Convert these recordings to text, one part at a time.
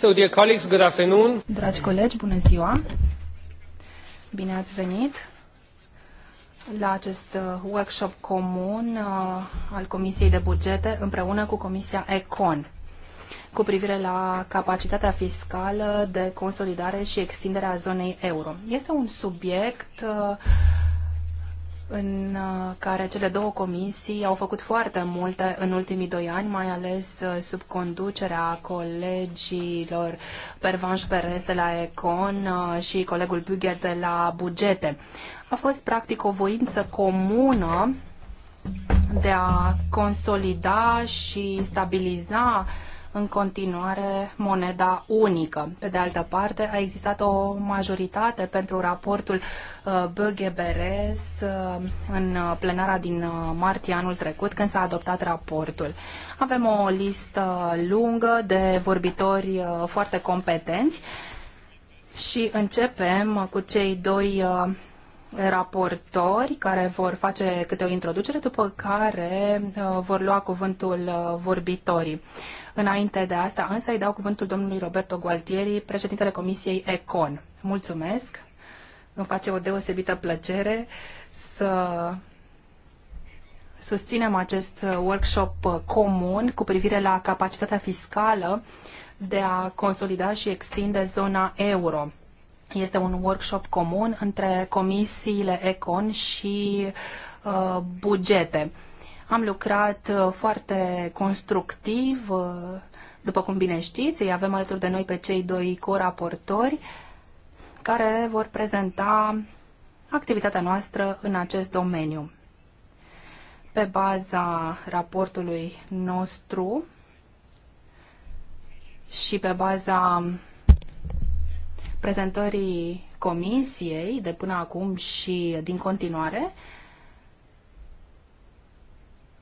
So, dear colleagues, good afternoon. Dragi colegi, bună ziua! Bine ați venit la acest uh, workshop comun uh, al Comisiei de Bugete împreună cu Comisia ECON cu privire la capacitatea fiscală de consolidare și extindere a zonei euro. Este un subiect uh, în uh, care cele două comisii au făcut foarte multe în ultimii doi ani, mai ales uh, sub conducerea colegilor Pervanș Perez de la Econ uh, și colegul Bughe de la Bugete. A fost practic o voință comună de a consolida și stabiliza uh, în continuare moneda unică. Pe de altă parte, a existat o majoritate pentru raportul uh, böge uh, în uh, plenara din martie anul trecut, când s-a adoptat raportul. Avem o listă lungă de vorbitori foarte competenți și începem cu cei doi raportori care vor face câte o introducere, după care vor lua cuvântul vorbitorii. Înainte de asta, însă, îi dau cuvântul domnului Roberto Gualtieri, președintele Comisiei ECON. Mulțumesc! Îmi face o deosebită plăcere să susținem acest workshop comun cu privire la capacitatea fiscală de a consolida și extinde zona euro. Este un workshop comun între comisiile ECON și uh, bugete. Am lucrat uh, foarte constructiv, uh, după cum bine știți, îi avem alături de noi pe cei doi coraportori care vor prezenta activitatea noastră în acest domeniu. Pe baza raportului nostru și pe baza prezentării comisiei de până acum și din continuare,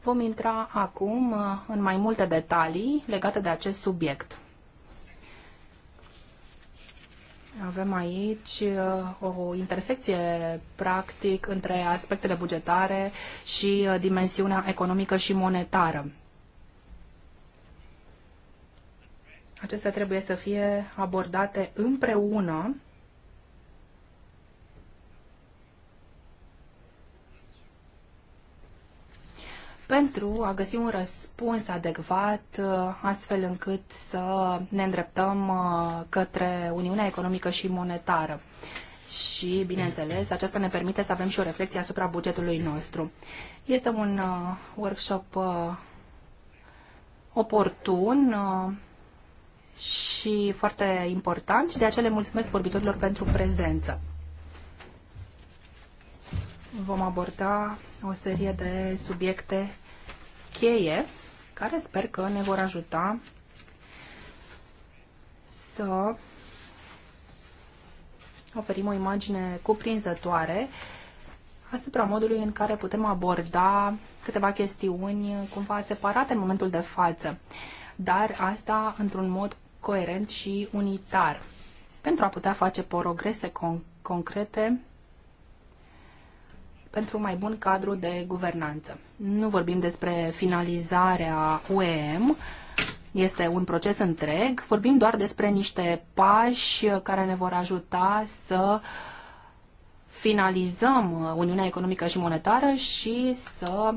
Vom intra acum uh, în mai multe detalii legate de acest subiect. Avem aici uh, o intersecție, practic, între aspectele bugetare și uh, dimensiunea economică și monetară. Acestea trebuie să fie abordate împreună pentru a găsi un răspuns adecvat uh, astfel încât să ne îndreptăm uh, către Uniunea Economică și Monetară. Și, bineînțeles, aceasta ne permite să avem și o reflexie asupra bugetului nostru. Este un uh, workshop oportun și foarte important și de aceea le mulțumesc vorbitorilor pentru prezență. Vom aborda o serie de subiecte cheie care sper că ne vor ajuta să oferim o imagine cuprinzătoare asupra modului în care putem aborda câteva chestiuni cumva separate în momentul de față, dar asta într-un mod coerent și unitar, pentru a putea face progrese con- concrete pentru un mai bun cadru de guvernanță. Nu vorbim despre finalizarea UEM, este un proces întreg, vorbim doar despre niște pași care ne vor ajuta să finalizăm Uniunea Economică și Monetară și să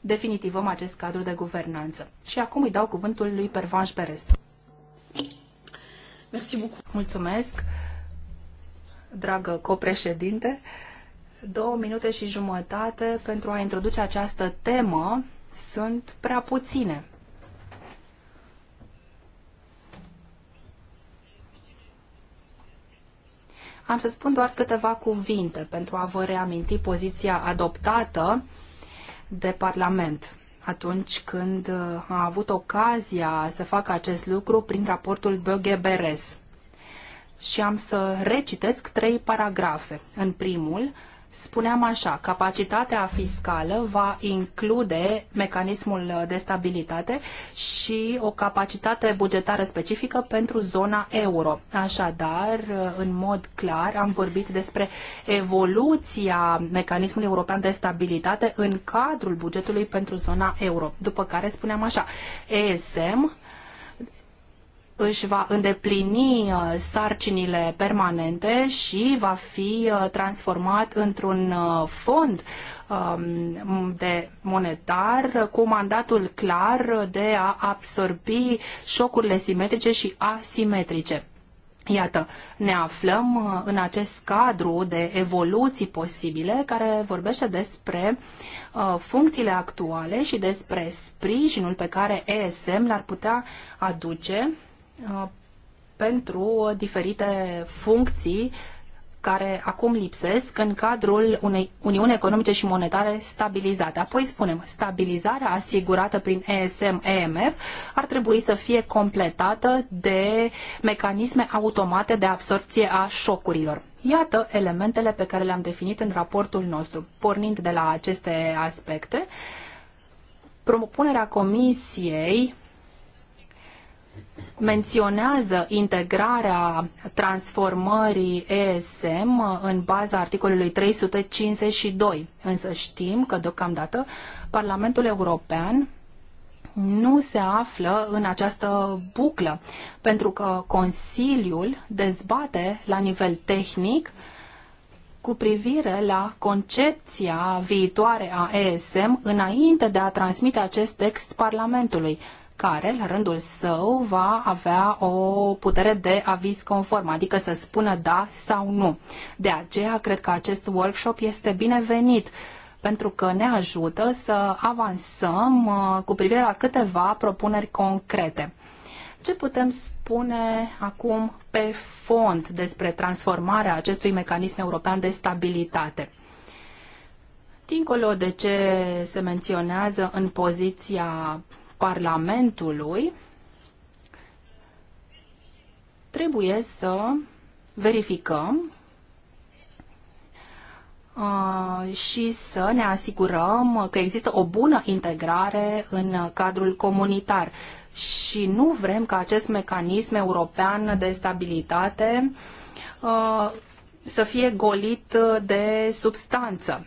definitivăm acest cadru de guvernanță. Și acum îi dau cuvântul lui Pervanș Perez. Mulțumesc, dragă copreședinte două minute și jumătate pentru a introduce această temă sunt prea puține. Am să spun doar câteva cuvinte pentru a vă reaminti poziția adoptată de Parlament atunci când uh, a avut ocazia să facă acest lucru prin raportul böge Și am să recitesc trei paragrafe. În primul, spuneam așa, capacitatea fiscală va include mecanismul de stabilitate și o capacitate bugetară specifică pentru zona euro. Așadar, în mod clar, am vorbit despre evoluția mecanismului european de stabilitate în cadrul bugetului pentru zona euro. După care spuneam așa, ESM își va îndeplini uh, sarcinile permanente și va fi uh, transformat într-un uh, fond um, de monetar cu mandatul clar de a absorbi șocurile simetrice și asimetrice. Iată, ne aflăm în acest cadru de evoluții posibile care vorbește despre funcțiile actuale și despre sprijinul pe care ESM l-ar putea aduce Uh, pentru diferite funcții care acum lipsesc în cadrul unei Uniuni Economice și Monetare stabilizate. Apoi spunem, stabilizarea asigurată prin ESM-EMF ar trebui să fie completată de mecanisme automate de absorpție a șocurilor. Iată elementele pe care le-am definit în raportul nostru. Pornind de la aceste aspecte, propunerea Comisiei menționează integrarea transformării ESM în baza articolului 352. Însă știm că deocamdată Parlamentul European nu se află în această buclă, pentru că Consiliul dezbate la nivel tehnic cu privire la concepția viitoare a ESM înainte de a transmite acest text Parlamentului care, la rândul său, va avea o putere de aviz conform, adică să spună da sau nu. De aceea, cred că acest workshop este binevenit pentru că ne ajută să avansăm uh, cu privire la câteva propuneri concrete. Ce putem spune acum pe fond despre transformarea acestui mecanism european de stabilitate? Dincolo de ce se menționează în poziția Parlamentului, trebuie să verificăm uh, și să ne asigurăm că există o bună integrare în cadrul comunitar. Și nu vrem ca acest mecanism european de stabilitate uh, să fie golit de substanță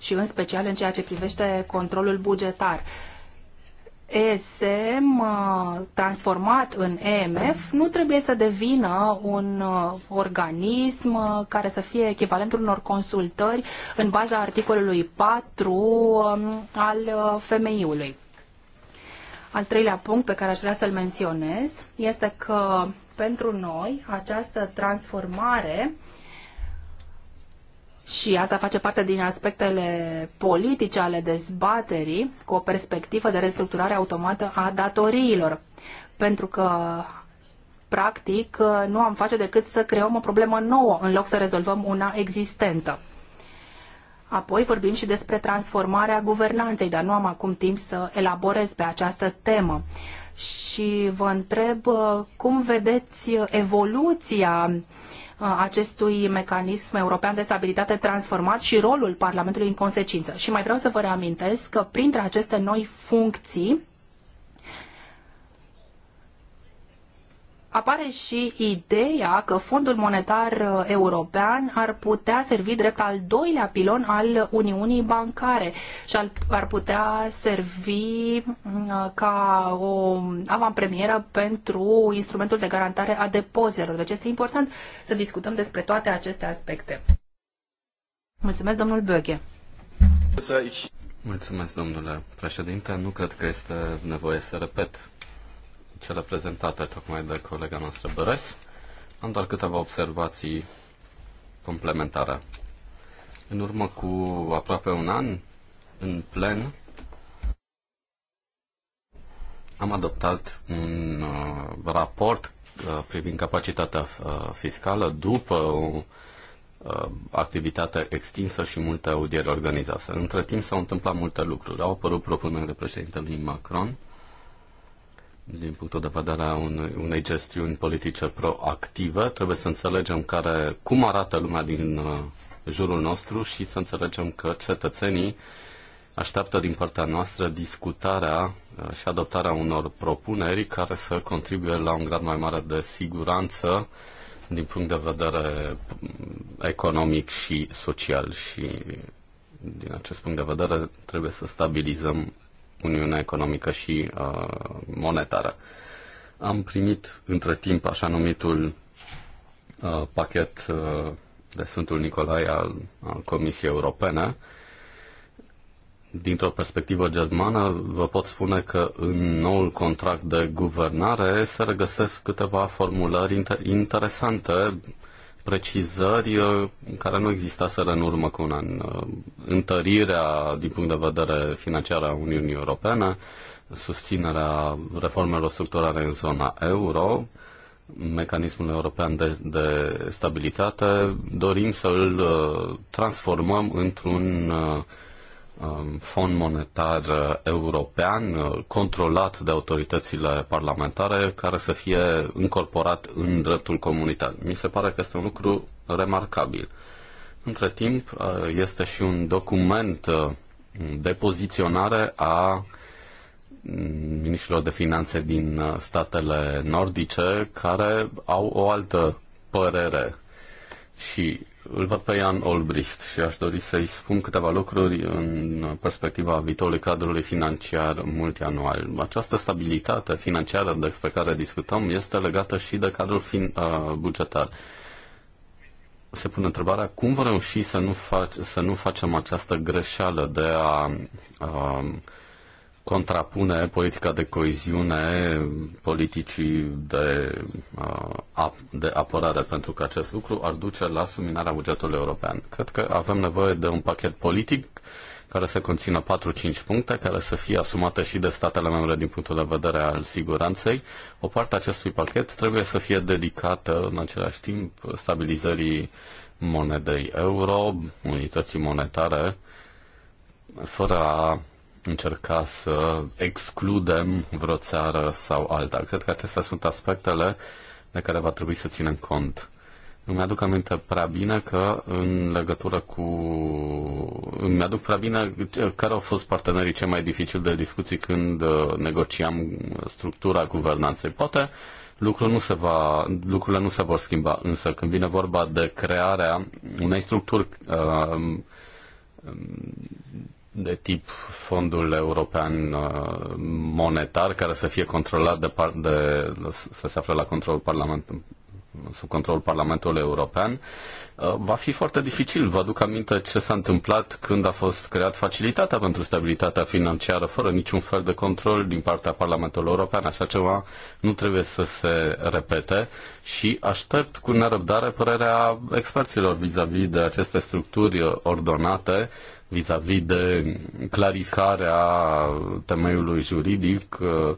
și în special în ceea ce privește controlul bugetar. Uh, ESM uh, transformat în EMF nu trebuie să devină un uh, organism uh, care să fie echivalentul unor consultări în baza articolului 4 um, al femeiului. Al treilea punct pe care aș vrea să-l menționez este că pentru noi această transformare și asta face parte din aspectele politice ale dezbaterii cu o perspectivă de restructurare automată a datoriilor. Pentru că practic nu am face decât să creăm o problemă nouă în loc să rezolvăm una existentă. Apoi vorbim și despre transformarea guvernanței, dar nu am acum timp să elaborez pe această temă. Și vă întreb uh, cum vedeți evoluția uh, acestui mecanism european de stabilitate transformat și rolul Parlamentului în consecință. Și mai vreau să vă reamintesc că printre aceste noi funcții apare și ideea că Fondul Monetar uh, European ar putea servi drept al doilea pilon al Uniunii Bancare și ar putea servi mm, uh, ca o avantpremieră pentru instrumentul de garantare a depozitelor. Deci este important să discutăm despre toate aceste aspecte. Mulțumesc, domnul Böge. Mulțumesc, domnule președinte. Nu cred că este nevoie să repet cele prezentate tocmai de colega noastră Băres. Am doar câteva observații complementare. În urmă cu aproape un an, în plen, am adoptat un uh, raport uh, privind capacitatea uh, fiscală după o uh, activitate extinsă și multe audieri organizate. Între timp s-au întâmplat multe lucruri. Au apărut propunerile președintelui Macron, uh, din punctul de vedere a unei, unei gestiuni politice proactive. Trebuie să înțelegem care, cum arată lumea din uh, jurul nostru și să înțelegem că cetățenii așteaptă din partea noastră discutarea uh, și adoptarea unor propuneri care să contribuie la un grad mai mare de siguranță din punct de vedere mm, economic și social și din acest punct de vedere trebuie să stabilizăm Uniunea Economică și uh, Monetară. Am primit între timp așa numitul uh, pachet uh, de Sfântul Nicolae al, al Comisiei Europene. Dintr-o perspectivă germană, vă pot spune că în noul contract de guvernare se regăsesc câteva formulări inter- interesante precizări uh, care nu existaseră în urmă cu un an. Uh, întărirea din punct de vedere financiar a Uniunii Europene, susținerea reformelor structurale în zona euro, mecanismul european de, de stabilitate, dorim să îl uh, transformăm într-un Um, fond monetar uh, european uh, controlat de autoritățile parlamentare care să fie incorporat în dreptul comunitar. Mi se pare că este un lucru remarcabil. Între timp, uh, este și un document de poziționare a mm, ministrilor de finanțe din statele nordice care au o altă părere și îl văd pe Ian Olbrist și aș dori să-i spun câteva lucruri în perspectiva viitorului cadrului financiar multianual. Această stabilitate financiară despre care discutăm este legată și de cadrul fin, uh, bugetar. Se pune întrebarea cum vom reuși să nu, fac, să nu facem această greșeală de a uh, contrapune politica de coeziune politicii de, uh, de apărare, pentru că acest lucru ar duce la suminarea bugetului european. Cred că avem nevoie de un pachet politic care să conțină 4-5 puncte, care să fie asumate și de statele membre din punctul de vedere al siguranței. O parte a acestui pachet trebuie să fie dedicată în același timp stabilizării monedei euro, unității monetare, fără a încerca să excludem vreo țară sau alta. Cred că acestea sunt aspectele de care va trebui să ținem cont. Îmi aduc aminte prea bine că în legătură cu... Îmi aduc prea bine care au fost partenerii cei mai dificili de discuții când uh, negociam structura guvernanței. Poate lucrul nu se va, lucrurile nu se vor schimba, însă când vine vorba de crearea unei structuri uh, um, de tip fondul european uh, monetar care să fie controlat de, par- de să se afle la controlul parlament, sub control Parlamentului European, uh, va fi foarte dificil. Vă aduc aminte ce s-a întâmplat când a fost creat facilitatea pentru stabilitatea financiară fără niciun fel de control din partea Parlamentului European. Așa ceva nu trebuie să se repete și aștept cu nerăbdare părerea experților vis-a-vis -vis de aceste structuri ordonate vis-a-vis -vis de clarificarea temeiului juridic uh,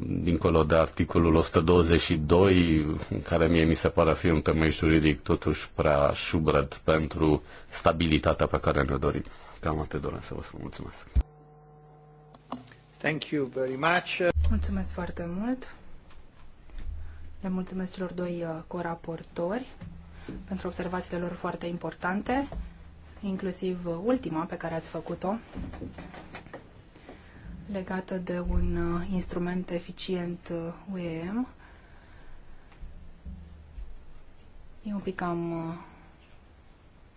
dincolo de articolul 122, care mie mi se pare fi un temei juridic totuși prea șubred pentru stabilitatea pe care ne dorim. Cam atât doresc să vă spun mulțumesc. Thank you very much. Mulțumesc foarte mult. Le mulțumesc celor doi uh, coraportori pentru observațiile lor foarte importante, inclusiv uh, ultima pe care ați făcut-o legată de un uh, instrument eficient UEM. Uh, e un pic cam... Uh,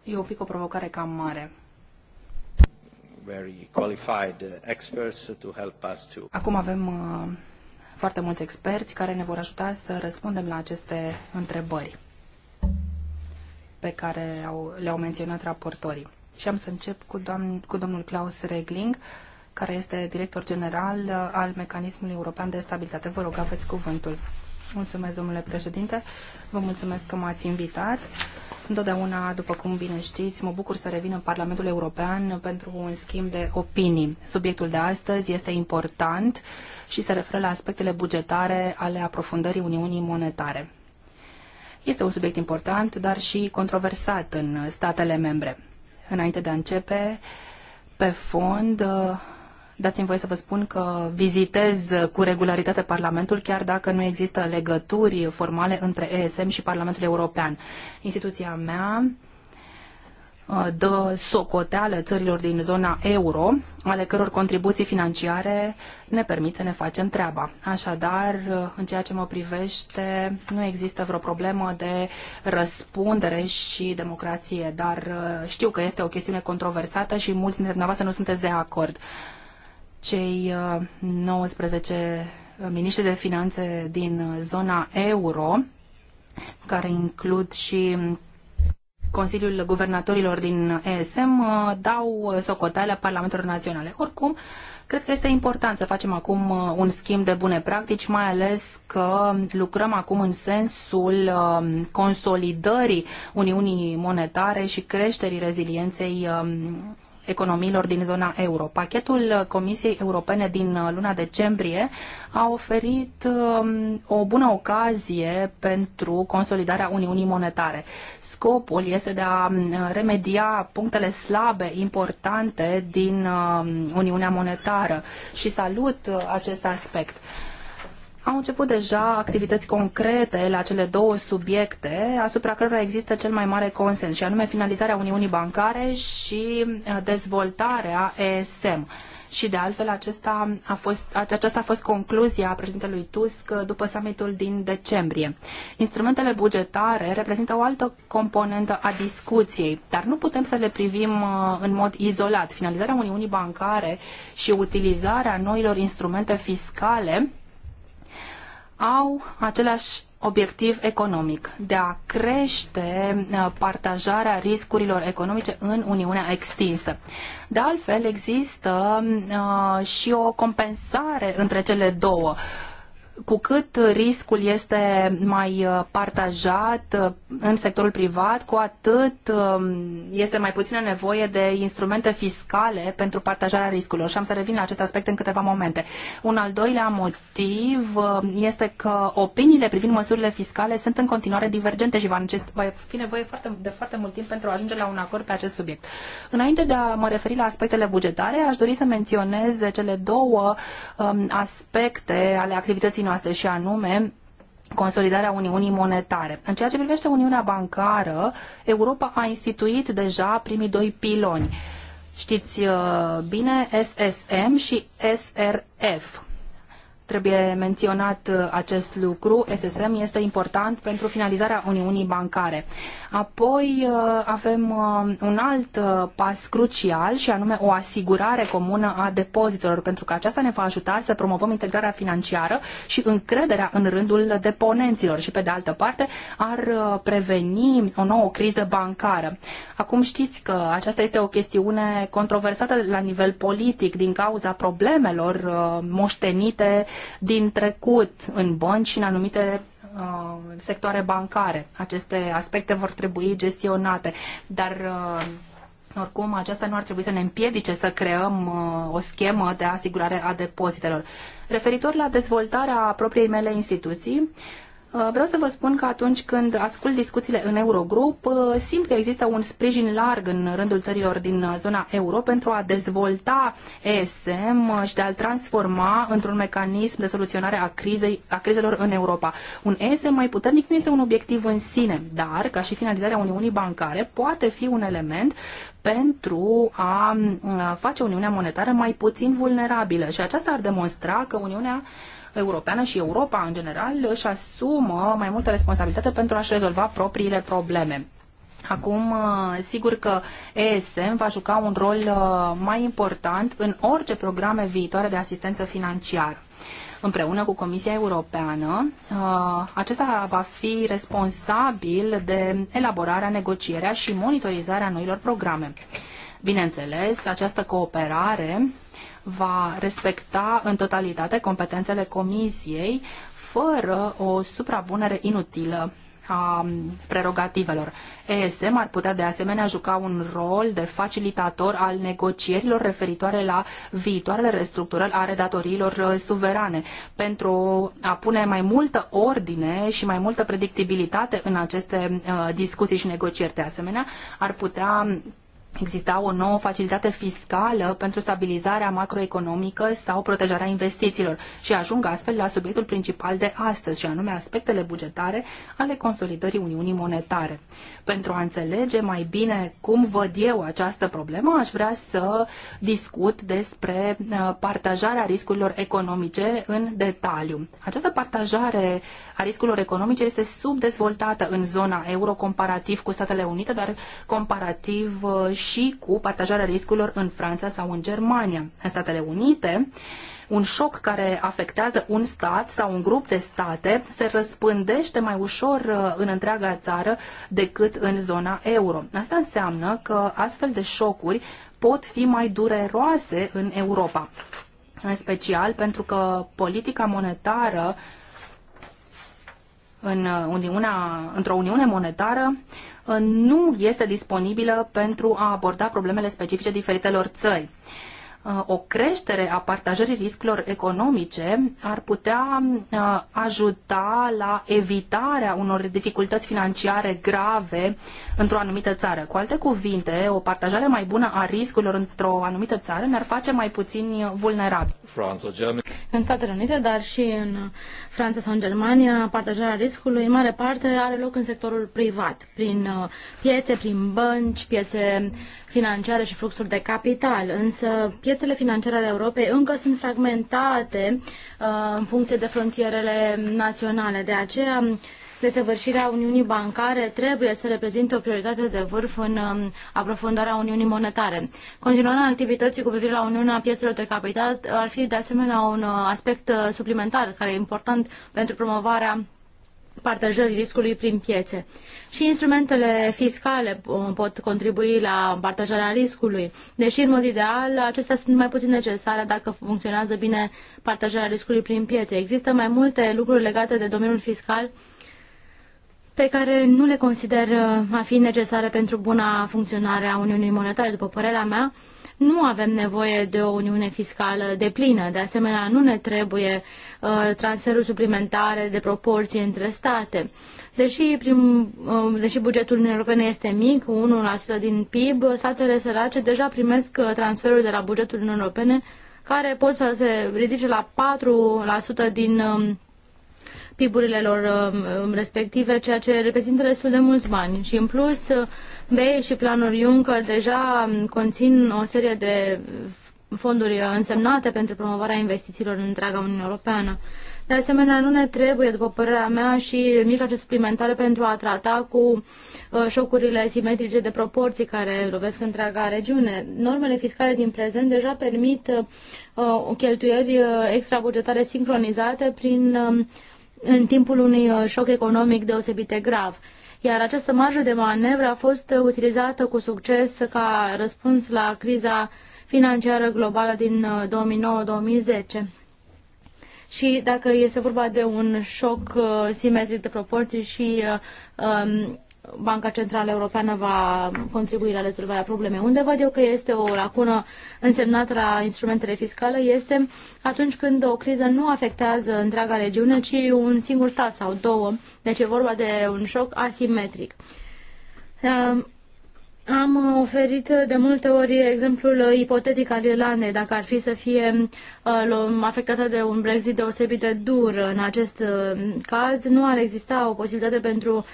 e un pic o provocare cam mare. Very qualified experts to help us to... Acum avem foarte mulți experți care ne vor ajuta să răspundem la aceste întrebări pe care au, le-au menționat raportorii. Și am să încep cu, doamn, cu domnul Klaus Regling, uh, care este director general uh, al Mecanismului European de Stabilitate. Vă rog, aveți cuvântul. Mulțumesc, domnule președinte. Vă mulțumesc că m-ați invitat. Întotdeauna, după cum bine știți, mă bucur să revin în Parlamentul European pentru un schimb de opinii. Subiectul de astăzi este important și se referă la aspectele bugetare ale aprofundării Uniunii Monetare. Este un subiect important, dar și controversat în statele membre. Înainte de a începe, pe fond, uh, Dați-mi voie să vă spun că vizitez cu regularitate Parlamentul, chiar dacă nu există legături formale între ESM și Parlamentul European. Instituția mea uh, dă socoteală țărilor din zona euro, ale căror contribuții financiare ne permit să ne facem treaba. Așadar, uh, în ceea ce mă privește, nu există vreo problemă de răspundere și democrație, dar uh, știu că este o chestiune controversată și mulți dintre dumneavoastră nu sunteți de acord cei 19 uh, uh, miniștri de finanțe din uh, zona euro, care includ și Consiliul Guvernatorilor din ESM, dau socoteala Parlamentelor Naționale. Oricum, cred că este important să facem acum un schimb de bune practici, mai ales că lucrăm acum în sensul um, consolidării Uniunii Monetare și creșterii rezilienței um, economiilor din zona euro. Pachetul Comisiei Europene din uh, luna decembrie a oferit um, o bună ocazie pentru consolidarea Uniunii Monetare. Scopul este de a um, remedia punctele slabe importante din um, Uniunea Monetară și salut uh, acest aspect. Au început deja activități concrete la cele două subiecte asupra cărora există cel mai mare consens, și anume finalizarea Uniunii Bancare și uh, dezvoltarea ESM. Și de altfel acesta a fost, aceasta a fost concluzia președintelui Tusk uh, după summitul din decembrie. Instrumentele bugetare reprezintă o altă componentă a discuției, dar nu putem să le privim uh, în mod izolat. Finalizarea Uniunii Bancare și utilizarea noilor instrumente fiscale au același obiectiv economic de a crește uh, partajarea riscurilor economice în Uniunea extinsă. De altfel, există uh, și o compensare între cele două cu cât riscul este mai uh, partajat uh, în sectorul privat, cu atât um, este mai puțină nevoie de instrumente fiscale pentru partajarea riscurilor. Și am să revin la acest aspect în câteva momente. Un al doilea motiv uh, este că opiniile privind măsurile fiscale sunt în continuare divergente și va, fi nevoie foarte, de foarte mult timp pentru a ajunge la un acord pe acest subiect. Înainte de a mă referi la aspectele bugetare, aș dori să menționez cele două um, aspecte ale activității noastre și anume consolidarea Uniunii Monetare. În ceea ce privește Uniunea Bancară, Europa a instituit deja primii doi piloni. Știți uh, bine, SSM și SRF. Trebuie menționat uh, acest lucru. SSM este important pentru finalizarea Uniunii Bancare. Apoi uh, avem uh, un alt pas crucial și anume o asigurare comună a depozitelor, pentru că aceasta ne va ajuta să promovăm integrarea financiară și încrederea în rândul deponenților și, pe de altă parte, ar preveni o nouă criză bancară. Acum știți că aceasta este o chestiune controversată la nivel politic din cauza problemelor moștenite din trecut în bănci și în anumite uh, sectoare bancare. Aceste aspecte vor trebui gestionate, dar uh, oricum, aceasta nu ar trebui să ne împiedice să creăm uh, o schemă de asigurare a depozitelor. Referitor la dezvoltarea propriei mele instituții, Uh, vreau să vă spun că atunci când ascult discuțiile în Eurogrup, uh, simt că există un sprijin larg în rândul țărilor din uh, zona euro pentru a dezvolta ESM și de a-l transforma într-un mecanism de soluționare a, crizei, a crizelor în Europa. Un ESM mai puternic nu este un obiectiv în sine, dar, ca și finalizarea Uniunii Bancare, poate fi un element pentru a face Uniunea Monetară mai puțin vulnerabilă. Și aceasta ar demonstra că Uniunea Europeană și Europa în general își asumă mai multă responsabilitate pentru a-și rezolva propriile probleme. Acum, uh, sigur că ESM va juca un rol uh, mai important în orice programe viitoare de asistență financiară. Împreună cu Comisia Europeană, uh, acesta va fi responsabil de elaborarea, negocierea și monitorizarea noilor programe. Bineînțeles, această cooperare va respecta în totalitate competențele comisiei fără o suprapunere inutilă a prerogativelor. ESM ar putea de asemenea juca un rol de facilitator al negocierilor referitoare la viitoarele restructurări ale datoriilor uh, suverane pentru a pune mai multă ordine și mai multă predictibilitate în aceste uh, discuții și negocieri. De asemenea, ar putea exista o nouă facilitate fiscală pentru stabilizarea macroeconomică sau protejarea investițiilor și ajung astfel la subiectul principal de astăzi, și anume aspectele bugetare ale consolidării Uniunii Monetare. Pentru a înțelege mai bine cum văd eu această problemă, aș vrea să discut despre uh, partajarea riscurilor economice în detaliu. Această partajare a riscurilor economice este subdezvoltată în zona euro comparativ cu Statele Unite, dar comparativ și uh, și cu partajarea riscurilor în Franța sau în Germania. În Statele Unite, un șoc care afectează un stat sau un grup de state se răspândește mai ușor uh, în întreaga țară decât în zona euro. Asta înseamnă că astfel de șocuri pot fi mai dureroase în Europa, în special pentru că politica monetară în uh, Uniunea, într-o uniune monetară nu este disponibilă pentru a aborda problemele specifice diferitelor țări. Uh, o creștere a partajării riscurilor economice ar putea uh, ajuta la evitarea unor dificultăți financiare grave într-o anumită țară. Cu alte cuvinte, o partajare mai bună a riscurilor într-o anumită țară ne-ar face mai puțin vulnerabili. În Statele Unite, dar și în Franța sau în Germania, partajarea riscului în mare parte are loc în sectorul privat, prin uh, piețe, prin bănci, piețe financiare și fluxuri de capital, însă piețele financiare ale Europei încă sunt fragmentate uh, în funcție de frontierele naționale. De aceea, desăvârșirea Uniunii Bancare trebuie să reprezinte o prioritate de vârf în um, aprofundarea Uniunii Monetare. Continuarea activității cu privire la Uniunea Piețelor de Capital ar fi de asemenea un uh, aspect uh, suplimentar care e important pentru promovarea partajării riscului prin piețe. Și instrumentele fiscale uh, pot contribui la partajarea riscului, deși, în mod ideal, acestea sunt mai puțin necesare dacă funcționează bine partajarea riscului prin piețe. Există mai multe lucruri legate de domeniul fiscal pe care nu le consider uh, a fi necesare pentru buna funcționare a Uniunii Monetare, după părerea mea, nu avem nevoie de o uniune fiscală deplină. De asemenea, nu ne trebuie uh, transferuri suplimentare de proporții între state. Deși, prim, uh, deși bugetul Uniunii Europene este mic, 1% din PIB, statele sărace deja primesc uh, transferuri de la bugetul Uniunii Europene care pot să se ridice la 4% din um, pib lor um, um, respective, ceea ce reprezintă destul de mulți bani. Și în plus, uh, BEI și planul Juncker deja um, conțin o serie de fonduri uh, însemnate pentru promovarea investițiilor în întreaga Uniune Europeană. De asemenea, nu ne trebuie, după părerea mea, și mijloace suplimentare pentru a trata cu uh, șocurile simetrice de proporții care lovesc întreaga regiune. Normele fiscale din prezent deja permit cheltuieli extrabugetare sincronizate prin în timpul unui uh, șoc economic deosebit de grav. Iar această marjă de manevră a fost utilizată cu succes ca răspuns la criza financiară globală din 2009-2010. Uh, și dacă este vorba de un șoc uh, simetric de proporții și um, Banca Centrală Europeană va contribui la rezolvarea problemei. Unde văd eu că este o lacună însemnată la instrumentele fiscale este atunci când o criză nu afectează întreaga regiune, ci un singur stat sau două. Deci e vorba de un șoc asimetric. Am oferit de multe ori exemplul ipotetic al Irlandei, dacă ar fi să fie uh, afectată de un Brexit deosebit de dur. În acest uh, caz nu ar exista o posibilitate pentru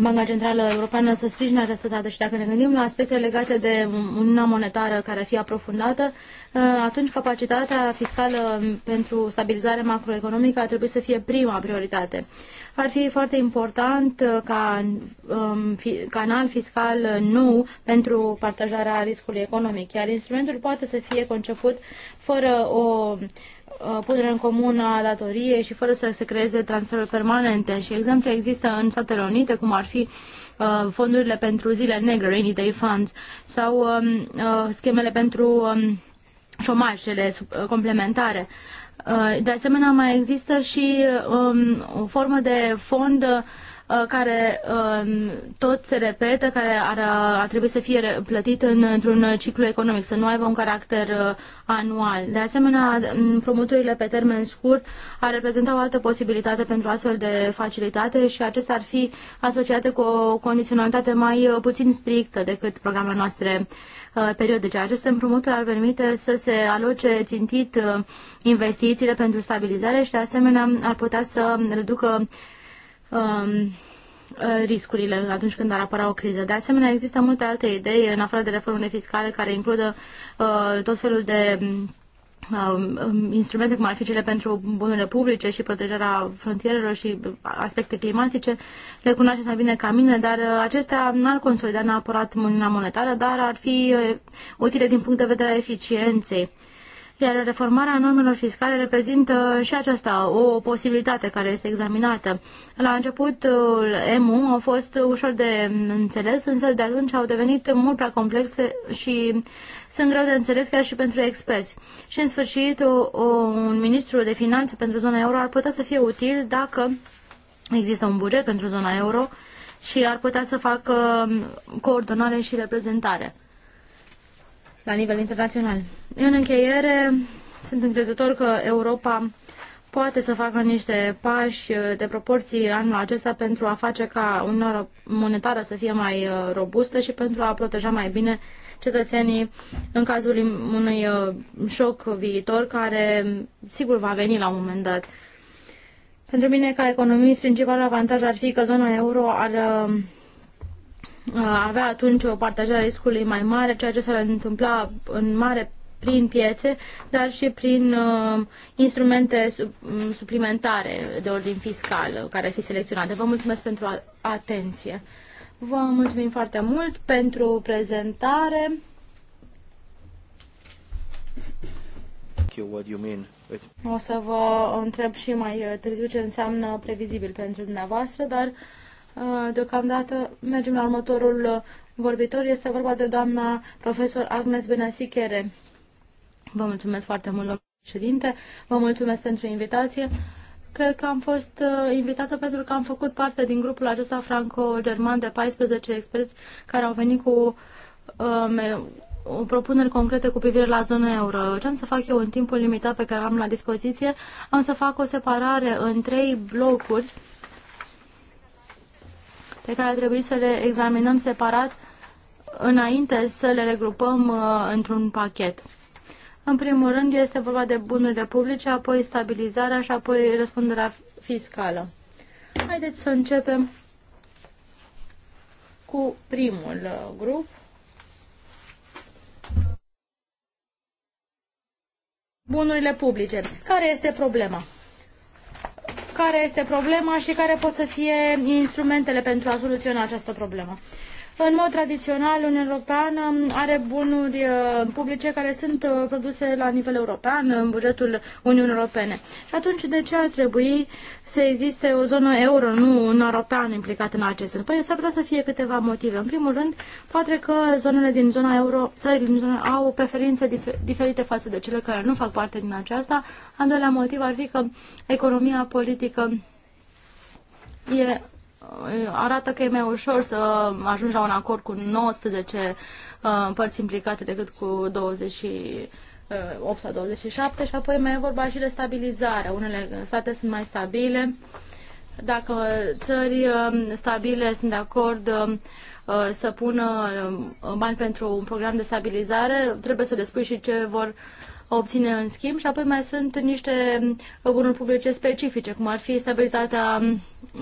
Banca Centrală Europeană să sprijine această dată și dacă ne gândim la aspecte legate de uniunea monetară care ar fi aprofundată, ă, atunci capacitatea fiscală pentru stabilizare macroeconomică ar trebui să fie prima prioritate. Ar fi foarte important ă, ca ă, canal fiscal nou pentru partajarea riscului economic, iar instrumentul poate să fie conceput fără o Uh, punere în comun a datoriei și fără să se creeze transferuri permanente. Și exemple există în Statele Unite, cum ar fi uh, fondurile pentru zile negre, Rainy Day Funds, sau um, uh, schemele pentru um, șomajele uh, complementare. Uh, de asemenea, mai există și um, o formă de fond uh, Uh, care uh, tot se repetă, care ar, uh, ar trebui să fie plătit în, într-un ciclu economic, să nu aibă un caracter anual. De asemenea, promoturile pe termen scurt ar reprezenta o altă posibilitate pentru astfel de facilitate și acestea ar fi asociate cu o condiționalitate mai puțin strictă decât programele noastre periodice. Aceste împrumuturi ar permite să se aloce țintit investițiile pentru stabilizare și, de asemenea, ar putea să reducă um, uh, riscurile atunci când ar apărea o criză. De asemenea, există multe alte idei, în afară de reformele fiscale, care includă uh, tot felul de um, um, instrumente cum ar fi cele pentru bunurile publice și protejarea frontierelor și aspecte climatice, le cunoașteți mai bine ca mine, dar uh, acestea nu ar consolida neapărat uniunea monetară, dar ar fi uh, utile din punct de vedere a eficienței iar reformarea normelor fiscale reprezintă și aceasta o posibilitate care este examinată. La începutul EMU au fost ușor de înțeles, însă de atunci au devenit mult prea complexe și sunt greu de înțeles chiar și pentru experți. Și în sfârșit, o, o, un ministru de finanțe pentru zona euro ar putea să fie util dacă există un buget pentru zona euro și ar putea să facă coordonare și reprezentare la nivel internațional. În încheiere, sunt încrezător că Europa poate să facă niște pași de proporții anul acesta pentru a face ca Uniunea Monetară să fie mai uh, robustă și pentru a proteja mai bine cetățenii în cazul unui uh, șoc viitor care sigur va veni la un moment dat. Pentru mine, ca economist, principalul avantaj ar fi că zona euro ar uh, Uh, avea atunci o partajare a riscului mai mare, ceea ce s-ar întâmpla în mare prin piețe, dar și prin uh, instrumente su- mm, suplimentare de ordin fiscal uh, care ar fi selecționate. Vă mulțumesc pentru a- atenție. Vă mulțumim foarte mult pentru prezentare. O să vă întreb și mai uh, târziu ce înseamnă previzibil pentru dumneavoastră, dar uh, Uh, deocamdată mergem la următorul uh, vorbitor. Este vorba de doamna profesor Agnes Benasichere. Vă mulțumesc foarte mult, domnule președinte. Vă mulțumesc pentru invitație. Cred că am fost uh, invitată pentru că am făcut parte din grupul acesta franco-german de 14 experți care au venit cu um, propuneri concrete cu privire la zona euro. Ce am să fac eu în timpul limitat pe care am la dispoziție? Am să fac o separare în trei blocuri pe care trebui să le examinăm separat înainte să le regrupăm uh, într-un pachet. În primul rând este vorba de bunurile publice, apoi stabilizarea și apoi răspunderea fiscală. Haideți să începem cu primul uh, grup. Bunurile publice. Care este problema? care este problema și care pot să fie instrumentele pentru a soluționa această problemă. În mod tradițional, Uniunea Europeană are bunuri uh, publice care sunt uh, produse la nivel european, în bugetul Uniunii Europene. Și atunci, de ce ar trebui să existe o zonă euro, nu un european implicat în acest sens? Păi s-ar putea să fie câteva motive. În primul rând, poate că zonele din zona euro, țările din zona au preferințe diferite față de cele care nu fac parte din aceasta. Al doilea motiv ar fi că economia politică e arată că e mai ușor să ajungi la un acord cu 19 uh, părți implicate decât cu 28 8 uh, sau 27 și apoi mai e vorba și de stabilizare. Unele state sunt mai stabile. Dacă țări um, stabile sunt de acord um, uh, să pună um, bani pentru un program de stabilizare, trebuie să le spui și ce vor uh, obține în schimb și apoi mai sunt niște bunuri publice specifice, cum ar fi stabilitatea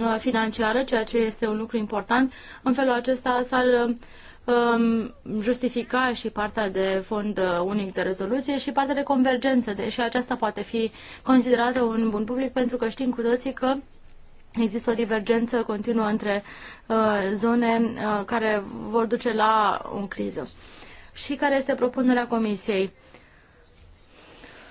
uh, financiară, ceea ce este un lucru important. În felul acesta s-ar um, justifica și partea de fond uh, unic de rezoluție și partea de convergență, deși aceasta poate fi considerată un bun public pentru că știm cu toții că există o divergență continuă între uh, zone care vor duce la o criză. Și care este propunerea Comisiei?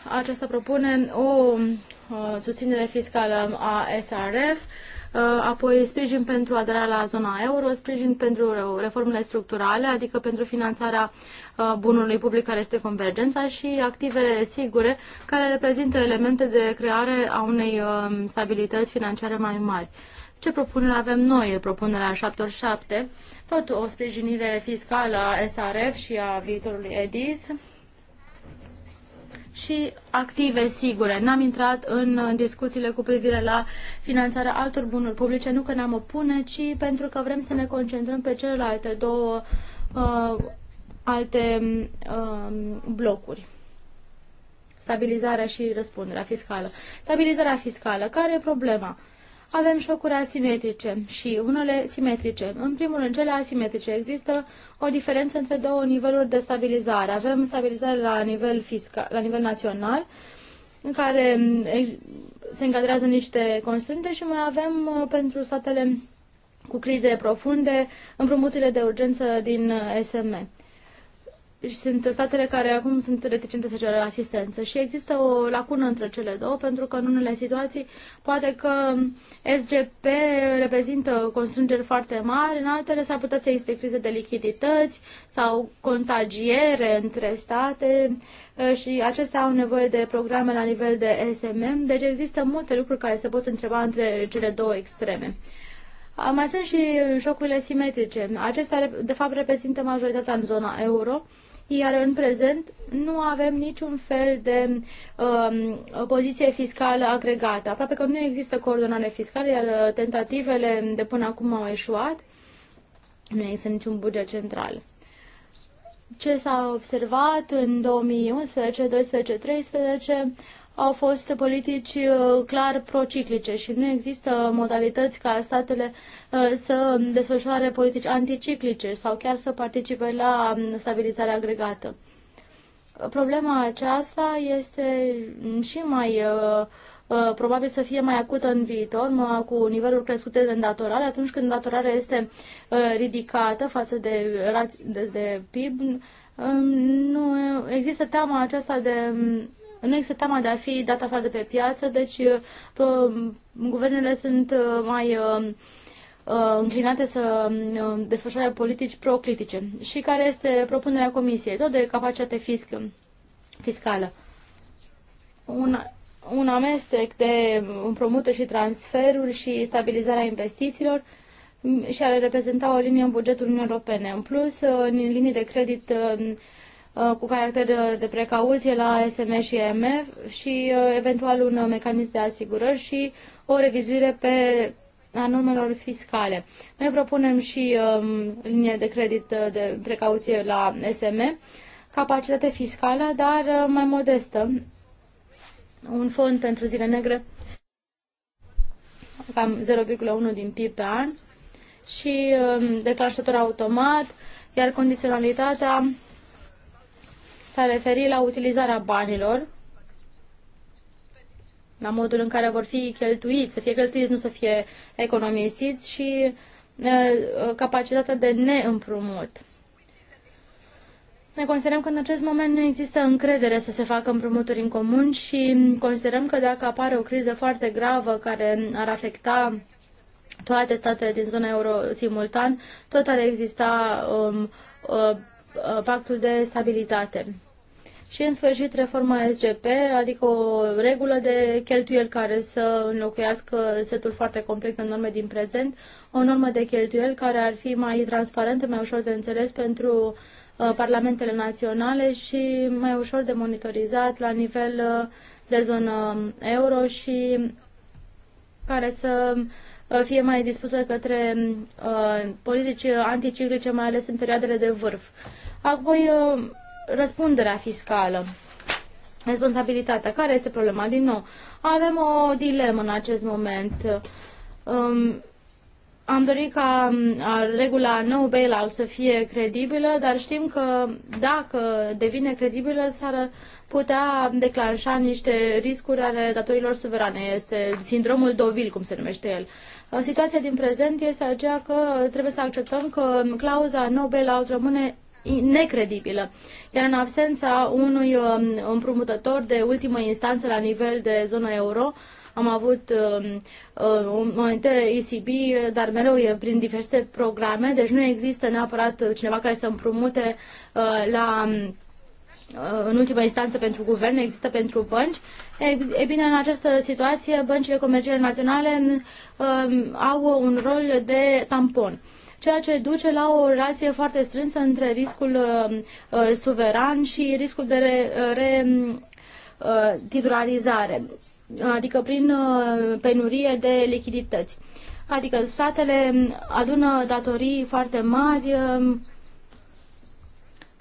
aceasta propune o uh, susținere fiscală a SRF, uh, apoi sprijin pentru aderarea la zona euro, sprijin pentru reformele structurale, adică pentru finanțarea uh, bunului public care este convergența și active sigure care reprezintă elemente de creare a unei stabilități financiare mai mari. Ce propunere avem noi? Propunerea 7.7, tot o sprijinire fiscală a SRF și a viitorului EDIS, și active sigure. N-am intrat în discuțiile cu privire la finanțarea altor bunuri publice, nu că ne-am opune, ci pentru că vrem să ne concentrăm pe celelalte două uh, alte uh, blocuri. Stabilizarea și răspunderea fiscală. Stabilizarea fiscală. Care e problema? Uh, avem șocuri asimetrice și unele simetrice. În primul rând, cele asimetrice. Există o diferență între două niveluri de stabilizare. Avem stabilizare la nivel, fiscal, la nivel național, în care se încadrează niște constrângeri și mai avem uh, pentru statele cu crize profunde împrumuturile de urgență din uh, SME. Deci sunt statele care acum sunt reticente să ceară asistență și există o lacună între cele două pentru că în unele situații poate că SGP reprezintă constrângeri foarte mari, în altele s-ar putea să existe crize de lichidități sau contagiere între state ă, și acestea au nevoie de programe la nivel de SMM, deci există multe lucruri care se pot întreba între cele două extreme. Mai sunt și jocurile simetrice. Acestea, de fapt, reprezintă majoritatea în zona euro iar în prezent nu avem niciun fel de uh, poziție fiscală agregată. Aproape că nu există coordonare fiscală, iar uh, tentativele de până acum au eșuat. Nu există niciun buget central. Ce s-a observat în 2011, 12, 13 au fost politici uh, clar prociclice și nu există modalități ca statele uh, să desfășoare politici anticiclice sau chiar să participe la um, stabilizarea agregată. Problema aceasta este și mai uh, probabil să fie mai acută în viitor, cu nivelul crescut de îndatorare. Atunci când îndatorarea este ridicată față de, de, de PIB, um, nu există teama aceasta de um, nu există teama de a fi dat afară de pe piață, deci uh, um, guvernele sunt uh, mai uh, înclinate să um, desfășoare politici proclitice. Și care este propunerea Comisiei? Tot de capacitate fisc, fiscală. Un, un amestec de împrumuturi și transferuri și stabilizarea investițiilor mm, și ar reprezenta o linie în bugetul Uniunii Europene. În plus, în linii de credit Uh, cu caracter de precauție la SM și MF și uh, eventual un uh, mecanism de asigurări și o revizuire pe a normelor fiscale. Noi propunem și um, linie de credit de precauție la SM, capacitate fiscală, dar mai modestă, un fond pentru zile negre, cam 0,1 din PIB pe an și um, declanșator automat, iar condiționalitatea s-a referit la utilizarea banilor, la modul în care vor fi cheltuiți, să fie cheltuiți, nu să fie economisiți și uh, uh, capacitatea de neîmprumut. Ne considerăm că în acest moment nu există încredere să se facă împrumuturi în comun și considerăm că dacă apare o criză foarte gravă care ar afecta toate statele din zona euro simultan, tot ar exista um, uh, Uh, pactul de stabilitate. Și, în sfârșit, reforma SGP, adică o regulă de cheltuieli care să înlocuiască setul foarte complex de norme din prezent, o normă de cheltuieli care ar fi mai transparentă, mai ușor de înțeles pentru uh, parlamentele naționale și mai ușor de monitorizat la nivel uh, de zonă um, euro și care să Uh, fie mai dispusă către uh, politici anticiclice, mai ales în perioadele de vârf. Apoi, uh, răspunderea fiscală. Responsabilitatea. Care este problema? Din nou, avem o dilemă în acest moment. Um, am dorit ca um, a, regula no bailout să fie credibilă, dar știm că dacă devine credibilă, s-ar putea declanșa niște riscuri ale datorilor suverane. Este sindromul Dovil, cum se numește el. Uh, situația din prezent este aceea că trebuie să acceptăm că clauza Nobel bailout rămâne necredibilă. Iar în absența unui um, împrumutător de ultimă instanță la nivel de zona euro, am avut um, uh, momente ECB, dar mereu e prin diverse programe, deci nu există neapărat cineva care să împrumute uh, la um, Uh, în ultima instanță pentru guvern, există pentru bănci. E, bine, în această situație, băncile comerciale naționale um, au un rol de tampon ceea ce duce la o relație foarte strânsă între riscul uh, uh suveran și riscul de retitularizare, uh, re, uh, titularizare, adică prin uh, penurie de lichidități. Adică statele adună datorii foarte mari, um,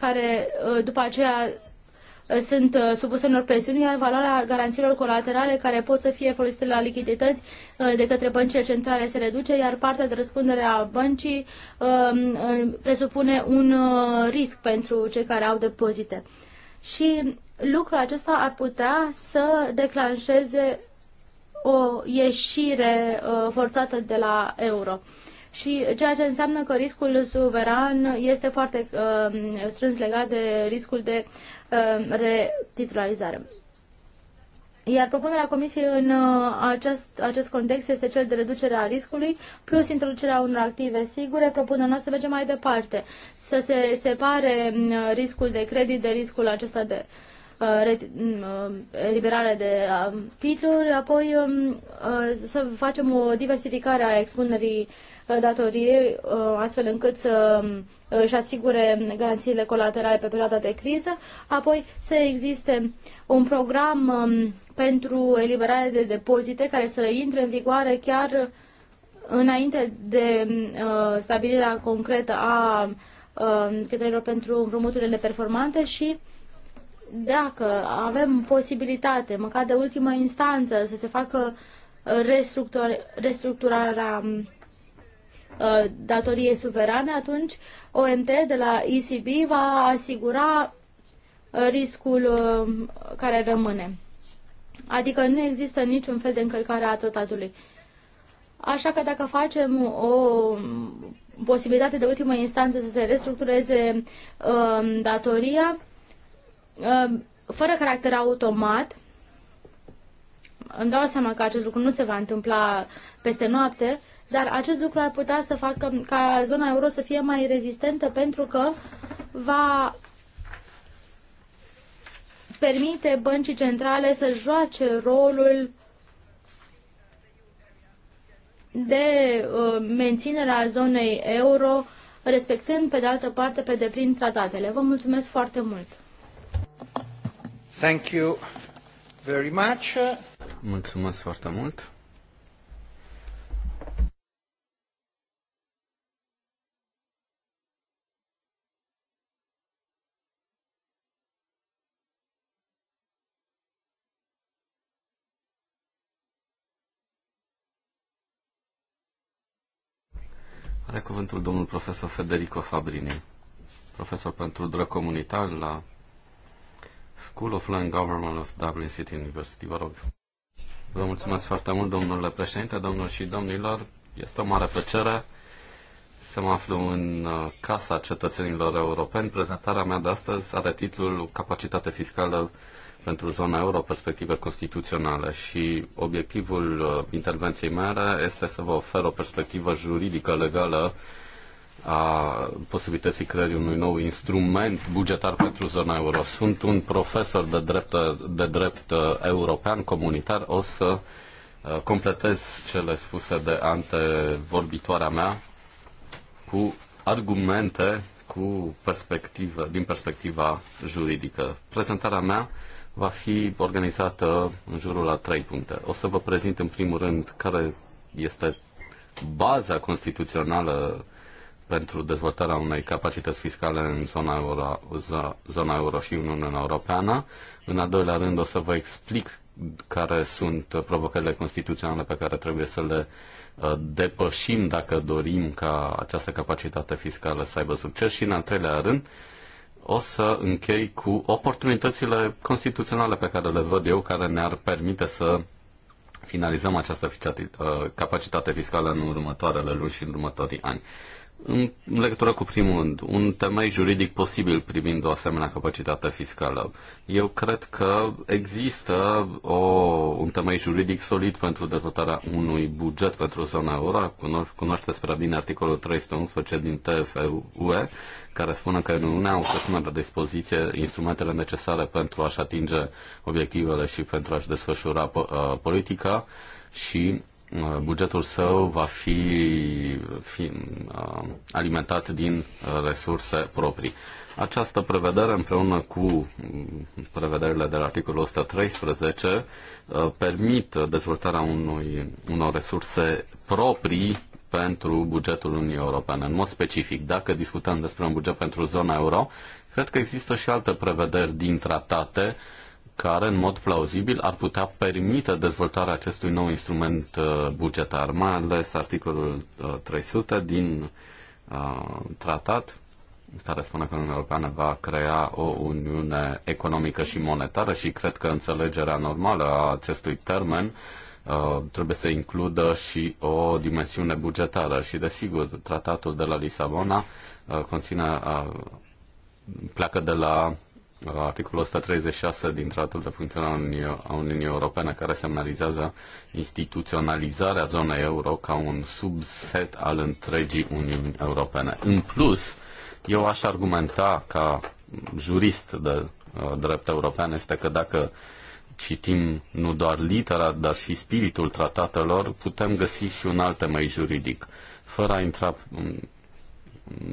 care uh, după aceea uh, sunt uh, supuse unor presiuni, iar valoarea garanțiilor colaterale care pot să fie folosite la lichidități de către băncile centrale se reduce, iar partea de răspundere a băncii um, presupune un risc pentru cei care au depozite. Și lucrul acesta ar putea să declanșeze o ieșire forțată de la euro și ceea ce înseamnă că riscul suveran este foarte uh, strâns legat de riscul de uh, retitularizare. Iar propunerea Comisiei în uh, acest, acest context este cel de reducere a riscului, plus introducerea unor active sigure. Propunerea noastră merge mai departe, să se separe um, riscul de credit de riscul acesta de uh, Uh, mm, uh, eliberare de um, titluri, apoi um, uh, să facem o diversificare a expunerii datoriei, astfel încât să um, își asigure garanțiile colaterale pe perioada de criză, apoi să existe un program pentru eliberare de depozite care să intre în vigoare chiar înainte de stabilirea concretă a criteriilor pentru împrumuturile performante și uh, dacă avem posibilitate, măcar de ultimă instanță, să se facă uh, restructurarea um, uh, datoriei suverane, atunci OMT de la ECB va asigura uh, riscul care rămâne. Adică nu există niciun fel de încălcare a tratatului. Așa că dacă facem o um, posibilitate de ultimă instanță să se restructureze uh, datoria, Ehm, fără caracter automat, îmi dau seama că acest lucru nu se va întâmpla peste noapte, dar acest lucru ar putea să facă ca zona euro să fie mai rezistentă pentru că va permite băncii centrale să joace rolul de uh, menținere a zonei euro, respectând pe de altă parte pe deplin tratatele. Vă mulțumesc foarte mult! Thank you very much. Mulțumesc foarte mult. Are cuvântul domnul profesor Federico Fabrini, profesor pentru drept comunitar la School of Land Government of Dublin City University. Vă rog. Vă mulțumesc foarte mult, domnule președinte, domnilor și domnilor. Este o mare plăcere să mă aflu în uh, Casa Cetățenilor Europeni. Prezentarea mea de astăzi are titlul Capacitate fiscală pentru zona euro, perspective constituționale și obiectivul uh, intervenției mele este să vă ofer o perspectivă juridică legală a posibilității creării unui nou instrument bugetar pentru zona euro. Sunt un profesor de drept, de drept uh, european comunitar. O să uh, completez cele spuse de antevorbitoarea mea cu argumente cu perspectivă, din perspectiva juridică. Prezentarea mea va fi organizată în jurul a trei puncte. O să vă prezint în primul rând care este baza constituțională pentru dezvoltarea unei capacități fiscale în zona euro, zona euro și în Uniunea Europeană. În al doilea rând o să vă explic care sunt provocările constituționale pe care trebuie să le uh, depășim dacă dorim ca această capacitate fiscală să aibă succes și în al treilea rând o să închei cu oportunitățile constituționale pe care le văd eu care ne-ar permite să finalizăm această uh, capacitate fiscală în următoarele luni și în următorii ani. În legătură cu primul un temei juridic posibil privind o asemenea capacitate fiscală. Eu cred că există o, un temei juridic solid pentru dezvoltarea unui buget pentru zona euro. Cunoașteți prea bine articolul 311 din TFUE, care spune că Uniunea o să pună la dispoziție instrumentele necesare pentru a-și atinge obiectivele și pentru a-și desfășura uh, politica și Uh, bugetul său va fi, fi uh, alimentat din uh, resurse proprii. Această prevedere, împreună cu mm, prevederile de la articolul 113, permit dezvoltarea unui, unor resurse proprii pentru bugetul Uniunii Europene. În mod specific, dacă discutăm despre un buget pentru zona euro, cred că există și alte prevederi din tratate uh, care, în mod plauzibil, ar putea permite dezvoltarea acestui nou instrument uh, bugetar, mai ales articolul 300 uh, din uh, tratat, care spune că Uniunea Europeană va crea o uniune economică și monetară și cred că înțelegerea normală a acestui termen trebuie să includă și o dimensiune bugetară și, desigur, tratatul de la Lisabona conține, pleacă de la articolul 136 din Tratatul de Funcționare a Uniunii Europene, care semnalizează instituționalizarea zonei euro ca un subset al întregii Uniuni Europene. În plus, eu aș argumenta ca jurist de uh, drept european este că dacă citim nu doar litera, dar și spiritul tratatelor, putem găsi și un alt temei juridic. Fără a intra în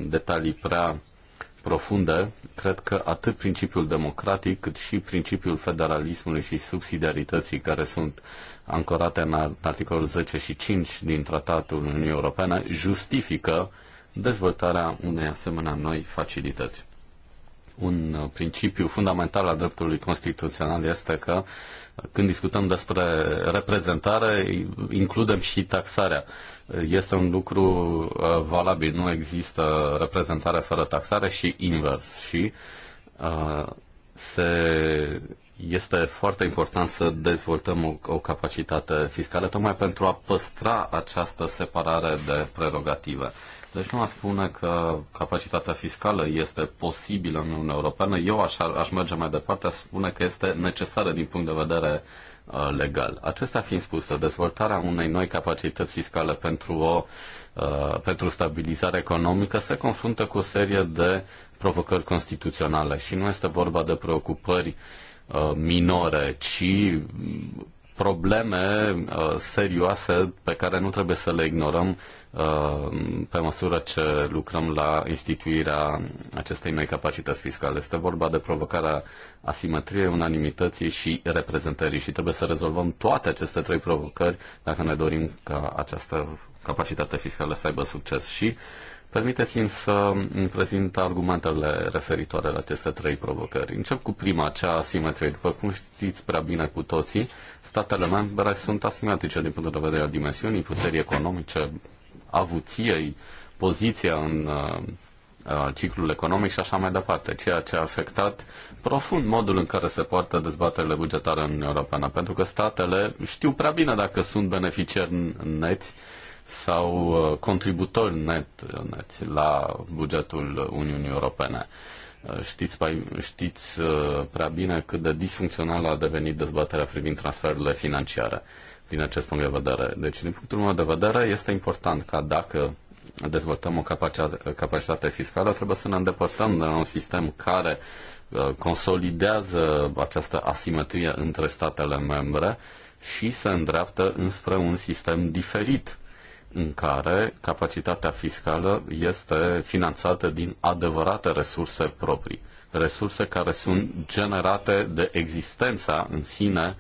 detalii prea profunde, cred că atât principiul democratic cât și principiul federalismului și subsidiarității care sunt ancorate în articolul 10 și 5 din Tratatul Uniunii Europene justifică dezvoltarea unei asemenea noi facilități un uh, principiu fundamental al dreptului constituțional este că uh, când discutăm despre reprezentare, includem și taxarea. Uh, este un lucru valabil, nu există reprezentare fără taxare și invers. Și se, este foarte important să dezvoltăm o, o capacitate fiscală tocmai pentru a păstra această separare de prerogative. Deci nu a spune că capacitatea fiscală este posibilă în Uniunea Europeană. Eu aș, aș merge mai departe, aș spune că este necesară din punct de vedere uh, legal. Acestea fiind spuse, dezvoltarea unei noi capacități fiscale pentru o uh, pentru stabilizare economică se confruntă cu o serie de provocări constituționale și nu este vorba de preocupări uh, minore, ci probleme uh, serioase pe care nu trebuie să le ignorăm uh, pe măsură ce lucrăm la instituirea acestei noi capacități fiscale. Este vorba de provocarea asimetriei, unanimității și reprezentării și trebuie să rezolvăm toate aceste trei provocări dacă ne dorim ca această capacitate fiscală să aibă succes și Permiteți-mi să îmi prezint argumentele referitoare la aceste trei provocări. Încep cu prima, cea a simetriei. După cum știți prea bine cu toții, statele membre sunt asimetrice din punct de vedere a dimensiunii, puterii economice, avuției, poziția în uh, ciclul economic și așa mai departe, ceea ce a afectat profund modul în care se poartă dezbaterile bugetare în Uniunea Europeană, pentru că statele știu prea bine dacă sunt beneficiari neți sau uh, contributori net, neți la bugetul Uniunii Europene. Știți, știți uh, prea bine cât de disfuncțională a devenit dezbaterea privind transferurile financiare din acest punct de vedere. Deci, din punctul meu de vedere, este important ca dacă dezvoltăm o capacitate, capacitate fiscală, trebuie să ne îndepărtăm de un sistem care uh, consolidează această asimetrie între statele membre și se îndreaptă înspre un sistem diferit în care capacitatea fiscală este finanțată din adevărate resurse proprii, resurse care sunt generate de existența în sine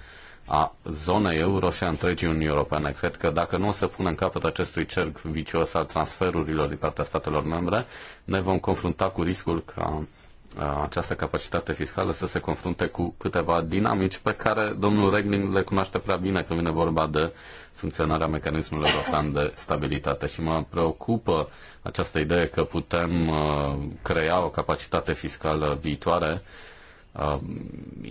a zonei euro și a întregii Uniunii Europene. Cred că dacă nu o să punem capăt acestui cerc vicios al transferurilor din partea statelor membre, ne vom confrunta cu riscul ca uh, această capacitate fiscală să se confrunte cu câteva dinamici pe care domnul Regling le cunoaște prea bine când vine vorba de funcționarea mecanismului european de stabilitate și mă preocupă această idee că putem uh, crea o capacitate fiscală viitoare uh,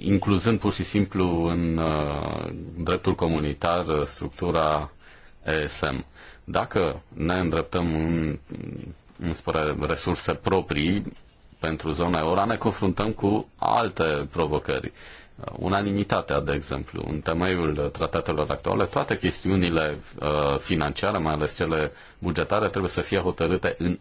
incluzând pur și simplu în uh, dreptul comunitar structura ESM. Dacă ne îndreptăm în, înspre resurse proprii pentru zona euro, ne confruntăm cu alte provocări. Uh, unanimitatea, de exemplu, în temeiul tratatelor actuale, toate chestiunile uh, financiare, mai ales cele bugetare, trebuie să fie hotărâte în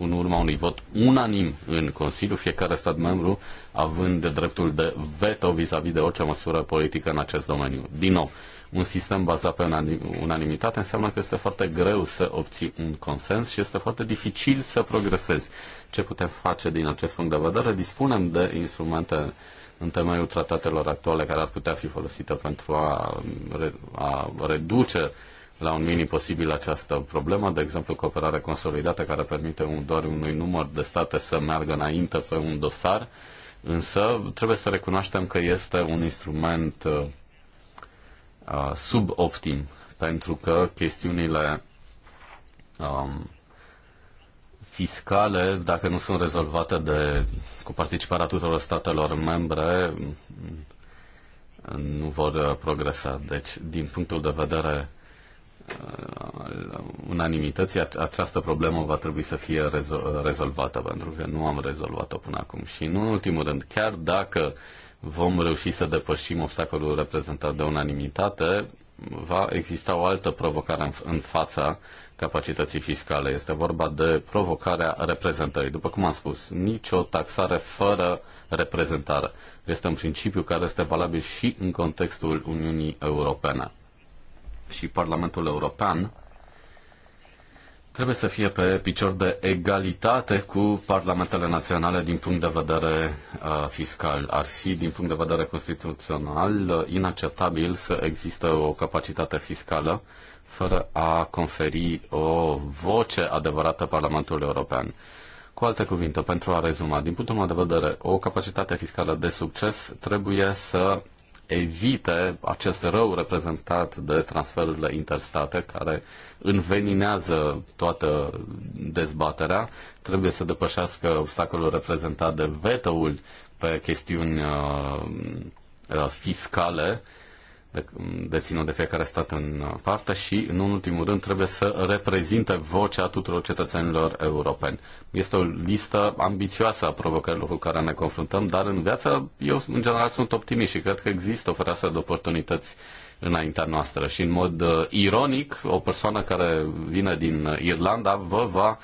în urma unui vot unanim în Consiliu, fiecare stat membru având de dreptul de veto vis-a-vis -vis de orice măsură politică în acest domeniu. Din nou, un sistem bazat pe unanimitate înseamnă că este foarte greu să obții un consens și este foarte dificil să progresezi. Ce putem face din acest punct de vedere? Dispunem de instrumente în temeiul tratatelor actuale care ar putea fi folosită pentru a, a reduce la un minim posibil această problemă, de exemplu cooperare consolidată care permite un, doar unui număr de state să meargă înainte pe un dosar, însă trebuie să recunoaștem că este un instrument uh, uh suboptim, pentru că chestiunile um, fiscale, dacă nu sunt rezolvate de, cu participarea tuturor statelor membre, nu vor uh, progresa. Deci, din punctul de vedere al uh, unanimității, această problemă va trebui să fie rezo- rezolvată, pentru că nu am rezolvat-o până acum. Și nu în ultimul rând, chiar dacă vom reuși să depășim obstacolul reprezentat de unanimitate, va exista o altă provocare în, în fața capacității fiscale. Este vorba de provocarea reprezentării. După cum am spus, nicio taxare fără reprezentare. Este un principiu care este valabil și în contextul Uniunii Europene. Și Parlamentul European trebuie să fie pe picior de egalitate cu parlamentele naționale din punct de vedere uh, fiscal. Ar fi, din punct de vedere constituțional, uh, inacceptabil să existe o capacitate fiscală fără a conferi o voce adevărată Parlamentului European. Cu alte cuvinte, pentru a rezuma, din punctul meu de vedere, o capacitate fiscală de succes trebuie să evite acest rău reprezentat de transferurile interstate care înveninează toată dezbaterea, trebuie să depășească obstacolul reprezentat de vetoul pe chestiuni uh, uh, fiscale de, deținut de fiecare stat în parte și, în ultimul rând, trebuie să reprezinte vocea tuturor cetățenilor europeni. Este o listă ambițioasă a provocărilor cu care ne confruntăm, dar în viață eu, în general, sunt optimist și cred că există o fereastră de oportunități înaintea noastră. Și, în mod uh, ironic, o persoană care vine din Irlanda vă va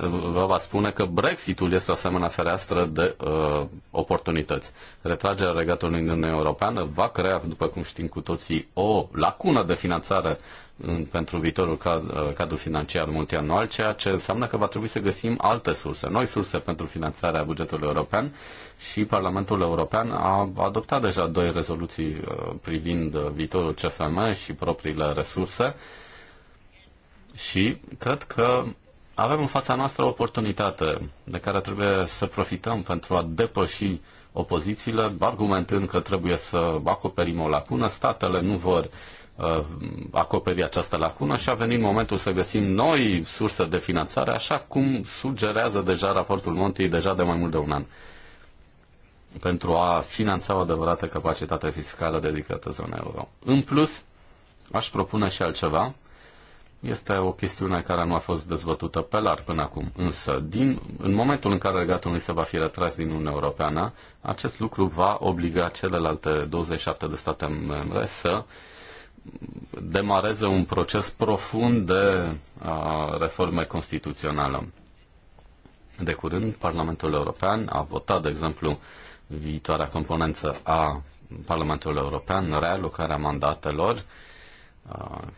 vă va spune că Brexitul este o asemenea fereastră de uh, oportunități. Retragerea regatului din Uniunea Europeană va crea, după cum știm cu toții, o lacună de finanțare în, pentru viitorul caz, uh, cadru financiar multianual, ceea ce înseamnă că va trebui să găsim alte surse, noi surse pentru finanțarea bugetului european și Parlamentul European a adoptat deja doi rezoluții uh, privind uh, viitorul CFM și propriile resurse și cred că avem în fața noastră o oportunitate de care trebuie să profităm pentru a depăși opozițiile, argumentând că trebuie să acoperim o lacună. Statele nu vor uh, acoperi această lacună și a venit momentul să găsim noi surse de finanțare, așa cum sugerează deja raportul Montei deja de mai mult de un an pentru a finanța o adevărată capacitate fiscală dedicată zonei euro. În plus, aș propune și altceva, este o chestiune care nu a fost dezbătută pe larg până acum, însă din, în momentul în care regatul unui se va fi retras din Uniunea Europeană, acest lucru va obliga celelalte 27 de state membre să demareze un proces profund de a, reforme constituțională. De curând, Parlamentul European a votat, de exemplu, viitoarea componență a Parlamentului European, realocarea mandatelor,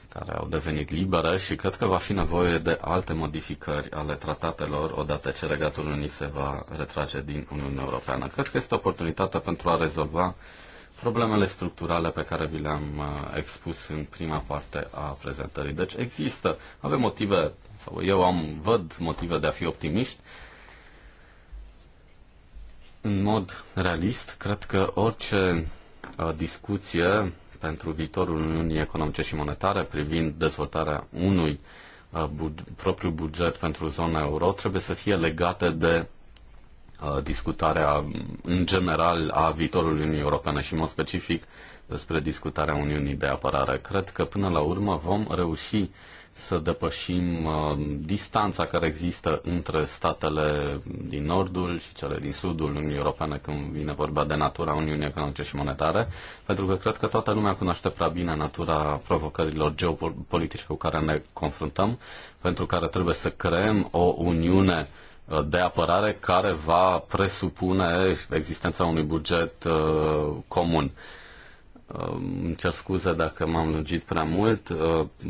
care au devenit libere și cred că va fi nevoie de alte modificări ale tratatelor odată ce Regatul Unii se va retrage din Uniunea Europeană. Cred că este oportunitatea pentru a rezolva problemele structurale pe care vi le-am expus în prima parte a prezentării. Deci există, avem motive, sau eu am, văd motive de a fi optimiști, în mod realist, cred că orice discuție pentru viitorul Uniunii Economice și Monetare privind dezvoltarea unui uh, bug, propriu buget pentru zona euro trebuie să fie legate de uh, discutarea mm, în general a viitorului Uniunii Europene și, în mod specific, despre discutarea Uniunii de apărare. Cred că, până la urmă, vom reuși să depășim uh, distanța care există între statele din nordul și cele din sudul Uniunii Europene când vine vorba de natura Uniunii Economice și Monetare, pentru că cred că toată lumea cunoaște prea bine natura provocărilor geopolitice cu care ne confruntăm, pentru care trebuie să creăm o Uniune uh, de apărare care va presupune existența unui buget uh, comun. Îmi cer scuze dacă m-am lungit prea mult.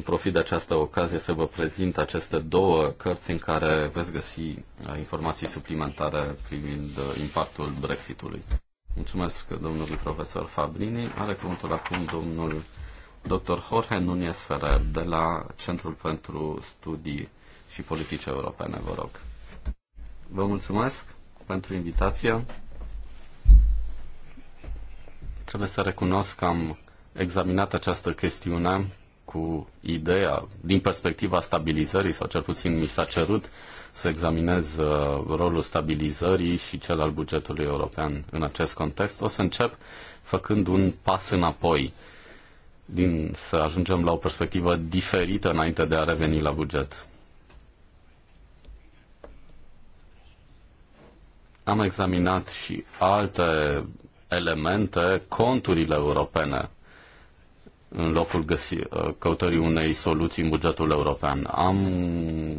Profit de această ocazie să vă prezint aceste două cărți în care veți găsi uh, informații suplimentare privind uh, impactul Brexitului. Mulțumesc domnului profesor Fabrini. Are cuvântul acum domnul dr. Jorge Nunez Ferrer de la Centrul pentru Studii și Politici Europene. Vă rog. Vă mulțumesc pentru invitație. Trebuie să recunosc că am examinat această chestiune cu ideea, din perspectiva stabilizării, sau cel puțin mi s-a cerut să examinez uh, rolul stabilizării și cel al bugetului european în acest context. O să încep făcând un pas înapoi din să ajungem la o perspectivă diferită înainte de a reveni la buget. Am examinat și alte elemente conturile europene în locul găsi, căutării unei soluții în bugetul european. Am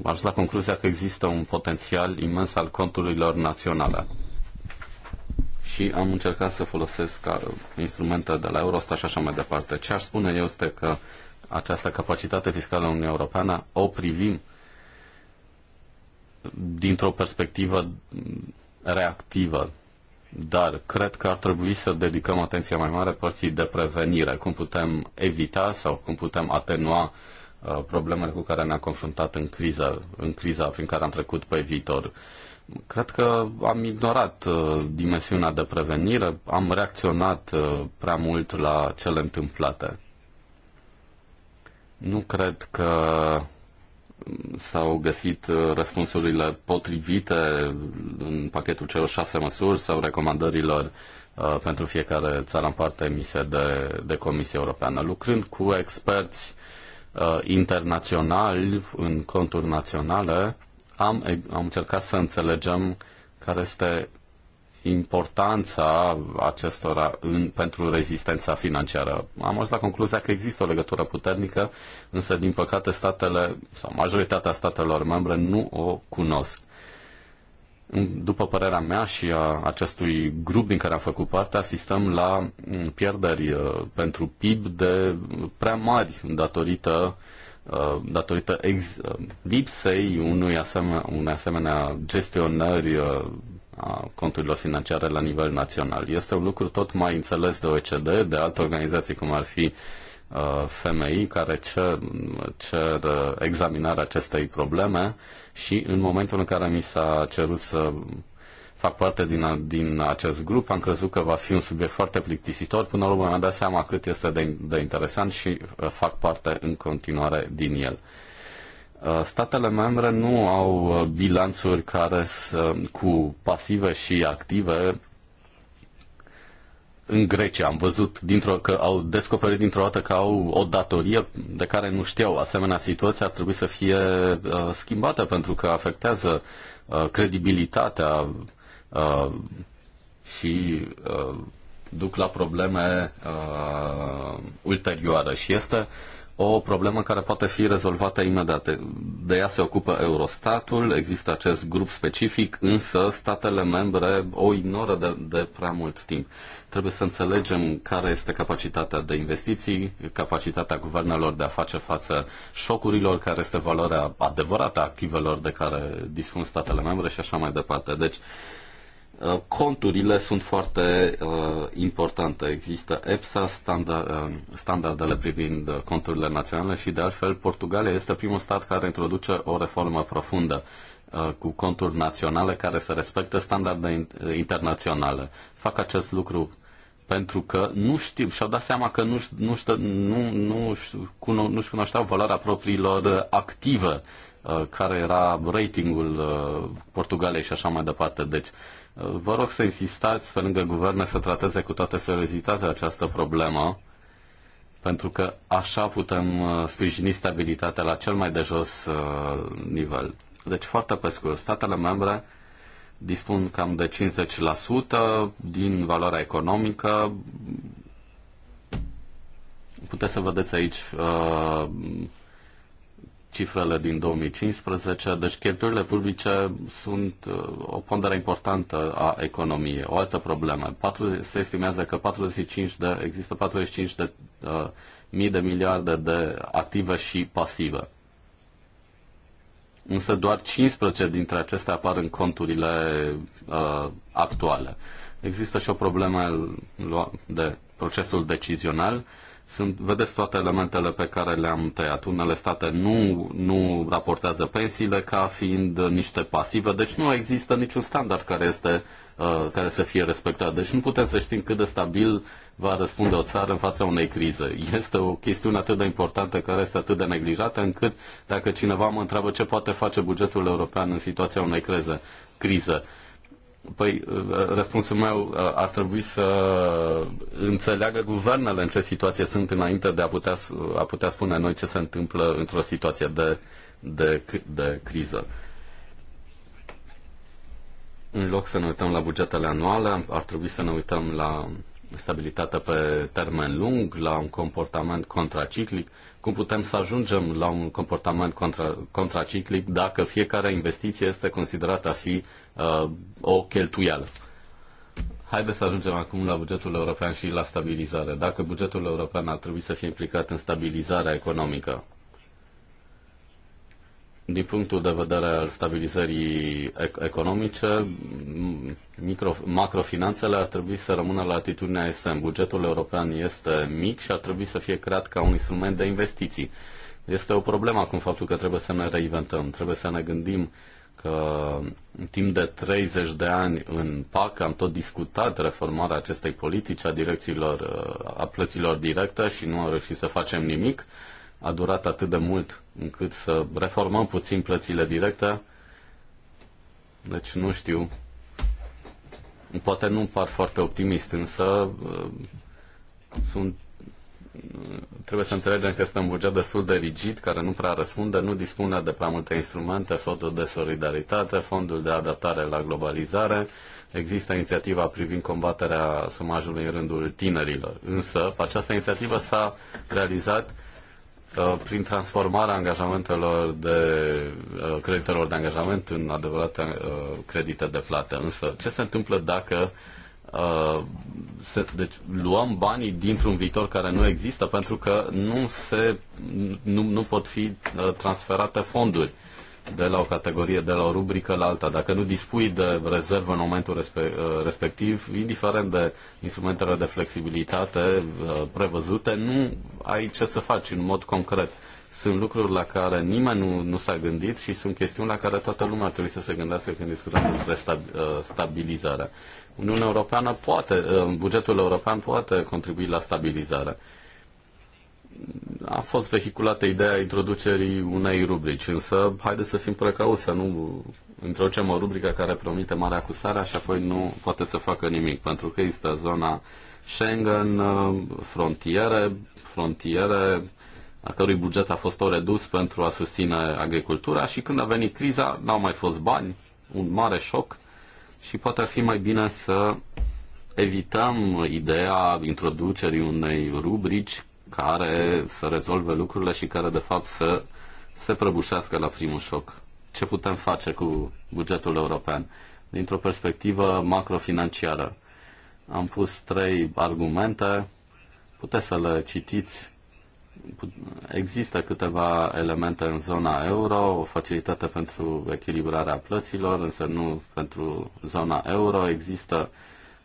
ajuns la concluzia că există un potențial imens al conturilor naționale. Și am încercat să folosesc instrumente de la Eurostat și așa mai departe. Ce aș spune eu este că această capacitate fiscală a Uniunii Europeană o privim dintr-o perspectivă reactivă dar cred că ar trebui să dedicăm atenția mai mare părții de prevenire, cum putem evita sau cum putem atenua uh, problemele cu care ne-am confruntat în criza, în criza prin care am trecut pe viitor. Cred că am ignorat uh, dimensiunea de prevenire, am reacționat uh, prea mult la cele întâmplate. Nu cred că s-au găsit uh, răspunsurile potrivite în pachetul celor șase măsuri sau recomandărilor uh, pentru fiecare țară în parte emise de, de Comisia Europeană. Lucrând cu experți uh, internaționali în conturi naționale, am, am încercat să înțelegem care este importanța acestora în, pentru rezistența financiară. Am ajuns la concluzia că există o legătură puternică, însă, din păcate, statele sau majoritatea statelor membre nu o cunosc. După părerea mea și a acestui grup din care am făcut parte, asistăm la mm, pierderi uh, pentru PIB de prea mari datorită uh, datorită ex- uh, lipsei unui asemenea, unei asemenea gestionări a conturilor financiare la nivel național. Este un lucru tot mai înțeles de OECD, de alte organizații cum ar fi uh, FMI, care cer, cer uh, examinarea acestei probleme și în momentul în care mi s-a cerut să fac parte din, din acest grup, am crezut că va fi un subiect foarte plictisitor, până la urmă mi-am dat seama cât este de, de interesant și uh, fac parte în continuare din el. Uh, statele membre nu au uh, bilanțuri care cu pasive și active în Grecia. Am văzut dintr-o, că au descoperit dintr-o dată că au o datorie de care nu știau. Asemenea situație ar trebui să fie uh, schimbată pentru că afectează uh, credibilitatea uh, și uh, duc la probleme uh, ulterioare. Și este uh, o problemă care poate fi rezolvată imediat. De ea se ocupă Eurostatul, există acest grup specific, însă statele membre o ignoră de, de prea mult timp. Trebuie să înțelegem care este capacitatea de investiții, capacitatea guvernelor de a face față șocurilor, care este valoarea adevărată a activelor de care dispun statele membre și așa mai departe. Deci, uh, Uh, conturile sunt foarte uh, importante. Există EPSA, standard, uh, standardele privind uh, conturile naționale și, de altfel, Portugalia este primul stat care introduce o reformă profundă uh, cu conturi naționale care să respecte standarde internaționale. Fac acest lucru pentru că nu știu, și-au dat seama că nu, nu, nu, nu, cuno, și cunoșteau valoarea propriilor active, care era ratingul Portugaliei și așa mai departe. Deci, Vă rog să insistați pe lângă guverne să trateze cu toată seriozitatea această problemă, pentru că așa putem uh, sprijini stabilitatea la cel mai de jos uh, nivel. Deci, foarte pe scurt, statele membre dispun cam de 50% din valoarea economică. Puteți să vedeți aici uh, cifrele din 2015, deci cheltuielile publice sunt uh, o pondere importantă a economiei. O altă problemă, 4, se estimează că 45 de, există 45 de uh, mii de miliarde de active și pasive. Însă doar 15 dintre acestea apar în conturile uh, actuale. Există și o problemă de procesul decizional. Uh, sunt, vedeți toate elementele pe care le-am tăiat. Unele state nu, nu raportează pensiile ca fiind niște pasive, deci nu există niciun standard care, este, uh, care să fie respectat. Deci nu putem să știm cât de stabil va răspunde o țară în fața unei crize. Este o chestiune atât de importantă care este atât de neglijată încât dacă cineva mă întreabă ce poate face bugetul european în situația unei crize, criză Păi, uh, răspunsul meu uh, ar trebui să înțeleagă guvernele în ce situație sunt înainte de a putea, uh, a putea spune noi ce se întâmplă într-o situație de, de, de criză. În loc să ne uităm la bugetele anuale, ar trebui să ne uităm la stabilitate pe termen lung, la un comportament contraciclic, cum putem să ajungem la un comportament contra, contraciclic dacă fiecare investiție este considerată a fi uh, o cheltuială. Haideți să ajungem acum la bugetul european și la stabilizare. Dacă bugetul european ar trebui să fie implicat în stabilizarea economică, din punctul de vedere al stabilizării economice, micro, macrofinanțele ar trebui să rămână la atitudinea SM. Bugetul european este mic și ar trebui să fie creat ca un instrument de investiții. Este o problemă acum faptul că trebuie să ne reinventăm, trebuie să ne gândim că în timp de 30 de ani în PAC am tot discutat reformarea acestei politici a direcțiilor, a plăților directe și nu am reușit să facem nimic a durat atât de mult încât să reformăm puțin plățile directe. Deci nu știu. Poate nu par foarte optimist, însă uh, sunt uh, trebuie să înțelegem că este un buget destul de rigid, care nu prea răspunde, nu dispune de prea multe instrumente, fondul de solidaritate, fondul de adaptare la globalizare, există inițiativa privind combaterea somajului în rândul tinerilor. Însă, această inițiativă s-a realizat Uh, prin transformarea angajamentelor de uh, creditelor de angajament în adevărate uh, credite de plată. Însă, ce se întâmplă dacă se, deci luăm banii dintr-un viitor care nu există pentru că nu, se, nu, nu pot fi transferate fonduri? de la o categorie, de la o rubrică la alta. Dacă nu dispui de rezervă în momentul uh, respectiv, indiferent de instrumentele de flexibilitate uh, prevăzute, nu ai ce să faci în mod concret. Sunt lucruri la care nimeni nu, nu s-a gândit și sunt chestiuni la care toată lumea trebuie să se gândească când discutăm despre uh, stabilizarea. Uniunea Europeană poate, bugetul european poate contribui la stabilizare a fost vehiculată ideea introducerii unei rubrici, însă haideți să fim precauți, să nu introducem o rubrică care promite mare acusare și apoi nu poate să facă nimic, pentru că există zona Schengen, frontiere, frontiere a cărui buget a fost o redus pentru a susține agricultura și când a venit criza n-au mai fost bani, un mare șoc și poate ar fi mai bine să evităm ideea introducerii unei rubrici care să rezolve lucrurile și care de fapt să se prăbușească la primul șoc. Ce putem face cu bugetul european? Dintr-o perspectivă macrofinanciară. Am pus trei argumente, puteți să le citiți. Există câteva elemente în zona euro, o facilitate pentru echilibrarea plăților, însă nu pentru zona euro. Există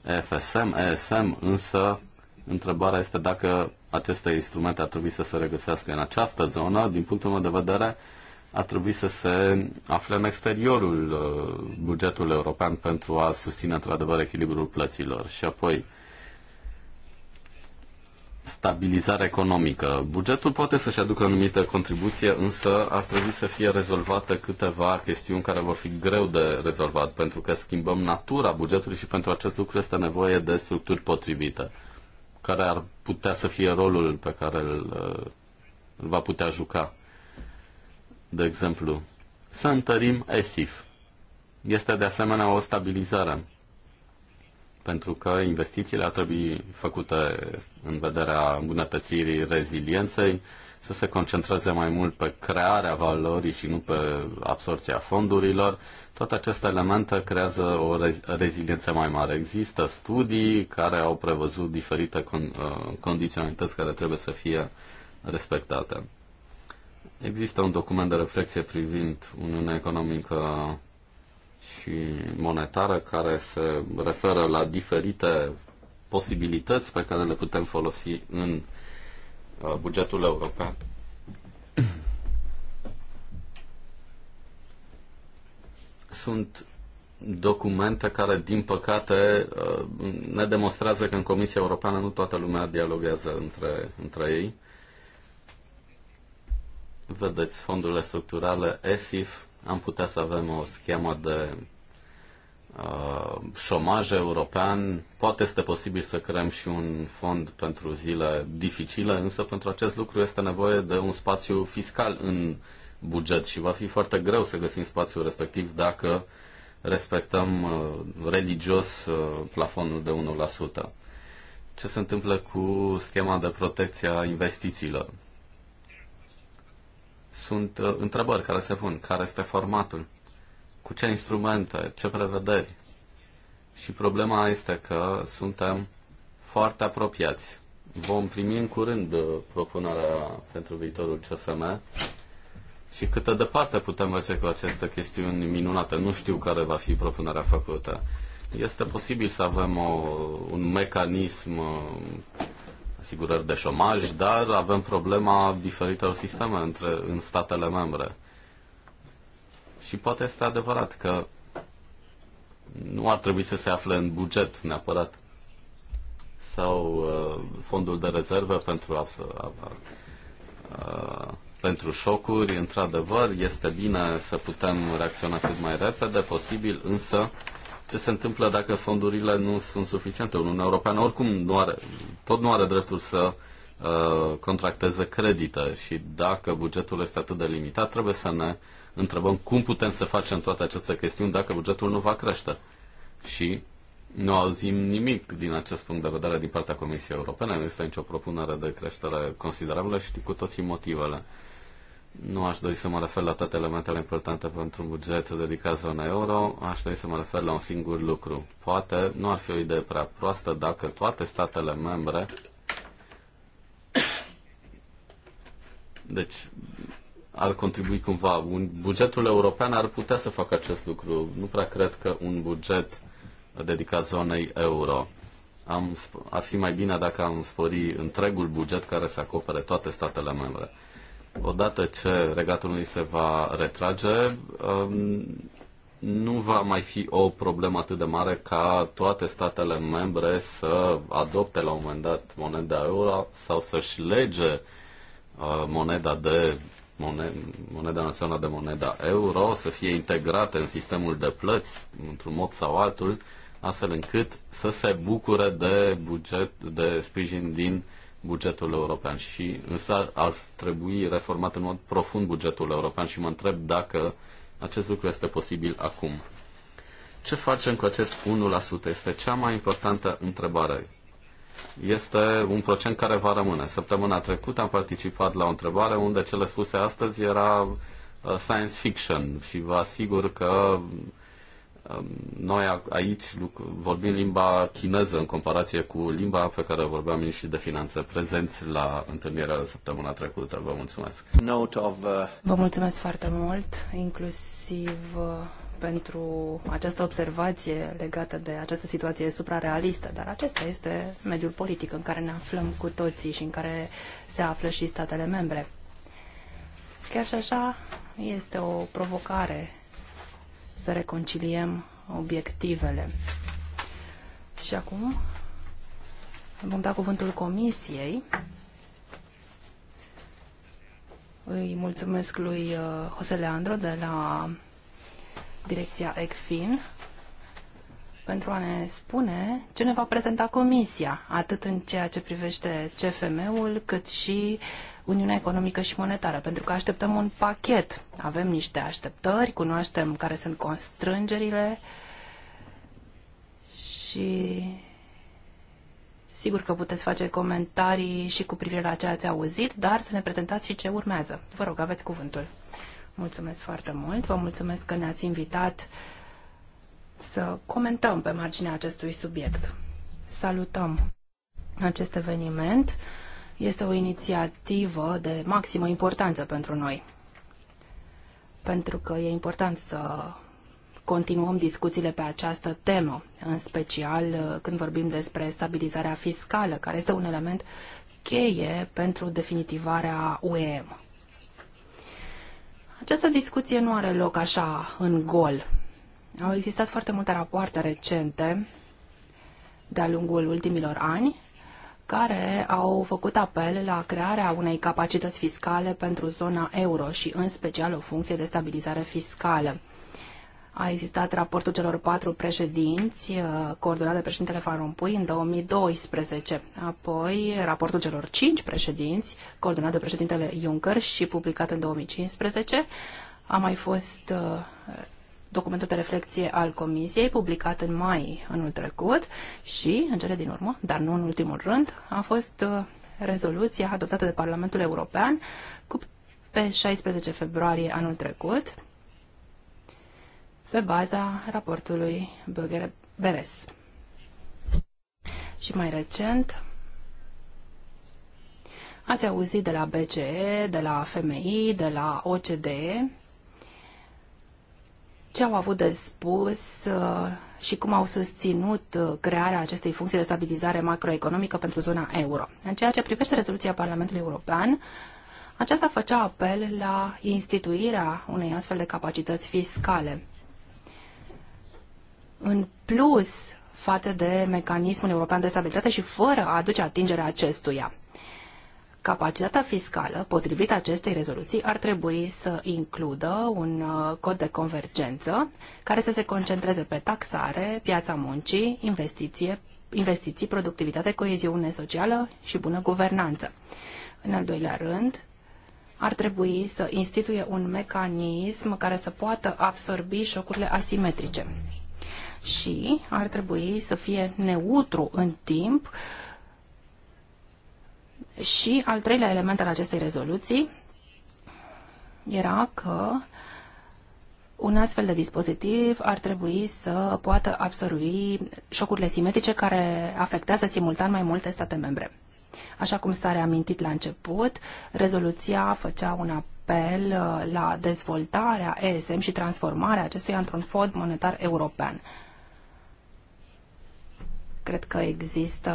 EFSM, ESM, însă Întrebarea este dacă aceste instrumente ar trebui să se regăsească în această zonă. Din punctul meu de vedere, ar trebui să se afle în exteriorul uh, bugetului european pentru a susține într-adevăr echilibrul plăților. Și apoi, stabilizare economică. Bugetul poate să-și aducă anumită contribuție, însă ar trebui să fie rezolvate câteva chestiuni care vor fi greu de rezolvat, pentru că schimbăm natura bugetului și pentru acest lucru este nevoie de structuri potrivite care ar putea să fie rolul pe care îl, uh, îl va putea juca. De exemplu, să întărim ESIF. Este de asemenea o stabilizare, pentru că investițiile ar trebui făcute în vederea îmbunătățirii rezilienței, să se concentreze mai mult pe crearea valorii și nu pe absorția fondurilor, toate aceste elemente creează o reziliență mai mare. Există studii care au prevăzut diferite con- uh, condiționalități care trebuie să fie respectate. Există un document de reflexie privind Uniunea Economică și Monetară care se referă la diferite posibilități pe care le putem folosi în uh, bugetul european sunt documente care, din păcate, uh, ne demonstrează că în Comisia Europeană nu toată lumea dialoguează între, între ei. Vedeți, fondurile structurale ESIF, am putea să avem o schemă de uh, șomaj european. Poate este posibil să creăm și un fond pentru zile dificile, însă pentru acest lucru este nevoie de un spațiu fiscal în uh, buget și va fi foarte greu să găsim spațiul respectiv dacă respectăm uh, religios uh, plafonul de 1%. Ce se întâmplă cu schema de protecție a investițiilor? Sunt uh, întrebări care se pun. Care este formatul? Cu ce instrumente? Ce prevederi? Și problema este că suntem foarte apropiați. Vom primi în curând propunerea pentru viitorul CFM și cât de departe putem merge cu această chestiune minunată. Nu știu care va fi propunerea făcută. Este posibil să avem o, un mecanism uh, asigurări de șomaj, dar avem problema diferitelor sisteme între, în statele membre. Și poate este adevărat că nu ar trebui să se afle în buget neapărat sau uh, fondul de rezervă pentru a, a, a, a pentru șocuri. Într-adevăr, este bine să putem reacționa cât mai repede posibil, însă ce se întâmplă dacă fondurile nu sunt suficiente? Uniunea Europeană oricum nu are, tot nu are dreptul să uh, contracteze credită și dacă bugetul este atât de limitat, trebuie să ne întrebăm cum putem să facem toate aceste chestiuni dacă bugetul nu va crește. Și nu auzim nimic din acest punct de vedere din partea Comisiei Europene, nu este nicio propunere de creștere considerabilă și cu toții motivele. Nu aș dori să mă refer la toate elementele importante pentru un buget dedicat zonei euro, aș dori să mă refer la un singur lucru. Poate nu ar fi o idee prea proastă dacă toate statele membre deci ar contribui cumva. Un, bugetul european ar putea să facă acest lucru. Nu prea cred că un buget dedicat zonei euro am, ar fi mai bine dacă am spori întregul buget care să acopere toate statele membre odată ce Regatul lui se va retrage, um, nu va mai fi o problemă atât de mare ca toate statele membre să adopte la un moment dat moneda euro sau să-și lege uh, moneda de moneda națională de moneda euro să fie integrată în sistemul de plăți într-un mod sau altul, astfel încât să se bucure de buget, de sprijin din bugetul european și însă ar trebui reformat în mod profund bugetul european și mă întreb dacă acest lucru este posibil acum. Ce facem cu acest 1%? Este cea mai importantă întrebare. Este un procent care va rămâne. Săptămâna trecută am participat la o întrebare unde cele spuse astăzi era uh, science fiction și vă asigur că noi aici vorbim limba chineză în comparație cu limba pe care vorbeam și de finanțe prezenți la întâlnirea săptămâna trecută. Vă mulțumesc. Note of, uh... Vă mulțumesc foarte mult, inclusiv uh, pentru această observație legată de această situație suprarealistă, dar acesta este mediul politic în care ne aflăm cu toții și în care se află și statele membre. Chiar și așa este o provocare să reconciliem obiectivele. Și acum vom da cuvântul comisiei. Îi mulțumesc lui uh, Jose Leandro de la direcția ECFIN pentru a ne spune ce ne va prezenta Comisia, atât în ceea ce privește CFM-ul, cât și Uniunea Economică și Monetară, pentru că așteptăm un pachet. Avem niște așteptări, cunoaștem care sunt constrângerile și sigur că puteți face comentarii și cu privire la ce ați auzit, dar să ne prezentați și ce urmează. Vă rog, aveți cuvântul. Mulțumesc foarte mult, vă mulțumesc că ne-ați invitat uh, să comentăm pe marginea acestui subiect. Salutăm acest eveniment. Este o inițiativă de maximă importanță pentru noi, pentru că e important să continuăm discuțiile pe această temă, în special uh, când vorbim despre stabilizarea fiscală, care este un element cheie pentru definitivarea UEM. Această discuție nu are loc așa în gol. Au existat foarte multe rapoarte recente de-a lungul ultimilor ani care au făcut apel la crearea unei capacități fiscale pentru zona euro și în special o funcție de stabilizare fiscală. A existat raportul celor patru președinți, uh, coordonat de președintele Van Rompuy în 2012, apoi raportul celor cinci președinți, coordonat de președintele Juncker și publicat în 2015. A mai fost uh, documentul de reflexie al Comisiei, publicat în mai anul trecut și, în cele din urmă, dar nu în ultimul rând, a fost uh, rezoluția adoptată de Parlamentul European cu pe 16 februarie anul trecut, pe baza raportului bögere Beres. Și mai recent, ați auzit de la BCE, de la FMI, de la OCDE, ce au avut de spus uh, și cum au susținut uh, crearea acestei funcții de stabilizare macroeconomică pentru zona euro. În ceea ce privește rezoluția Parlamentului European, aceasta făcea apel la instituirea unei astfel de capacități fiscale. În plus față de mecanismul european de stabilitate și fără a aduce atingerea acestuia. Capacitatea fiscală, potrivit acestei rezoluții, ar trebui să includă un uh, cod de convergență care să se concentreze pe taxare, piața muncii, investiție, investiții, productivitate, coeziune socială și bună guvernanță. În al doilea rând, ar trebui să instituie un mecanism care să poată absorbi șocurile asimetrice și ar trebui să fie neutru în timp uh, și al treilea element al acestei rezoluții era că un astfel de dispozitiv ar trebui să poată absorbi șocurile simetrice care afectează simultan mai multe state membre. Așa cum s-a reamintit la început, rezoluția făcea un apel uh, la dezvoltarea ESM și transformarea acestuia într-un fond monetar european. Cred că există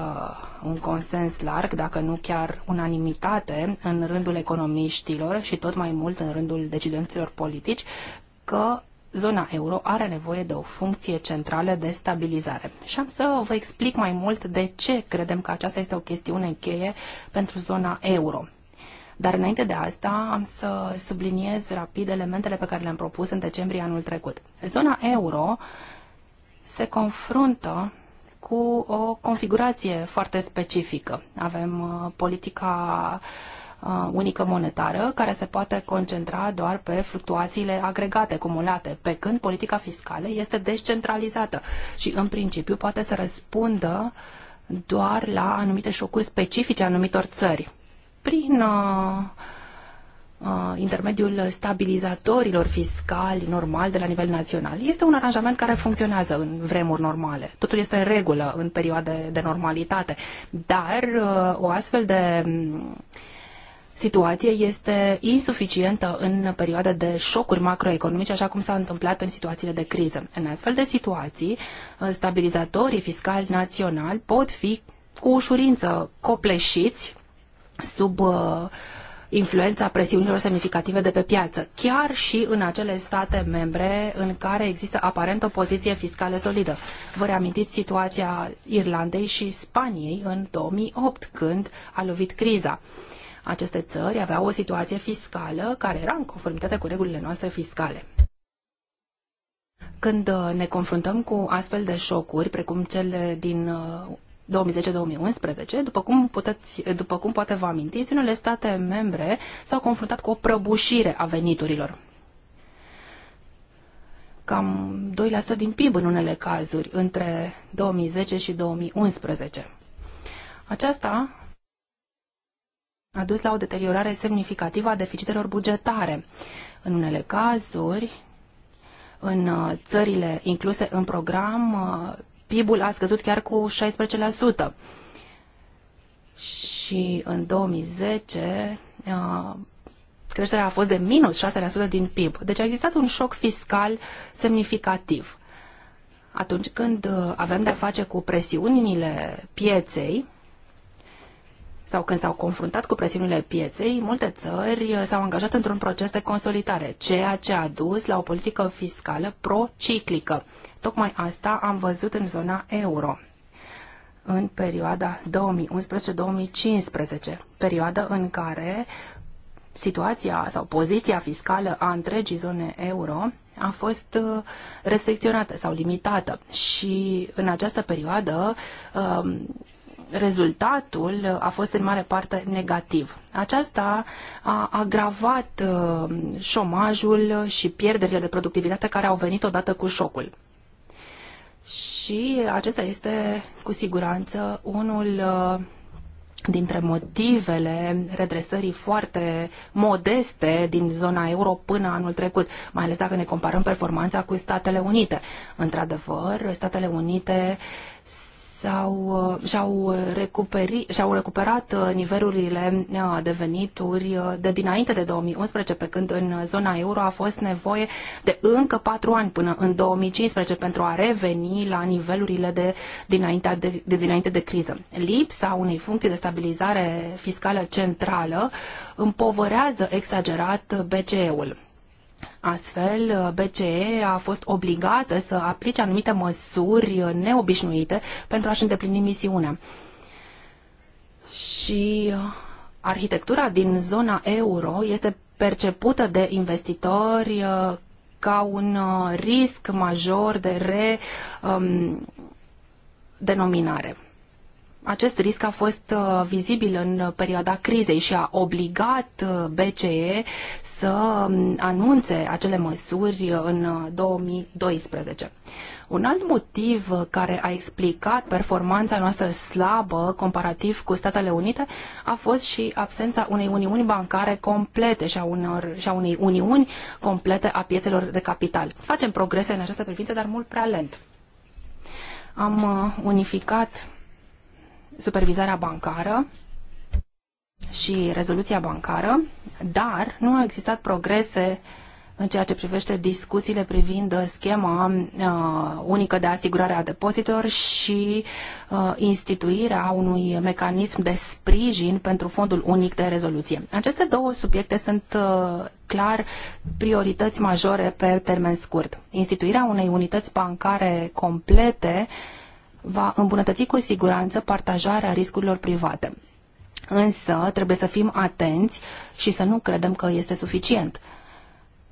un consens larg, dacă nu chiar unanimitate, în rândul economiștilor și tot mai mult în rândul decidenților politici, că zona euro are nevoie de o funcție centrală de stabilizare. Și am să vă explic mai mult de ce credem că aceasta este o chestiune cheie pentru zona euro. Dar înainte de asta am să subliniez rapid elementele pe care le-am propus în decembrie anul trecut. Zona euro se confruntă cu o configurație foarte specifică. Avem uh, politica uh, unică monetară, care se poate concentra doar pe fluctuațiile agregate, cumulate, pe când politica fiscală este descentralizată și, în principiu, poate să răspundă doar la anumite șocuri specifice anumitor țări. Prin uh, Uh, intermediul stabilizatorilor fiscali normali de la nivel național. Este un aranjament care funcționează în vremuri normale. Totul este în regulă în perioade de normalitate, dar uh, o astfel de mm, situație este insuficientă în perioade de șocuri macroeconomice, așa cum s-a întâmplat în situațiile de criză. În astfel de situații, uh, stabilizatorii fiscali naționali pot fi cu ușurință copleșiți sub uh, influența presiunilor semnificative de pe piață, chiar și în acele state membre în care există aparent o poziție fiscală solidă. Vă reamintiți situația Irlandei și Spaniei în 2008, când a lovit criza. Aceste țări aveau o situație fiscală care era în conformitate cu regulile noastre fiscale. Când uh, ne confruntăm cu astfel de șocuri, precum cele din uh, 2010-2011, după cum, puteți, după cum poate vă amintiți, unele state membre s-au confruntat cu o prăbușire a veniturilor. Cam 2% din PIB în unele cazuri, între 2010 și 2011. Aceasta a dus la o deteriorare semnificativă a deficitelor bugetare. În unele cazuri, în uh, țările incluse în program, uh, PIB-ul a scăzut chiar cu 16%. Și în 2010 uh, creșterea a fost de minus 6% din PIB. Deci a existat un șoc fiscal semnificativ. Atunci când uh, avem de-a face cu presiunile pieței, sau când s-au confruntat cu presiunile pieței, multe țări uh, s-au angajat într-un proces de consolidare, ceea ce a dus la o politică fiscală prociclică. Tocmai asta am văzut în zona euro în perioada 2011-2015, perioadă în care situația sau poziția fiscală a întregii zone euro a fost uh, restricționată sau limitată și în această perioadă um, rezultatul a fost în mare parte negativ. Aceasta a agravat uh, șomajul și pierderile de productivitate care au venit odată cu șocul. Și acesta este cu siguranță unul uh, dintre motivele redresării foarte modeste din zona euro până anul trecut, mai ales dacă ne comparăm performanța cu Statele Unite. Într-adevăr, Statele Unite uh, s-au, uh, și-au, uh, recuperi, și-au recuperat uh, nivelurile de venituri de dinainte de 2011, pe când în zona euro a fost nevoie de încă patru ani până în 2015 pentru a reveni la nivelurile de dinainte de, de, dinainte de criză. Lipsa unei funcții de stabilizare fiscală centrală împovărează exagerat BCE-ul Astfel, BCE a fost obligată să aplice anumite măsuri neobișnuite pentru a-și îndeplini misiunea. Și arhitectura din zona euro este percepută de investitori uh, ca un uh, risc major de redenominare. Um, acest risc a fost uh, vizibil în uh, perioada crizei și a obligat uh, BCE să um, anunțe acele măsuri în 2012. Un alt motiv care a explicat performanța noastră slabă comparativ cu Statele Unite a fost și absența unei uniuni bancare complete și a, unor, și a unei uniuni complete a piețelor de capital. Facem progrese în această privință, dar mult prea lent. Am unificat supervizarea bancară și rezoluția bancară, dar nu au existat progrese în ceea ce privește discuțiile privind schema uh, unică de asigurare a depozitor și uh, instituirea unui mecanism de sprijin pentru fondul unic de rezoluție. Aceste două subiecte sunt uh, clar priorități majore pe termen scurt. Instituirea unei unități bancare complete uh, va îmbunătăți cu siguranță partajarea riscurilor private. Însă trebuie să fim atenți și să nu credem că este suficient.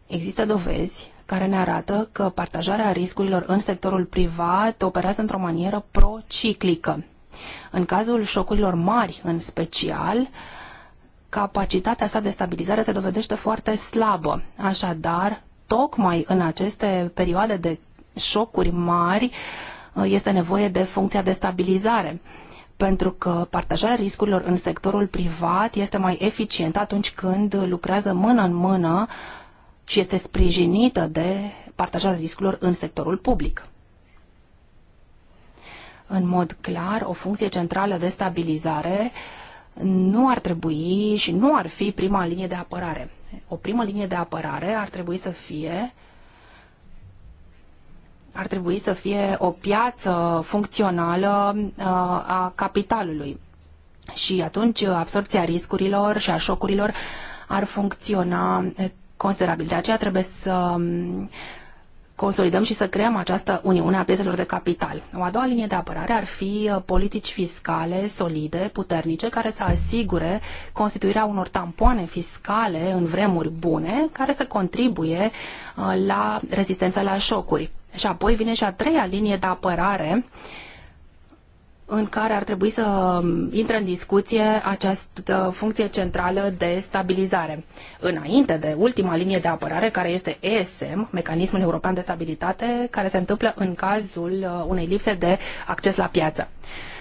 Există dovezi care ne arată că partajarea riscurilor în sectorul privat operează într-o manieră prociclică. În cazul șocurilor mari, în special, capacitatea sa de stabilizare se dovedește foarte slabă. Așadar, tocmai în aceste perioade de șocuri mari, uh, Uh, este nevoie de funcția de stabilizare pentru că partajarea riscurilor în sectorul privat este mai eficientă atunci când lucrează mână în mână și este sprijinită de partajarea riscurilor în sectorul public. În mod clar, o funcție centrală de stabilizare nu ar trebui și nu ar fi prima linie de apărare. O primă linie de apărare ar trebui să fie ar trebui să fie o piață funcțională uh, a capitalului. Și atunci uh, absorpția riscurilor și a șocurilor ar funcționa uh, considerabil. De aceea trebuie să um, consolidăm și să creăm această uniune a piețelor de capital. O a doua linie de apărare ar fi politici fiscale solide, puternice, care să asigure constituirea unor tampoane fiscale în vremuri bune, care să contribuie la rezistența la șocuri. Și apoi vine și a treia linie de apărare în care ar trebui să intre în discuție această funcție centrală de stabilizare. Înainte de ultima linie de apărare, care este ESM, Mecanismul European de Stabilitate, care se întâmplă în cazul uh, unei lipse de acces la piață.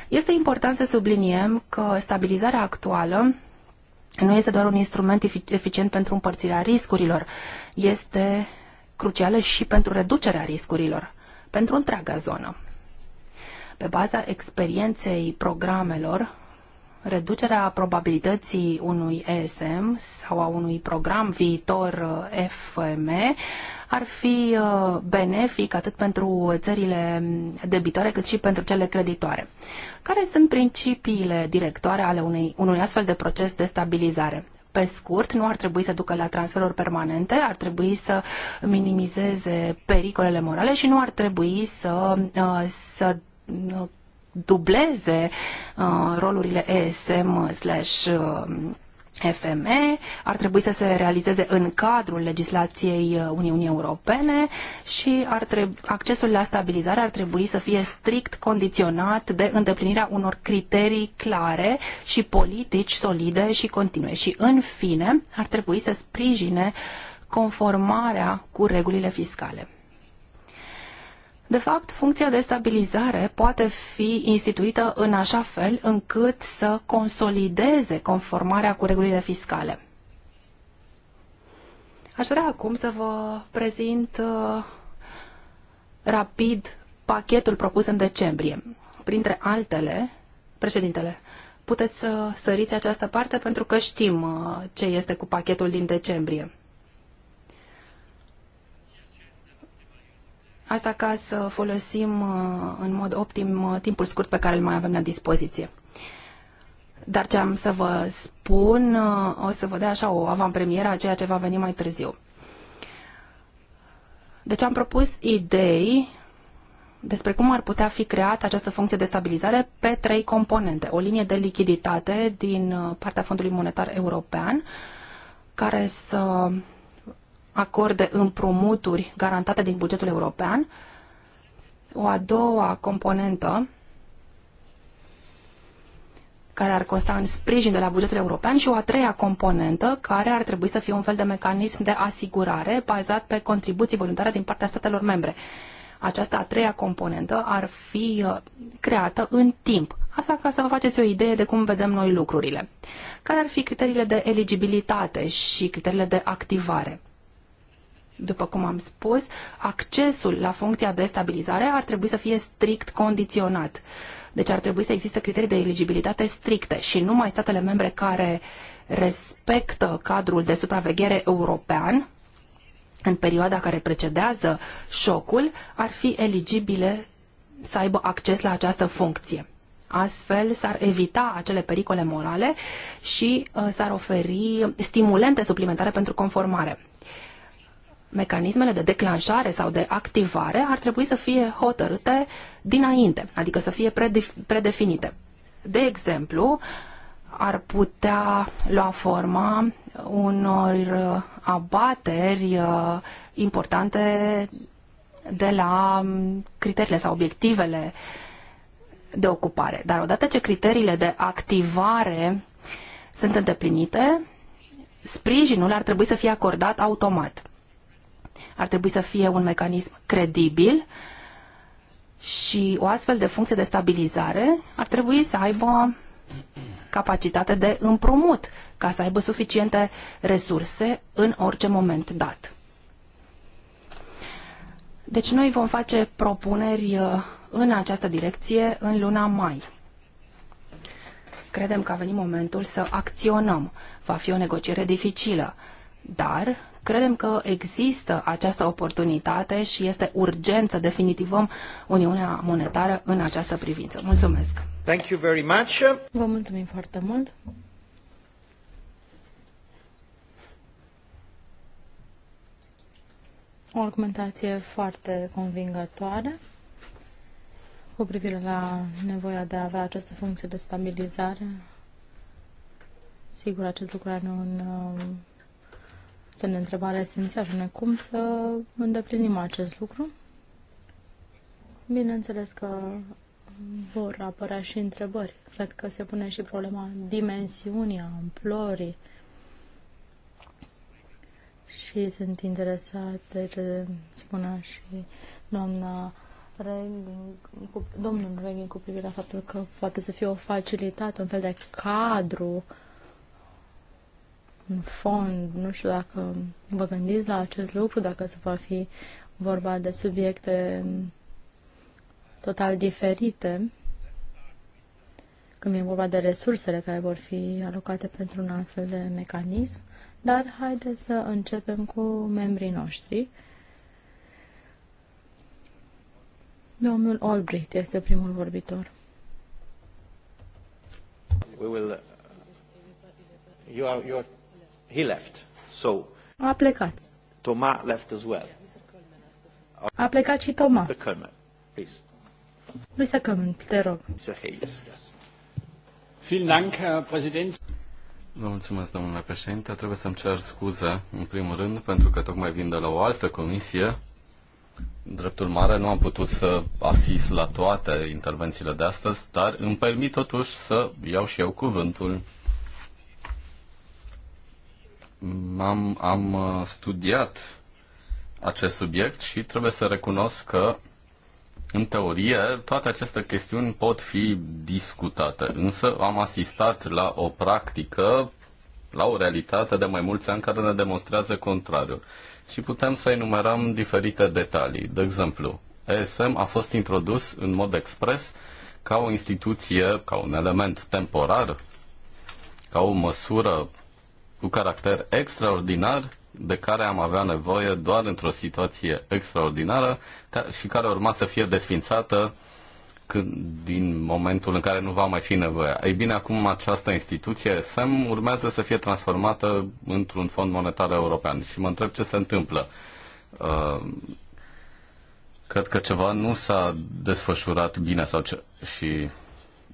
Este important să subliniem că stabilizarea actuală nu este doar un instrument eficient pentru împărțirea riscurilor, este cruciale și pentru reducerea riscurilor pentru întreaga zonă. Pe baza experienței programelor, reducerea probabilității unui ESM sau a unui program viitor uh, FM ar fi uh, benefic atât pentru țările debitoare cât și pentru cele creditoare. Care sunt principiile directoare ale unei, unui astfel de proces de stabilizare? pe scurt, nu ar trebui să ducă la transferuri permanente, ar trebui să minimizeze pericolele morale și nu ar trebui să, uh, să uh, dubleze uh, rolurile ESM slash FME ar trebui să se realizeze în cadrul legislației uh, Uniunii Europene și ar treb- accesul la stabilizare ar trebui să fie strict condiționat de îndeplinirea unor criterii clare și politici solide și continue. Și, în fine, ar trebui să sprijine conformarea cu regulile fiscale. De fapt, funcția de stabilizare poate fi instituită în așa fel încât să consolideze conformarea cu regulile fiscale. Aș vrea acum să vă prezint uh, rapid pachetul propus în decembrie. Printre altele, președintele, puteți să săriți această parte pentru că știm uh, ce este cu pachetul din decembrie. Asta ca să folosim uh, în mod optim uh, timpul scurt pe care îl mai avem la dispoziție. Dar ce am să vă spun, uh, o să vă dea așa o avantpremieră a ceea ce va veni mai târziu. Deci am propus idei despre cum ar putea fi creată această funcție de stabilizare pe trei componente. O linie de lichiditate din partea Fondului Monetar European, care să acorde împrumuturi garantate din bugetul european. O a doua componentă care ar consta în sprijin de la bugetul european și o a treia componentă care ar trebui să fie un fel de mecanism de asigurare bazat pe contribuții voluntare din partea statelor membre. Această a treia componentă ar fi uh, creată în timp. Asta ca să vă faceți o idee de cum vedem noi lucrurile. Care ar fi criteriile de eligibilitate și criteriile de activare? După cum am spus, accesul la funcția de stabilizare ar trebui să fie strict condiționat. Deci ar trebui să existe criterii de eligibilitate stricte și numai statele membre care respectă cadrul de supraveghere european în perioada care precedează șocul ar fi eligibile să aibă acces la această funcție. Astfel s-ar evita acele pericole morale și uh, s-ar oferi stimulente suplimentare pentru conformare mecanismele de declanșare sau de activare ar trebui să fie hotărâte dinainte, adică să fie predefinite. De exemplu, ar putea lua forma unor abateri uh, importante de la um, criteriile sau obiectivele de ocupare. Dar odată ce criteriile de activare sunt îndeplinite, sprijinul ar trebui să fie acordat automat. Ar trebui să fie un mecanism credibil și o astfel de funcție de stabilizare ar trebui să aibă capacitate de împrumut ca să aibă suficiente resurse în orice moment dat. Deci noi vom face propuneri uh, în această direcție în luna mai. Credem că a venit momentul să acționăm. Va fi o negociere dificilă, dar Credem că există această oportunitate și este urgent să definitivăm Uniunea Monetară în această privință. Mulțumesc! Thank you very much. Vă mulțumim foarte mult! O argumentație foarte convingătoare cu privire la nevoia de a avea această funcție de stabilizare. Sigur, acest lucru are un um, semne întrebare esențială, cum să îndeplinim acest lucru. Bineînțeles că vor apărea și întrebări. Cred că se pune și problema dimensiunii, amplorii. Și sunt interesate de spunea și doamna Reghin, cu, domnul Reghin cu privire la faptul că poate să fie o facilitate, un fel de cadru uh, un fond. Nu știu dacă vă gândiți la acest lucru, dacă se va fi vorba de subiecte total diferite când e vorba de resursele care vor fi alocate pentru un astfel de mecanism, dar haideți să începem cu membrii noștri. Domnul Albrecht este primul vorbitor. We will, uh, you are, you are He left. So, a plecat. Thomas left as well. A plecat și Toma. Mr. Kerman, please. Mr. Kerman, te rog. Mr. Hayes, yes. Vielen Dank, Herr Präsident. Vă mulțumesc, domnule președinte. Trebuie să-mi cer scuze, în primul rând, pentru că tocmai vin de la o altă comisie. Dreptul mare nu am putut să asist la toate intervențiile de astăzi, dar îmi permit totuși să iau și eu cuvântul am, am uh, studiat acest subiect și trebuie să recunosc că, în teorie, toate aceste chestiuni pot fi discutate, însă am asistat la o practică, la o realitate de mai mulți ani care ne demonstrează contrariul. Și putem să enumerăm diferite detalii. De exemplu, ESM a fost introdus în mod expres ca o instituție, ca un element temporar, ca o măsură cu caracter extraordinar de care am avea nevoie doar într-o situație extraordinară și care urma să fie desfințată când, din momentul în care nu va mai fi nevoie. Ei bine, acum această instituție, SEM, urmează să fie transformată într-un fond monetar european și mă întreb ce se întâmplă. Uh, cred că ceva nu s-a desfășurat bine sau ce... și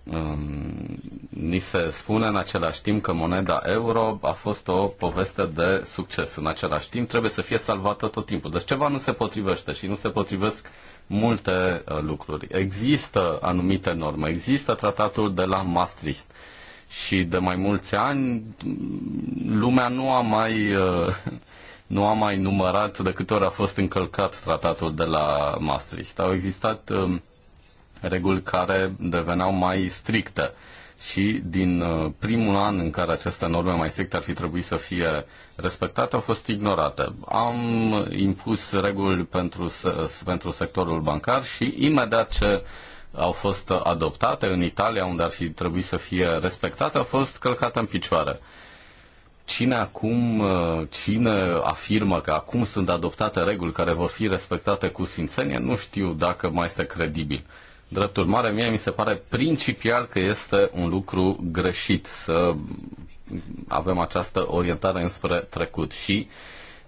Um, ni se spune în același timp că moneda euro a fost o poveste de succes. În același timp trebuie să fie salvată tot timpul. Deci ceva nu se potrivește și nu se potrivesc multe uh, lucruri. Există anumite norme, există tratatul de la Maastricht și de mai mulți ani lumea nu a mai uh, nu a mai numărat de câte ori a fost încălcat tratatul de la Maastricht. Au existat uh, reguli care deveneau mai stricte. Și din uh, primul an în care aceste norme mai stricte ar fi trebuit să fie respectate, au fost ignorate. Am impus reguli pentru, pentru sectorul bancar și imediat ce au fost adoptate în Italia, unde ar fi trebuit să fie respectate, au fost călcate în picioare cine acum, uh, cine afirmă că acum sunt adoptate reguli care vor fi respectate cu sfințenie, nu știu dacă mai este credibil. Drept urmare, mie mi se pare principial că este un lucru greșit să avem această orientare înspre trecut și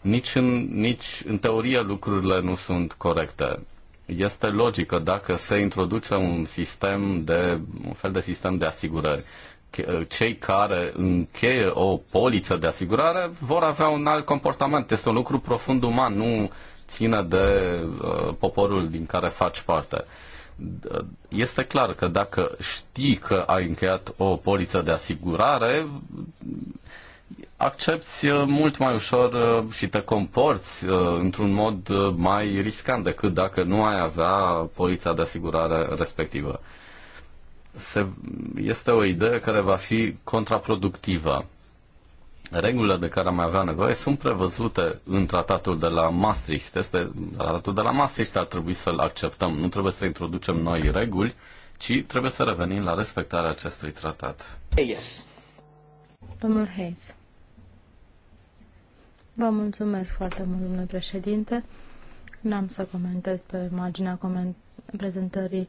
nici în, nici în teorie lucrurile nu sunt corecte. Este logică dacă se introduce un sistem de, un fel de sistem de asigurări. Cei care încheie o poliță de asigurare vor avea un alt comportament. Este un lucru profund uman, nu ține de uh, poporul din care faci parte. Uh, este clar că dacă știi că ai încheiat o poliță de asigurare, accepti uh, mult mai ușor uh, și te comporți uh, într-un mod mai riscant decât dacă nu ai avea polița de asigurare respectivă. Se, este o idee care va fi contraproductivă regulile de care am avea nevoie sunt prevăzute în tratatul de la Maastricht. Este tratatul de la Maastricht ar trebui să-l acceptăm. Nu trebuie să introducem noi reguli, ci trebuie să revenim la respectarea acestui tratat. Yes. Domnul Hayes. Vă mulțumesc foarte mult, domnule președinte. N-am să comentez pe marginea coment prezentării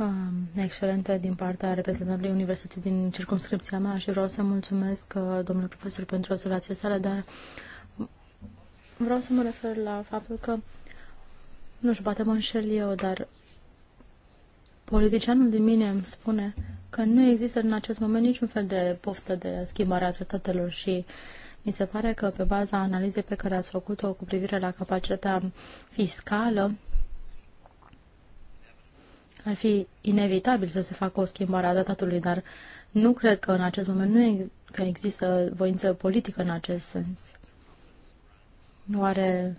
Ah, Excelente din partea reprezentantului Universității din circumscripția mea și vreau să mulțumesc uh, domnule profesor pentru observația sale, dar vreau să mă refer la faptul că nu știu, poate mă înșel eu, dar politicianul din mine îmi spune că nu există în acest moment niciun fel de poftă de schimbare a tratatelor și mi se pare că pe baza analizei pe care ați făcut-o cu privire la capacitatea fiscală, ar fi inevitabil să se facă o schimbare a datatului, dar nu cred că în acest moment nu ex- că există voință politică în acest sens. Nu are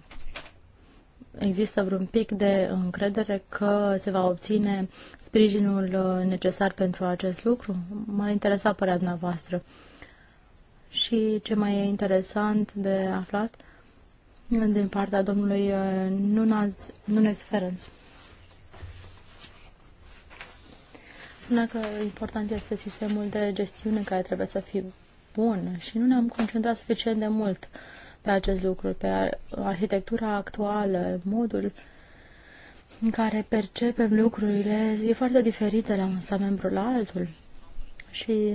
există vreun pic de încredere că se va obține sprijinul uh, necesar pentru acest lucru? M-ar interesa părerea dumneavoastră. Și ce mai e interesant de aflat din partea domnului uh, Nunes Ferenc. spunea că important este sistemul de gestiune care trebuie să fie bun și nu ne-am concentrat suficient de mult pe acest lucru, pe arhitectura actuală, modul în care percepem lucrurile e foarte de la un stat membru la altul. Și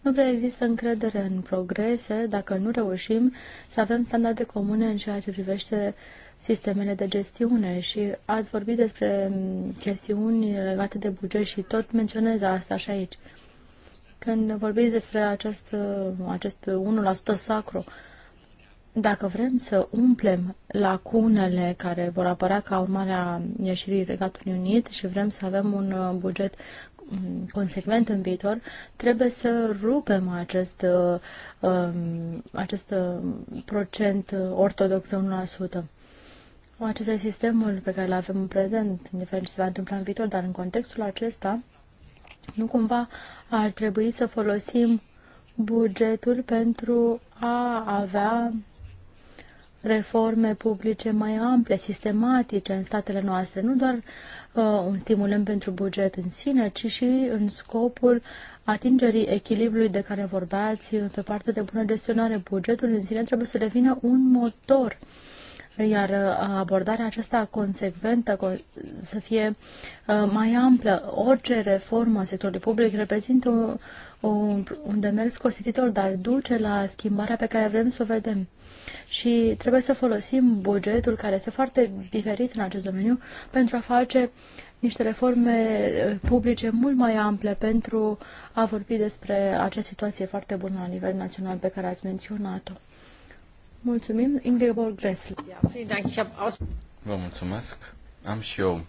nu prea există încredere în progrese dacă nu reușim să avem standarde comune în ceea ce privește uh, sistemele de gestiune și ați vorbit despre chestiuni legate de buget și tot menționez asta și aici. Când vorbiți despre acest, acest 1% sacru, dacă vrem să umplem lacunele care vor apărea ca urmare a ieșirii Regatului Unit și vrem să avem un buget consecvent în viitor, trebuie să rupem acest, um, acest procent ortodox 1%. Acest sistemul pe care îl avem în prezent, indiferent ce se va întâmpla în viitor, dar în contextul acesta nu cumva ar trebui să folosim bugetul pentru a avea reforme publice mai ample, sistematice în statele noastre, nu doar uh, un stimulent pentru buget în sine, ci și în scopul atingerii echilibrului de care vorbeați pe partea de bună gestionare. Bugetul în sine trebuie să devină un motor uh, iar uh, abordarea aceasta consecventă să fie uh, mai amplă. Orice reformă a sectorului public reprezintă un, un demers costititor, dar duce la schimbarea pe care vrem să o vedem. Și trebuie să folosim bugetul, care este foarte diferit în acest domeniu, pentru a face niște reforme uh, publice mult mai ample pentru a vorbi despre acea situație foarte bună la nivel național pe care ați menționat-o. Mulțumim, Ingeborg Gressle. Vă mulțumesc. Am și eu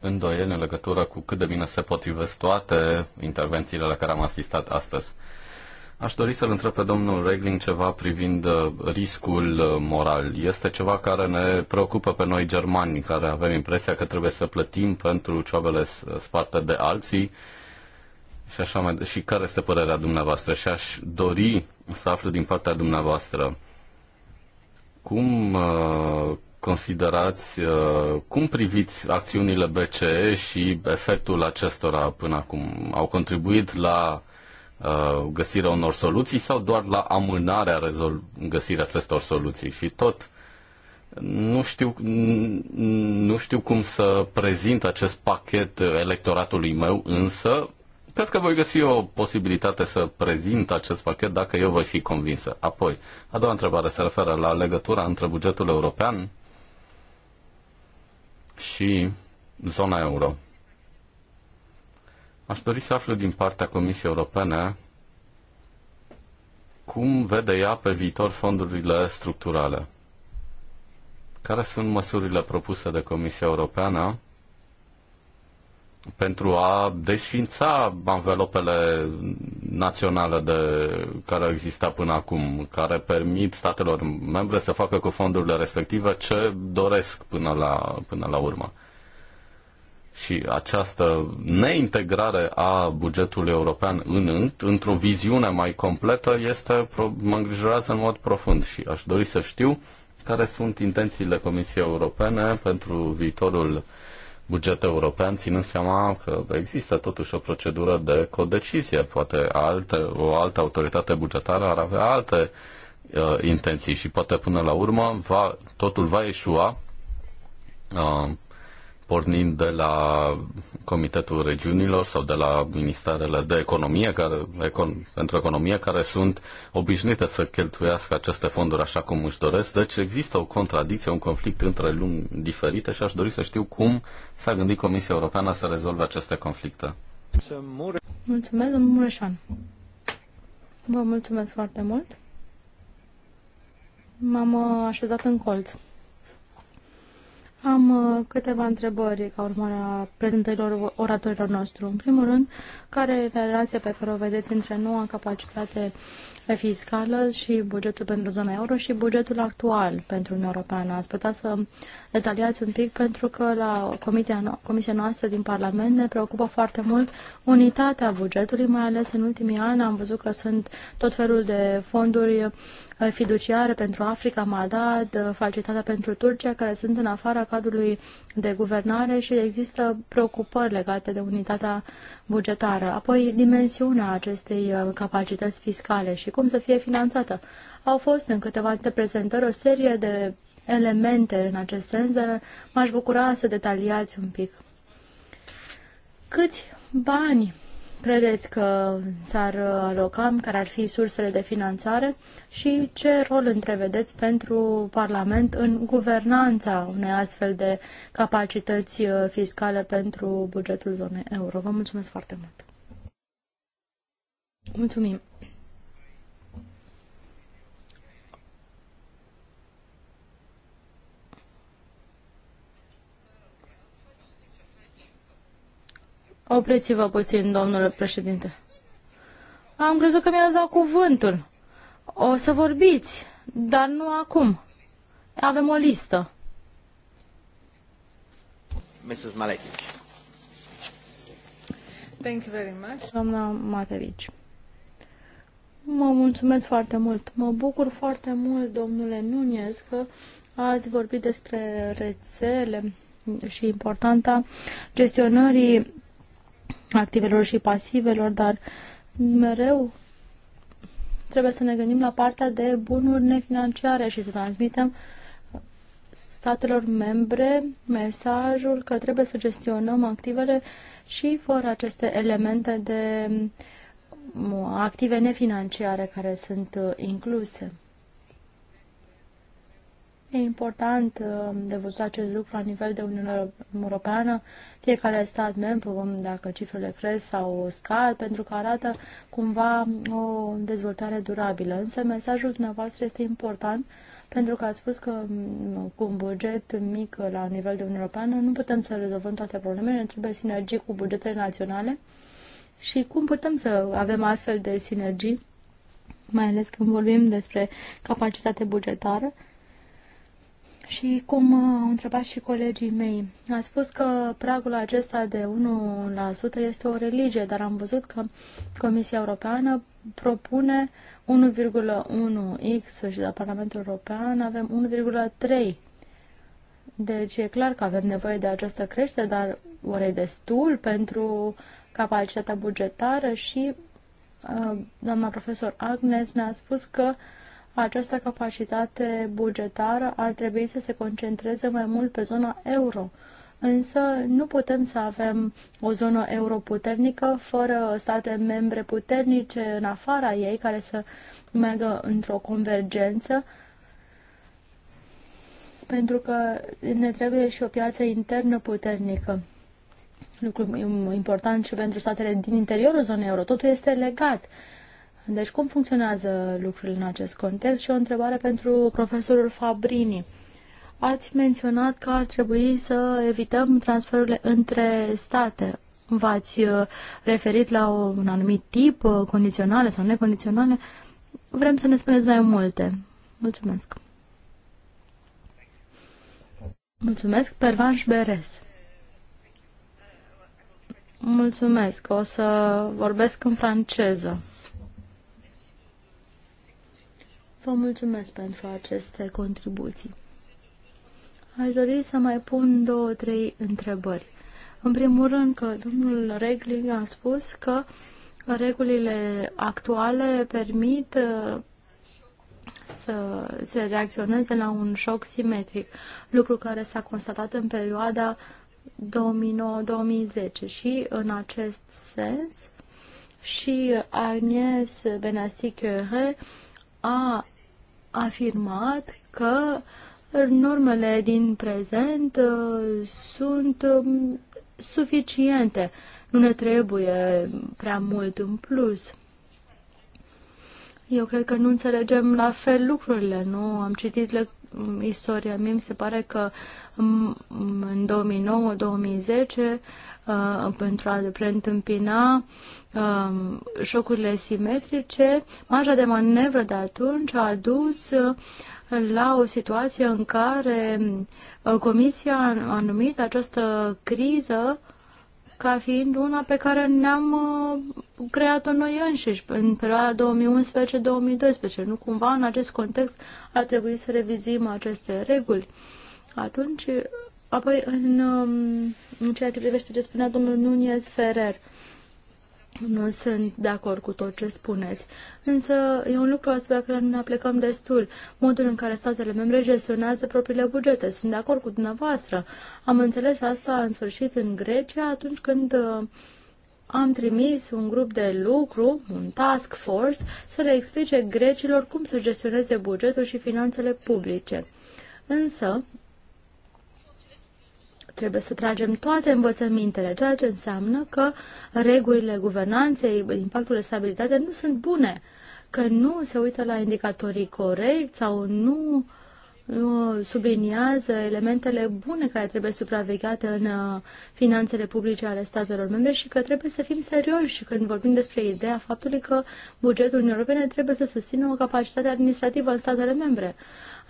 îndoieli în legătură cu cât de bine se potrivesc toate intervențiile la care am asistat astăzi. Aș dori să-l întreb pe domnul Regling ceva privind uh, riscul uh, moral. Este ceva care ne preocupă pe noi germani, care avem impresia că trebuie să plătim pentru cioabele uh, sparte de alții, și, așa mai, și care este părerea dumneavoastră și aș dori să aflu din partea dumneavoastră cum uh, considerați, uh, cum priviți acțiunile BCE și efectul acestora până acum? Au contribuit la uh, găsirea unor soluții sau doar la amânarea rezol- găsirea acestor soluții? Și tot nu știu, nu știu cum să prezint acest pachet electoratului meu, însă Cred că voi găsi o posibilitate să prezint acest pachet dacă eu voi fi convinsă. Apoi, a doua întrebare se referă la legătura între bugetul european și zona euro. Aș dori să aflu din partea Comisiei Europene cum vede ea pe viitor fondurile structurale. Care sunt măsurile propuse de Comisia Europeană pentru a desfința anvelopele naționale de, care exista până acum, care permit statelor membre să facă cu fondurile respective ce doresc până la, până la urmă. Și această neintegrare a bugetului european în, într-o viziune mai completă este, mă îngrijorează în mod profund și aș dori să știu care sunt intențiile Comisiei Europene pentru viitorul buget european, ținând seama că există totuși o procedură de codecizie. Poate alte, o altă autoritate bugetară ar avea alte uh, intenții și poate până la urmă va, totul va ieșua uh, pornind de la Comitetul Regiunilor sau de la Ministerele de Economie care, econ, pentru Economie, care sunt obișnuite să cheltuiască aceste fonduri așa cum își doresc. Deci există o contradicție, un conflict între lumi diferite și aș dori să știu cum s-a gândit Comisia Europeană să rezolve aceste conflicte. Mulțumesc, domnul Mureșan. Vă mulțumesc foarte mult. M-am așezat în colț. Am uh, câteva întrebări ca urmare a prezentărilor oratorilor nostru. În primul rând, care e relația pe care o vedeți între noua capacitate fiscală și bugetul pentru zona euro și bugetul actual pentru Uniunea Europeană? Ați putea să detaliați un pic pentru că la no comisia noastră din Parlament ne preocupă foarte mult unitatea bugetului, mai ales în ultimii ani am văzut că sunt tot felul de fonduri fiduciară pentru Africa, Madad, facilitatea pentru Turcia, care sunt în afara cadrului de guvernare și există preocupări legate de unitatea bugetară. Apoi, dimensiunea acestei uh, capacități fiscale și cum să fie finanțată. Au fost în câteva de prezentări o serie de elemente în acest sens, dar m-aș bucura să detaliați un pic. Câți bani credeți că s-ar uh, aloca, care ar fi sursele de finanțare și ce rol întrevedeți pentru Parlament în guvernanța unei astfel de capacități uh, fiscale pentru bugetul zonei euro. Vă mulțumesc foarte mult! Mulțumim! Opreți vă puțin, domnule președinte. Am crezut că mi a dat cuvântul. O să vorbiți, dar nu acum. Avem o listă. Mrs. Maletic. Thank you very much. Doamna Matevici. Mă mulțumesc foarte mult. Mă bucur foarte mult, domnule Nunez, că ați vorbit despre rețele și importanța gestionării activelor și pasivelor, dar mereu trebuie să ne gândim la partea de bunuri nefinanciare și să transmitem statelor membre mesajul că trebuie să gestionăm activele și fără aceste elemente de active nefinanciare care sunt uh, incluse. E important uh, de văzut acest lucru la nivel de Uniunea Europeană, fiecare stat membru, um, dacă cifrele cresc sau scad, pentru că arată cumva o dezvoltare durabilă. Însă mesajul dumneavoastră este important pentru că ați spus că um, cu un buget mic la nivel de Uniunea Europeană nu putem să rezolvăm toate problemele, ne trebuie sinergii cu bugetele naționale și cum putem să avem astfel de sinergii, mai ales când vorbim despre capacitate bugetară, și cum uh, au întrebat și colegii mei, a spus că pragul acesta de 1% este o religie, dar am văzut că Comisia Europeană propune 1,1x și deci la Parlamentul European avem 1,3. Deci e clar că avem nevoie de această creștere, dar oare e destul pentru capacitatea bugetară și uh, doamna profesor Agnes ne-a spus că uh, această capacitate bugetară ar trebui să se concentreze mai mult pe zona euro. Însă nu putem să avem o zonă euro puternică fără state membre puternice în afara ei care să meargă într-o convergență pentru că ne trebuie și o piață internă puternică. Lucru important și pentru statele din interiorul zonei euro. Totul este legat. Deci cum funcționează lucrurile în acest context? Și o întrebare pentru profesorul Fabrini. Ați menționat că ar trebui să evităm transferurile între state. V-ați uh, referit la un anumit tip, uh, condiționale sau necondiționale. Vrem să ne spuneți mai multe. Mulțumesc. Mulțumesc, Pervanș Beres. Mulțumesc, o să vorbesc în franceză. Vă mulțumesc pentru aceste contribuții. Aș dori să mai pun două, trei întrebări. În primul rând că domnul Regling a spus că regulile actuale permit uh, să se reacționeze la un șoc simetric, lucru care s-a constatat în perioada 2009-2010 și în acest sens și Agnès Benassi-Curie a afirmat că normele din prezent uh, sunt um, suficiente. Nu ne trebuie prea mult în plus. Eu cred că nu înțelegem la fel lucrurile, nu? Am citit le istoria mie, mi se pare că um, în 2009-2010 Uh, pentru a preîntâmpina uh, șocurile simetrice, marja de manevră de atunci a dus uh, la o situație în care uh, Comisia a numit această criză ca fiind una pe care ne-am uh, creat-o noi înșiși în perioada 2011-2012. Nu cumva în acest context ar trebui să revizuim aceste reguli. Atunci Apoi, în, um, în ceea ce privește ce spunea domnul Nunez Ferrer, nu sunt de acord cu tot ce spuneți, însă e un lucru asupra care nu ne aplecăm destul, modul în care statele membre gestionează propriile bugete. Sunt de acord cu dumneavoastră. Am înțeles asta în sfârșit în Grecia atunci când uh, am trimis un grup de lucru, un task force, să le explice grecilor cum să gestioneze bugetul și finanțele publice. Însă, trebuie să tragem toate învățămintele, ceea ce înseamnă că regulile guvernanței, impactul de stabilitate nu sunt bune, că nu se uită la indicatorii corect sau nu subliniază elementele bune care trebuie supravegheate în uh, finanțele publice ale statelor membre și că trebuie să fim serioși când vorbim despre ideea faptului că bugetul Uniunii Europene trebuie să susțină o capacitate administrativă în statele membre.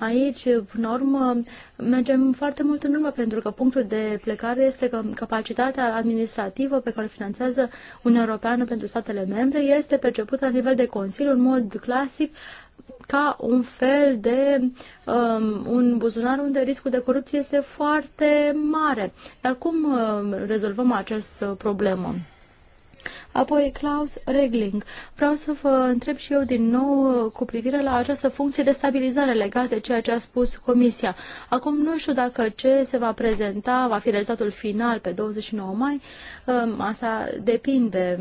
Aici, în urmă, mergem foarte mult în urmă, pentru că punctul de plecare este că capacitatea administrativă pe care o finanțează Uniunea Europeană pentru statele membre este percepută la nivel de Consiliu în mod clasic ca un fel de um, un buzunar unde riscul de corupție este foarte mare. Dar cum uh, rezolvăm această problemă? Apoi, Klaus Regling. Vreau să vă întreb și eu din nou uh, cu privire la această funcție de stabilizare legată de ceea ce a spus Comisia. Acum nu știu dacă ce se va prezenta, va fi rezultatul final pe 29 mai, um, asta depinde,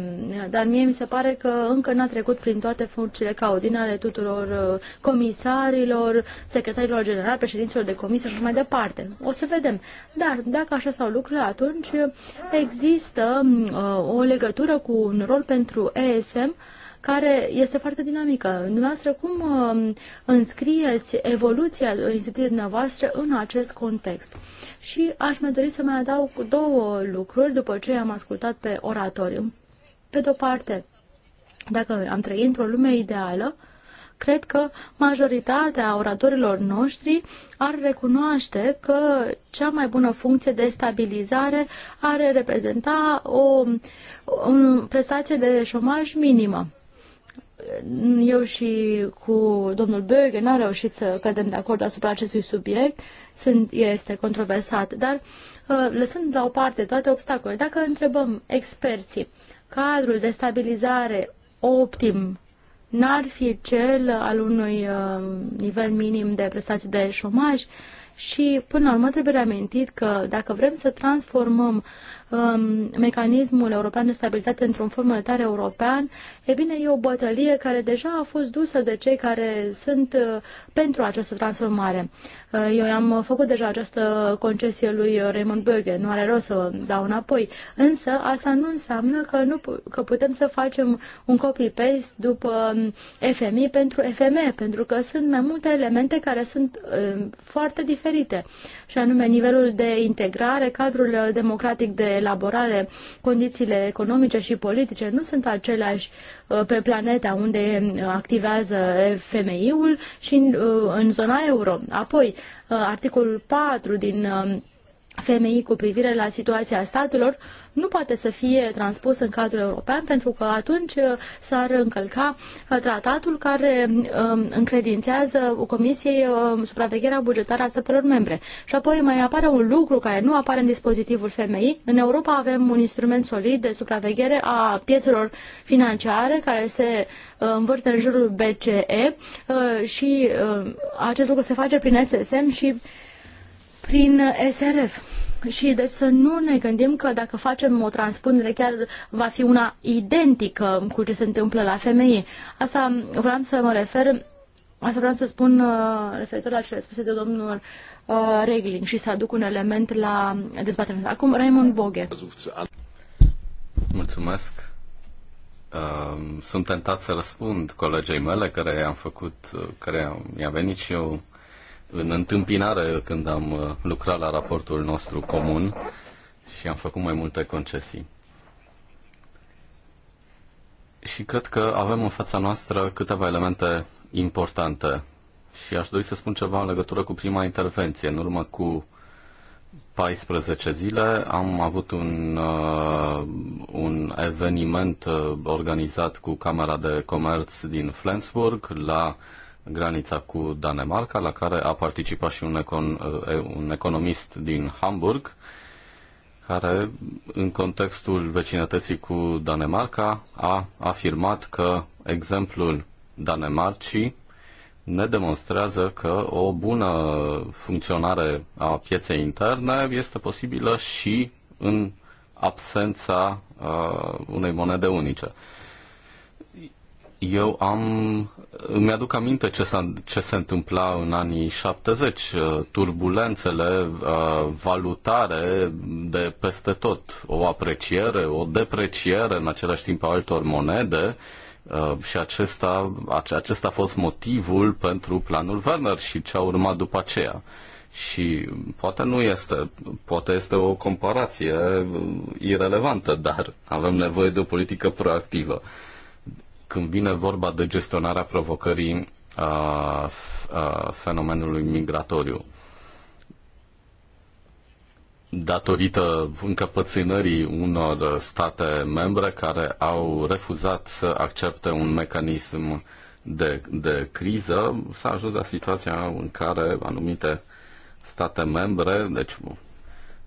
dar mie mi se pare că încă n-a trecut prin toate funcțiile ca ale tuturor uh, comisarilor, secretarilor general, președinților de comisie și mai departe. O să vedem. Dar dacă așa stau lucrurile, atunci uh, există o legătură cu un rol pentru ESM care este foarte dinamică. Dumneavoastră, cum um, înscrieți evoluția instituției dumneavoastră în acest context? Și aș mai dori să mai adaug două lucruri după ce am ascultat pe oratoriu. Pe de-o parte, dacă am trăit într-o lume ideală, cred că majoritatea oratorilor noștri ar recunoaște că cea mai bună funcție de stabilizare ar reprezenta o, o prestație de șomaj minimă. Eu și cu domnul Böge n-am reușit să cădem de acord asupra acestui subiect, Sunt, este controversat, dar ă, lăsând la o parte toate obstacolele, dacă întrebăm experții, cadrul de stabilizare optim n-ar fi cel al unui uh, nivel minim de prestații de șomaj și, până la urmă, trebuie reamintit că dacă vrem să transformăm um, mecanismul european de stabilitate într-un fond monetar european, e bine, e o bătălie care deja a fost dusă de cei care sunt uh, pentru această transformare. Uh, eu am făcut deja această concesie lui Raymond Böge, nu are rost să dau înapoi, însă asta nu înseamnă că, nu, că putem să facem un copy-paste după um, FMI pentru FME, pentru că sunt mai multe elemente care sunt uh, foarte diferite, și anume nivelul de integrare, cadrul democratic de elaborare, condițiile economice și politice nu sunt aceleași uh, pe planeta unde uh, activează femeiul și în, uh, în zona euro. Apoi, articolul 4 din FMI cu privire la situația statelor nu poate să fie transpus în cadrul european pentru că atunci uh, s-ar încălca uh, tratatul care um, încredințează Comisiei uh, supravegherea bugetară a statelor membre. Și apoi mai apare un lucru care nu apare în dispozitivul FMI. În Europa avem un instrument solid de supraveghere a piețelor financiare care se învârte în jurul BCE și acest lucru se face prin SSM și prin uh, SRF. Și deci să nu ne gândim că dacă facem o transpunere chiar va fi una identică cu ce se întâmplă la femei. Asta vreau să mă refer, asta vreau să spun uh, referitor la cele spuse de domnul uh, și să aduc un element la dezbatere. Acum Raymond Boghe. Mulțumesc. Uh, sunt tentat să răspund colegei mele care am făcut, uh, care i-a venit și eu în întâmpinare când am uh, lucrat la raportul nostru comun și am făcut mai multe concesii. Și cred că avem în fața noastră câteva elemente importante. Și aș dori să spun ceva în legătură cu prima intervenție. În urmă cu 14 zile am avut un, uh, un eveniment uh, organizat cu Camera de Comerț din Flensburg la granița cu Danemarca, la care a participat și un, econ- un economist din Hamburg, care, în contextul vecinătății cu Danemarca, a afirmat că exemplul Danemarcii ne demonstrează că o bună funcționare a pieței interne este posibilă și în absența uh, unei monede unice. Eu am îmi aduc aminte ce, s-a, ce se întâmpla în anii 70, uh, turbulențele uh, valutare de peste tot, o apreciere, o depreciere în același timp a altor monede uh, și acesta, acesta a fost motivul pentru planul Werner și ce a urmat după aceea. Și poate nu este, poate este o comparație irelevantă, dar avem nevoie de o politică proactivă când vine vorba de gestionarea provocării a, a, fenomenului migratoriu. Datorită încăpățânării unor state membre care au refuzat să accepte un mecanism de, de criză, s-a ajuns la situația în care anumite state membre, deci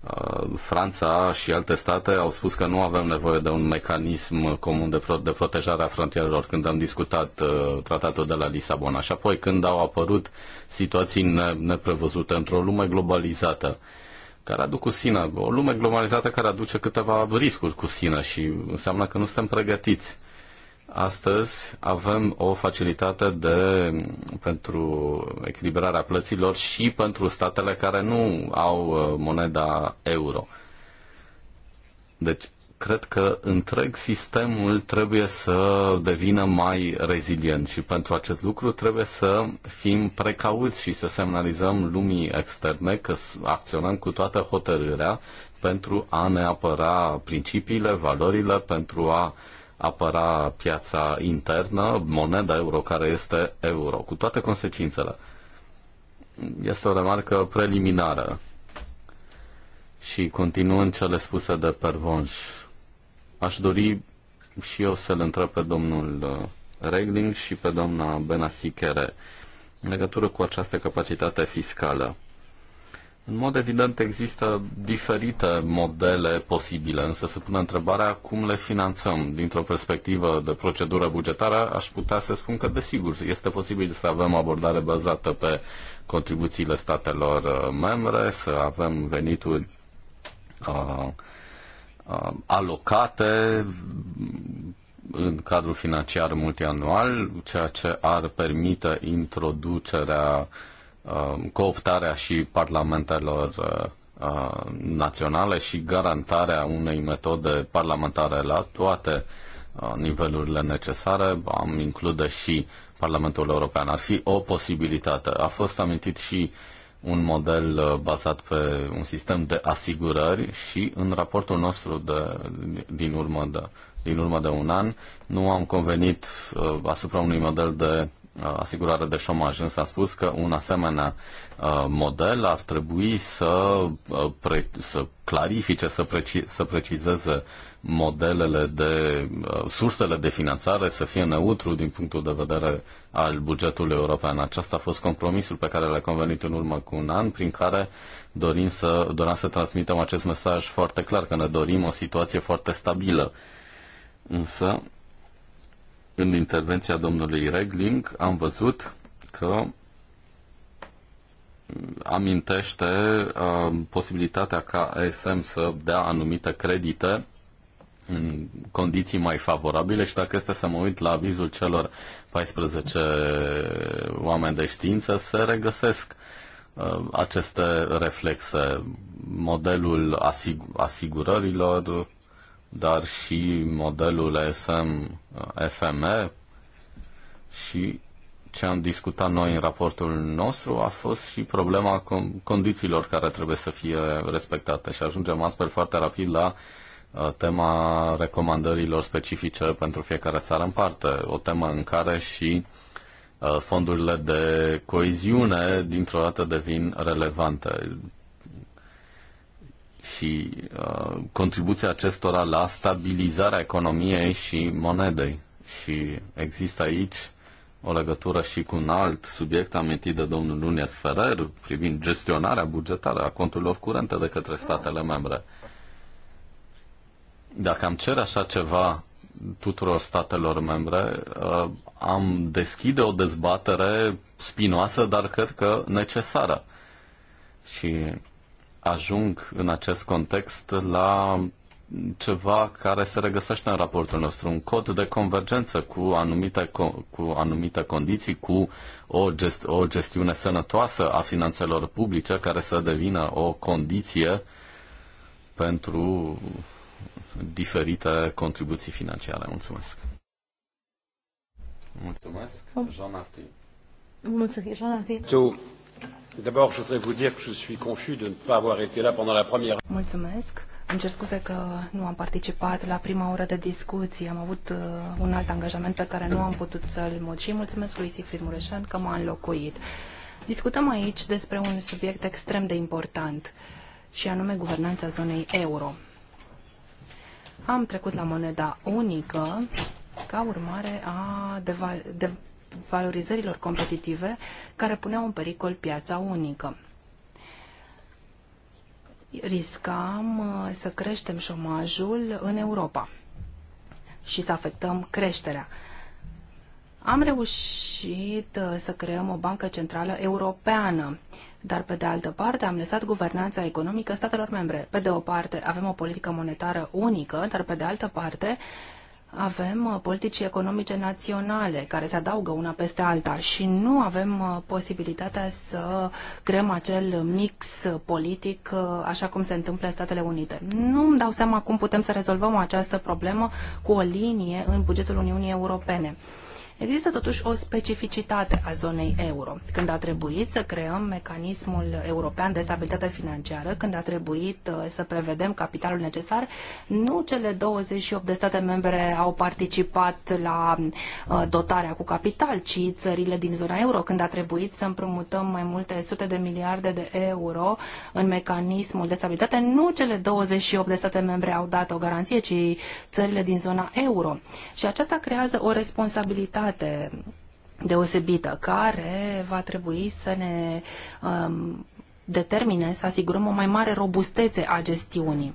Uh, Franța și alte state au spus că nu avem nevoie de un mecanism comun de, pro- de protejare a frontierelor când am discutat uh, tratatul de la Lisabona. Și apoi când au apărut situații ne- neprevăzute într-o lume globalizată, care aduc cu sine, o lume globalizată care aduce câteva riscuri cu sine și înseamnă că nu suntem pregătiți. Uh, Astăzi avem o facilitate de, pentru echilibrarea plăților și pentru statele care nu au uh, moneda euro. Deci, cred că întreg sistemul trebuie să devină mai rezilient și pentru acest lucru trebuie să fim precauți și să semnalizăm lumii externe că acționăm cu toată hotărârea pentru a ne apăra principiile, valorile, pentru a apăra piața internă, moneda euro care este euro, cu toate consecințele. Este o remarcă preliminară. Și continuând cele spuse de Pervonș, aș dori și eu să-l întreb pe domnul uh, Regling și pe doamna Benasichere în legătură cu această capacitate fiscală. În mod evident există diferite modele posibile, însă se pune întrebarea cum le finanțăm. Dintr-o perspectivă de procedură bugetară, aș putea să spun că, desigur, este posibil să avem abordare bazată pe contribuțiile statelor uh, membre, să avem venituri uh, uh, alocate în cadrul financiar multianual, ceea ce ar permite introducerea uh, Um, cooptarea și parlamentelor uh, uh, naționale și garantarea unei metode parlamentare la toate uh, nivelurile necesare. Am include și Parlamentul European. Ar fi o posibilitate. A fost amintit și un model bazat pe un sistem de asigurări și în raportul nostru de, din, urmă de, din urmă de un an nu am convenit asupra unui model de Uh, asigurare de șomaj, însă a spus că un asemenea uh, model ar trebui să, uh, pre, să clarifice, să, preci, să precizeze modelele de sursele de finanțare să fie neutru din punctul de vedere al bugetului european. Acesta a fost compromisul pe care l-a convenit în urmă cu un an, prin care dorim să, dorim să transmitem acest mesaj foarte clar, că ne dorim o situație foarte stabilă. Însă, în intervenția domnului Regling am văzut că amintește uh, posibilitatea ca ESM să dea anumite credite în condiții mai favorabile și dacă este să mă uit la avizul celor 14 oameni de știință, se regăsesc uh, aceste reflexe, modelul asig- asigurărilor, dar și modelul SM FME și ce am discutat noi în raportul nostru a fost și problema condițiilor care trebuie să fie respectate și ajungem astfel foarte rapid la uh, tema recomandărilor specifice pentru fiecare țară în parte, o temă în care și uh, fondurile de coeziune dintr-o dată devin relevante și uh, contribuția acestora la stabilizarea economiei și monedei. Și există aici o legătură și cu un alt subiect amintit de domnul Lunes Ferrer privind gestionarea bugetară a conturilor curente de către statele membre. Dacă am cer așa ceva tuturor statelor membre, uh, am deschide o dezbatere spinoasă, dar cred că necesară. Și ajung în acest context la ceva care se regăsește în raportul nostru, un cod de convergență cu anumite, cu anumite condiții, cu o, gest, o gestiune sănătoasă a finanțelor publice care să devină o condiție pentru diferite contribuții financiare. Mulțumesc! Mulțumesc, oh. Jean Arti. Mulțumesc, Jean Arti. D'abord, je voudrais vous dire que je suis confus de ne pas avoir été là pendant la première. Mulțumesc. Îmi cer scuze că nu am participat la prima oră de discuții. Am avut uh, un alt angajament pe care nu am putut să-l mod și mulțumesc lui Sifrid Mureșan că m-a înlocuit. Discutăm aici despre un subiect extrem de important și anume guvernanța zonei euro. Am trecut la moneda unică ca urmare a de- valorizărilor competitive care puneau în pericol piața unică. Riscam uh, să creștem șomajul în Europa și să afectăm creșterea. Am reușit uh, să creăm o bancă centrală europeană, dar pe de altă parte am lăsat guvernanța economică statelor membre. Pe de o parte avem o politică monetară unică, dar pe de altă parte avem uh, politici economice naționale care se adaugă una peste alta și nu avem uh, posibilitatea să creăm acel mix politic uh, așa cum se întâmplă în Statele Unite. Nu îmi dau seama cum putem să rezolvăm această problemă cu o linie în bugetul Uniunii Europene. Există totuși o specificitate a zonei euro. Când a trebuit să creăm mecanismul european de stabilitate financiară, când a trebuit uh, să prevedem capitalul necesar, nu cele 28 de state membre au participat la uh, dotarea cu capital, ci țările din zona euro, când a trebuit să împrumutăm mai multe sute de miliarde de euro în mecanismul de stabilitate, nu cele 28 de state membre au dat o garanție, ci țările din zona euro. Și aceasta creează o responsabilitate calitate deosebită care va trebui să ne um, determine să asigurăm o mai mare robustețe a gestiunii.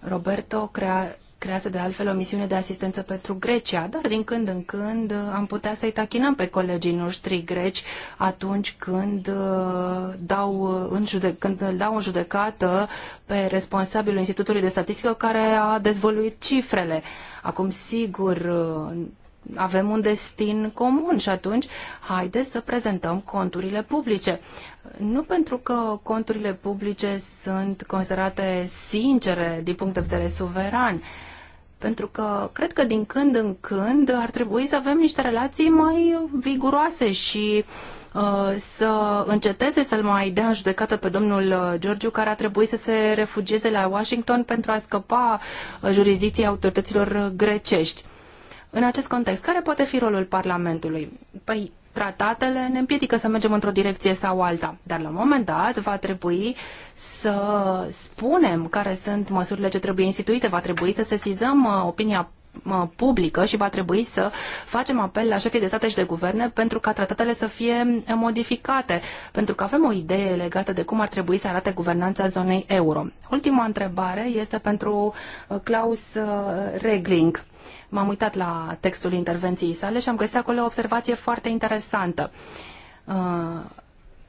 Roberto crea, crease de altfel o misiune de asistență pentru Grecia, dar din când în când am putea să-i tachinăm pe colegii noștri greci atunci când, uh, dau uh, în judec- când îl dau în judecată pe responsabilul Institutului de Statistică care a dezvăluit cifrele. Acum, sigur, uh, avem un destin comun și atunci haideți să prezentăm conturile publice. Nu pentru că conturile publice sunt considerate sincere din punct de vedere suveran, pentru că cred că din când în când ar trebui să avem niște relații mai viguroase și uh, să înceteze să-l mai dea în judecată pe domnul uh, Georgiu, care a trebuit să se refugieze la Washington pentru a scăpa uh, jurisdicția autorităților grecești. În acest context, care poate fi rolul Parlamentului? Păi, tratatele ne împiedică să mergem într-o direcție sau alta, dar la un moment dat va trebui să spunem care sunt măsurile ce trebuie instituite, va trebui să sesizăm uh, opinia uh, publică și va trebui să facem apel la șefii de state și de guverne pentru ca tratatele să fie uh, modificate, pentru că avem o idee legată de cum ar trebui să arate guvernanța zonei euro. Ultima întrebare este pentru Klaus Regling. M-am uitat la textul intervenției sale și am găsit acolo o observație foarte interesantă. Uh,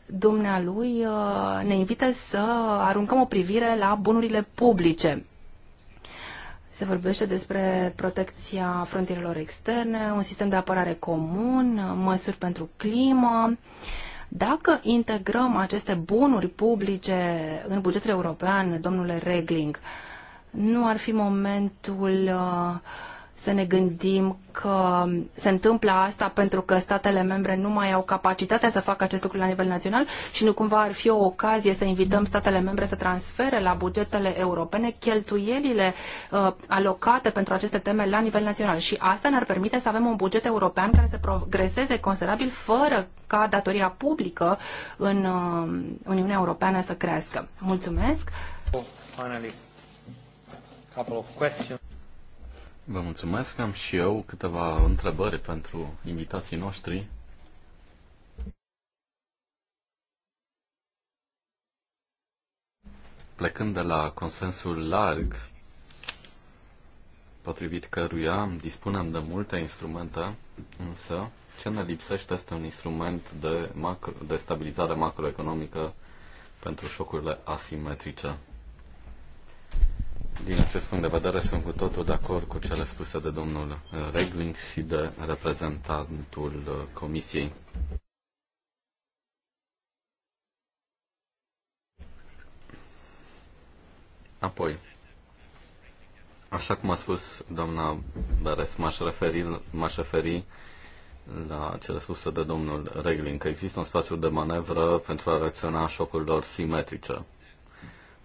dumnealui uh, ne invită să aruncăm o privire la bunurile publice. Se vorbește despre protecția frontierelor externe, un sistem de apărare comun, măsuri pentru climă. Dacă integrăm aceste bunuri publice în bugetul european, domnule Regling, nu ar fi momentul uh, să ne gândim că se întâmplă asta pentru că statele membre nu mai au capacitatea să facă acest lucru la nivel național și nu cumva ar fi o ocazie să invităm statele membre să transfere la bugetele europene cheltuielile uh, alocate pentru aceste teme la nivel național. Și asta ne-ar permite să avem un buget european care să progreseze considerabil fără ca datoria publică în uh, Uniunea Europeană să crească. Mulțumesc! Oh, finally, couple of questions. Vă mulțumesc. Am și eu câteva întrebări pentru invitații noștri. Plecând de la consensul larg, potrivit căruia dispunem de multe instrumente, însă ce ne lipsește este un instrument de, macro, de stabilizare macroeconomică pentru șocurile asimetrice. Din acest punct de vedere, sunt cu totul de acord cu cele spuse de domnul uh, Regling și de reprezentantul uh, Comisiei. Apoi, așa cum a spus doamna Beres, m-aș referi, m-aș referi la cele spuse de domnul Regling, că există un spațiu de manevră pentru a reacționa șocurilor simetrice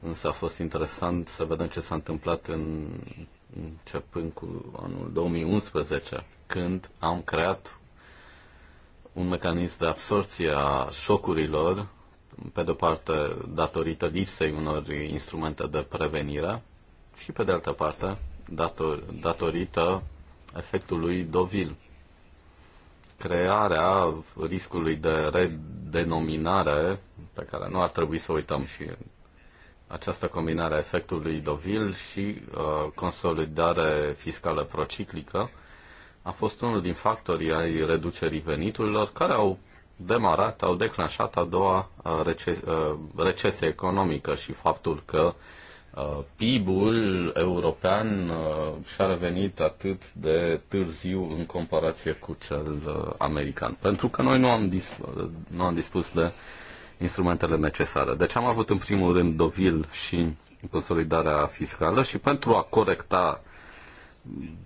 Însă a fost interesant să vedem ce s-a întâmplat în, începând cu anul 2011, când am creat un mecanism de absorție a șocurilor, pe de-o parte datorită lipsei unor instrumente de prevenire și pe de altă parte dator, datorită efectului Dovil. Crearea riscului de redenominare, pe care nu ar trebui să uităm și această combinare a efectului dovil și uh, consolidare fiscală prociclică a fost unul din factorii ai reducerii veniturilor care au demarat, au declanșat a doua uh, rece- uh, recesie economică și faptul că uh, PIB-ul european și-a revenit atât de târziu în comparație cu cel american. Pentru că noi nu am, disp- nu am dispus de instrumentele necesare. Deci am avut în primul rând Dovil și consolidarea fiscală și pentru a corecta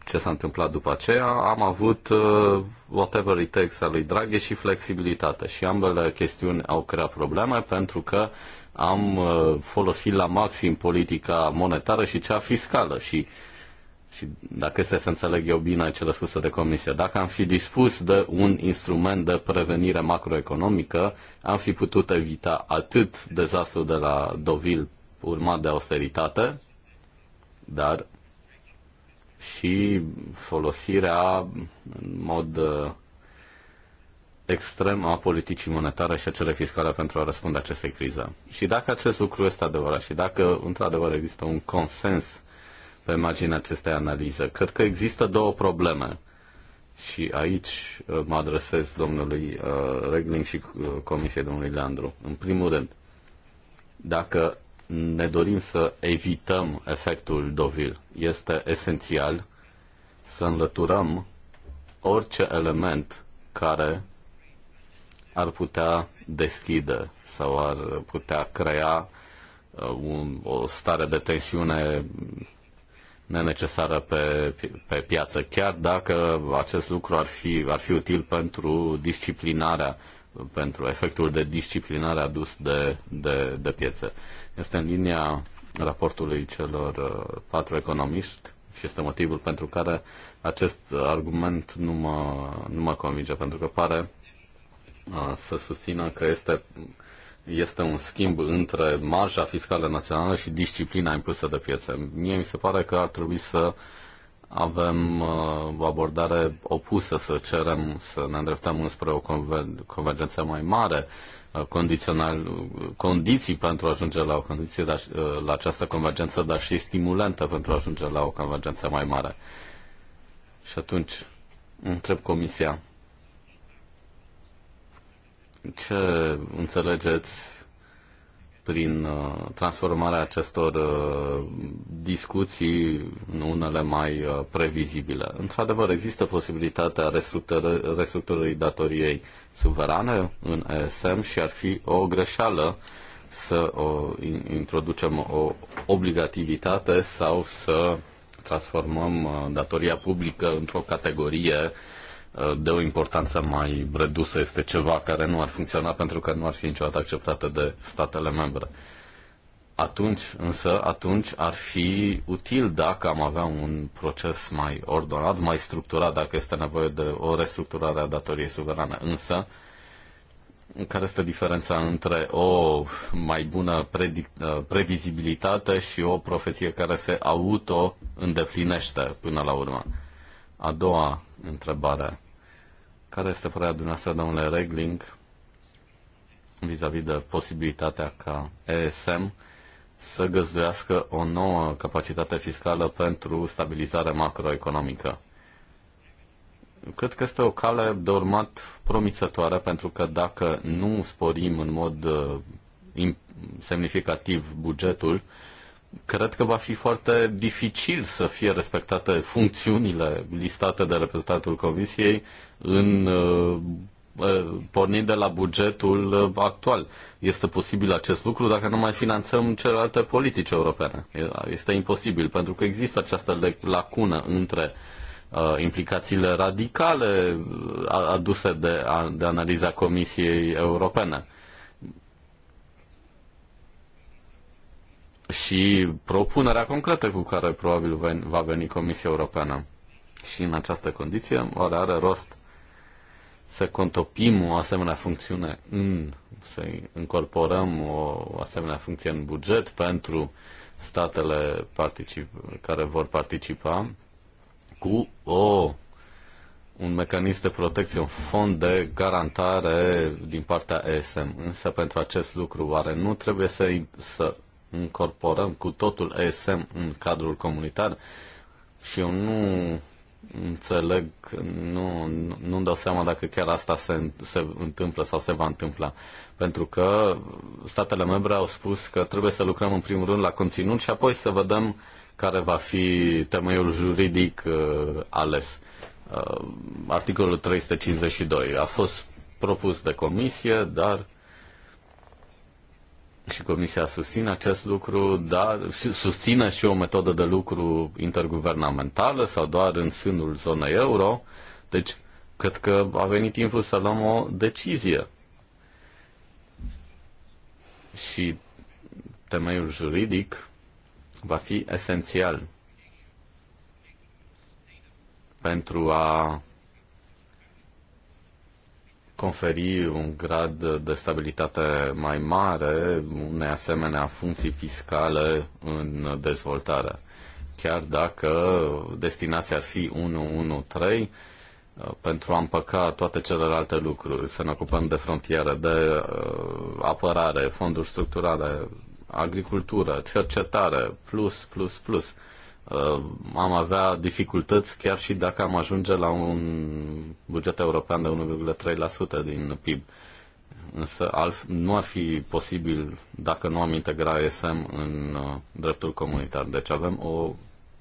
ce s-a întâmplat după aceea, am avut uh, whatever it takes al lui Draghi și flexibilitate. Și ambele chestiuni au creat probleme pentru că am uh, folosit la maxim politica monetară și cea fiscală și uh, și dacă este să înțeleg eu bine cele spuse de comisie, dacă am fi dispus de un instrument de prevenire macroeconomică, am fi putut evita atât dezastrul de la dovil urmat de austeritate, dar și folosirea în mod uh, extrem a politicii monetare și a cele fiscale pentru a răspunde acestei crize. Și dacă acest lucru este adevărat și dacă într-adevăr există un consens pe marginea acestei analize. Cred că există două probleme și aici uh, mă adresez domnului uh, Regling și uh, comisiei domnului Leandru. În primul rând, dacă ne dorim să evităm efectul Dovil, este esențial să înlăturăm orice element care ar putea deschide sau ar putea crea un, o stare de tensiune nenecesară pe, pe piață, chiar dacă acest lucru ar fi, ar fi util pentru disciplinarea, pentru efectul de disciplinare adus de, de, de piețe. Este în linia raportului celor uh, patru economiști și este motivul pentru care acest argument nu mă, nu mă convinge, pentru că pare uh, să susțină că este este un schimb între marja fiscală națională și disciplina impusă de piețe. Mie mi se pare că ar trebui să avem uh, o abordare opusă, să cerem, să ne îndreptăm înspre o convergență mai mare, uh, condițional, condiții pentru a ajunge la o condiție, dar, uh, la această convergență, dar și stimulente pentru a ajunge la o convergență mai mare. Și atunci, întreb Comisia, ce înțelegeți prin uh, transformarea acestor uh, discuții în unele mai uh, previzibile? Într-adevăr, există posibilitatea restructurării datoriei suverane în ESM și ar fi o greșeală să o introducem o obligativitate sau să transformăm datoria publică într-o categorie uh, Uh, de o importanță mai redusă este ceva care nu ar funcționa pentru că nu ar fi niciodată acceptată de statele membre. Atunci, însă, atunci ar fi util dacă am avea un proces mai ordonat, mai structurat, dacă este nevoie de o restructurare a datoriei suverane. Însă, care este diferența între o mai bună predic- uh, previzibilitate și o profeție care se auto-îndeplinește până la urmă? A doua întrebare. Care este părerea dumneavoastră, domnule Regling, vis-a-vis -vis de posibilitatea ca ESM să găzduiască o nouă capacitate fiscală pentru stabilizare macroeconomică? Cred că este o cale de urmat promițătoare, pentru că dacă nu sporim în mod uh, semnificativ bugetul, cred că va fi foarte dificil să fie respectate funcțiunile listate de reprezentantul Comisiei în uh, uh, pornind de la bugetul uh, actual. Este posibil acest lucru dacă nu mai finanțăm celelalte politici europene. Este imposibil, pentru că există această lacună între implicațiile radicale aduse de, de analiza Comisiei Europene. și propunerea concretă cu care probabil va veni Comisia Europeană. Și în această condiție, oare are rost să contopim o asemenea funcțiune în, să incorporăm o asemenea funcție în buget pentru statele particip, care vor participa cu o un mecanism de protecție, un fond de garantare din partea ESM. Însă pentru acest lucru, oare nu trebuie să, să incorporăm cu totul ESM în cadrul comunitar și eu nu înțeleg, nu, nu, nu-mi dau seama dacă chiar asta se, se întâmplă sau se va întâmpla. Pentru că statele membre au spus că trebuie să lucrăm în primul rând la conținut și apoi să vedem care va fi temeiul juridic uh, ales. Uh, articolul 352 a fost propus de comisie, dar uh, și Comisia susține acest lucru, dar susține și o metodă de lucru interguvernamentală sau doar în sânul zonei euro. Deci, cred că a venit timpul să luăm o decizie. Și temeiul juridic va fi esențial pentru a conferi un grad de stabilitate mai mare unei asemenea funcții fiscale în dezvoltare. Chiar dacă destinația ar fi 113, pentru a împăca toate celelalte lucruri, să ne ocupăm de frontiere, de uh, apărare, fonduri structurale, agricultură, cercetare, plus, plus, plus. Uh, am avea dificultăți chiar și dacă am ajunge la un buget european de 1,3% din PIB. Însă alf, nu ar fi posibil dacă nu am integra ESM în uh, dreptul comunitar. Deci avem o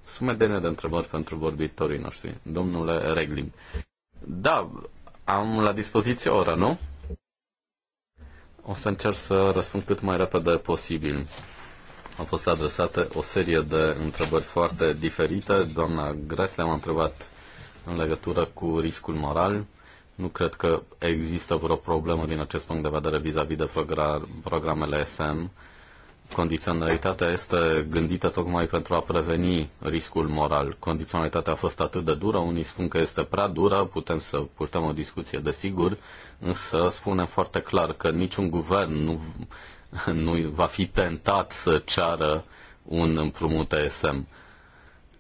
sumedenie de întrebări pentru vorbitorii noștri. Domnule Reglin. Da, am la dispoziție o oră, nu? O să încerc să răspund cât mai repede posibil. Au fost adresate o serie de întrebări foarte diferite. Doamna Gresle m-a întrebat în legătură cu riscul moral. Nu cred că există vreo problemă din acest punct de vedere vis-a-vis -vis de programele SM. Condiționalitatea este gândită tocmai pentru a preveni riscul moral. Condiționalitatea a fost atât de dură, unii spun că este prea dură, putem să purtăm o discuție, desigur, însă spunem foarte clar că niciun guvern nu nu va fi tentat să ceară un împrumut ESM.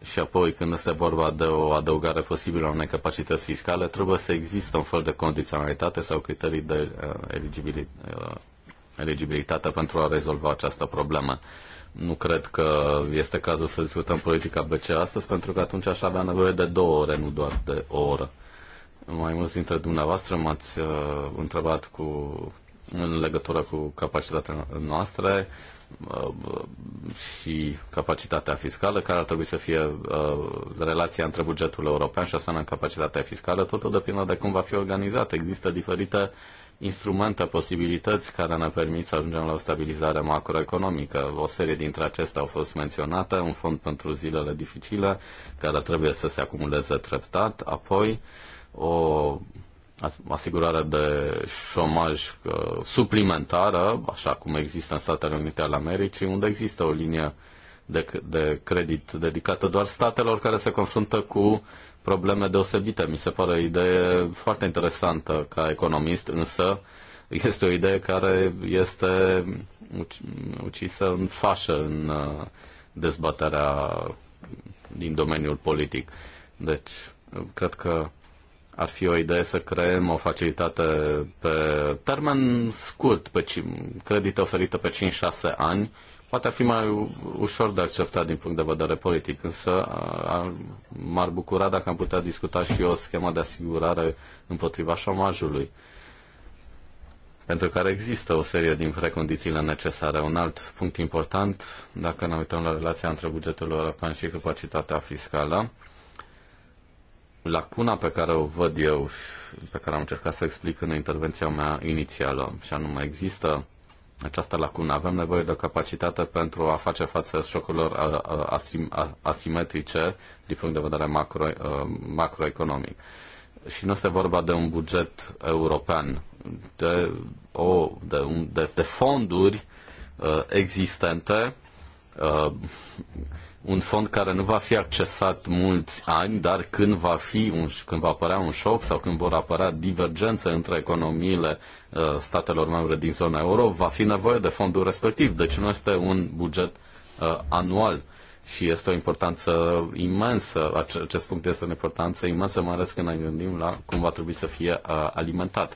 Și apoi, când este vorba de o adăugare posibilă a unei capacități fiscale, trebuie să există un fel de condiționalitate sau criterii de uh, uh, eligibilitate pentru a rezolva această problemă. Nu cred că este cazul să discutăm politica BC astăzi, pentru că atunci aș avea nevoie de două ore, nu doar de o oră. Mai mulți dintre dumneavoastră m-ați uh, întrebat cu în legătură cu capacitatea noastră uh, și capacitatea fiscală, care ar trebui să fie uh, relația între bugetul european și asemenea capacitatea fiscală, totul depinde de cum va fi organizată. Există diferite instrumente, posibilități care ne permit să ajungem la o stabilizare macroeconomică. O serie dintre acestea au fost menționate, un fond pentru zilele dificile, care trebuie să se acumuleze treptat, apoi o asigurare de șomaj uh, suplimentară, așa cum există în Statele Unite ale Americii, unde există o linie de, de credit dedicată doar statelor care se confruntă cu probleme deosebite. Mi se pare o idee foarte interesantă ca economist, însă este o idee care este ucisă în fașă în uh, dezbaterea din domeniul politic. Deci, cred că ar fi o idee să creăm o facilitate pe termen scurt, pe credite oferite pe 5-6 ani, poate ar fi mai ușor de acceptat din punct de vedere politic, însă m-ar bucura dacă am putea discuta și o schemă de asigurare împotriva șomajului pentru care există o serie din precondițiile necesare. Un alt punct important, dacă ne uităm la relația între bugetul european și capacitatea fiscală, lacuna pe care o văd eu și pe care am încercat să o explic în intervenția mea inițială, și anume există această lacună. Avem nevoie de o capacitate pentru a face față șocurilor asim- asimetrice din punct de vedere macro, uh, macroeconomic. Și nu este vorba de un buget european, de, o, de, de, de fonduri uh, existente uh, un fond care nu va fi accesat mulți ani, dar când va, fi un, când va apărea un șoc sau când vor apărea divergențe între economiile uh, statelor membre din zona euro, va fi nevoie de fondul respectiv. Deci nu este un buget uh, anual și este o importanță imensă, acest punct este o importanță imensă, mai ales când ne gândim la cum va trebui să fie uh, alimentat.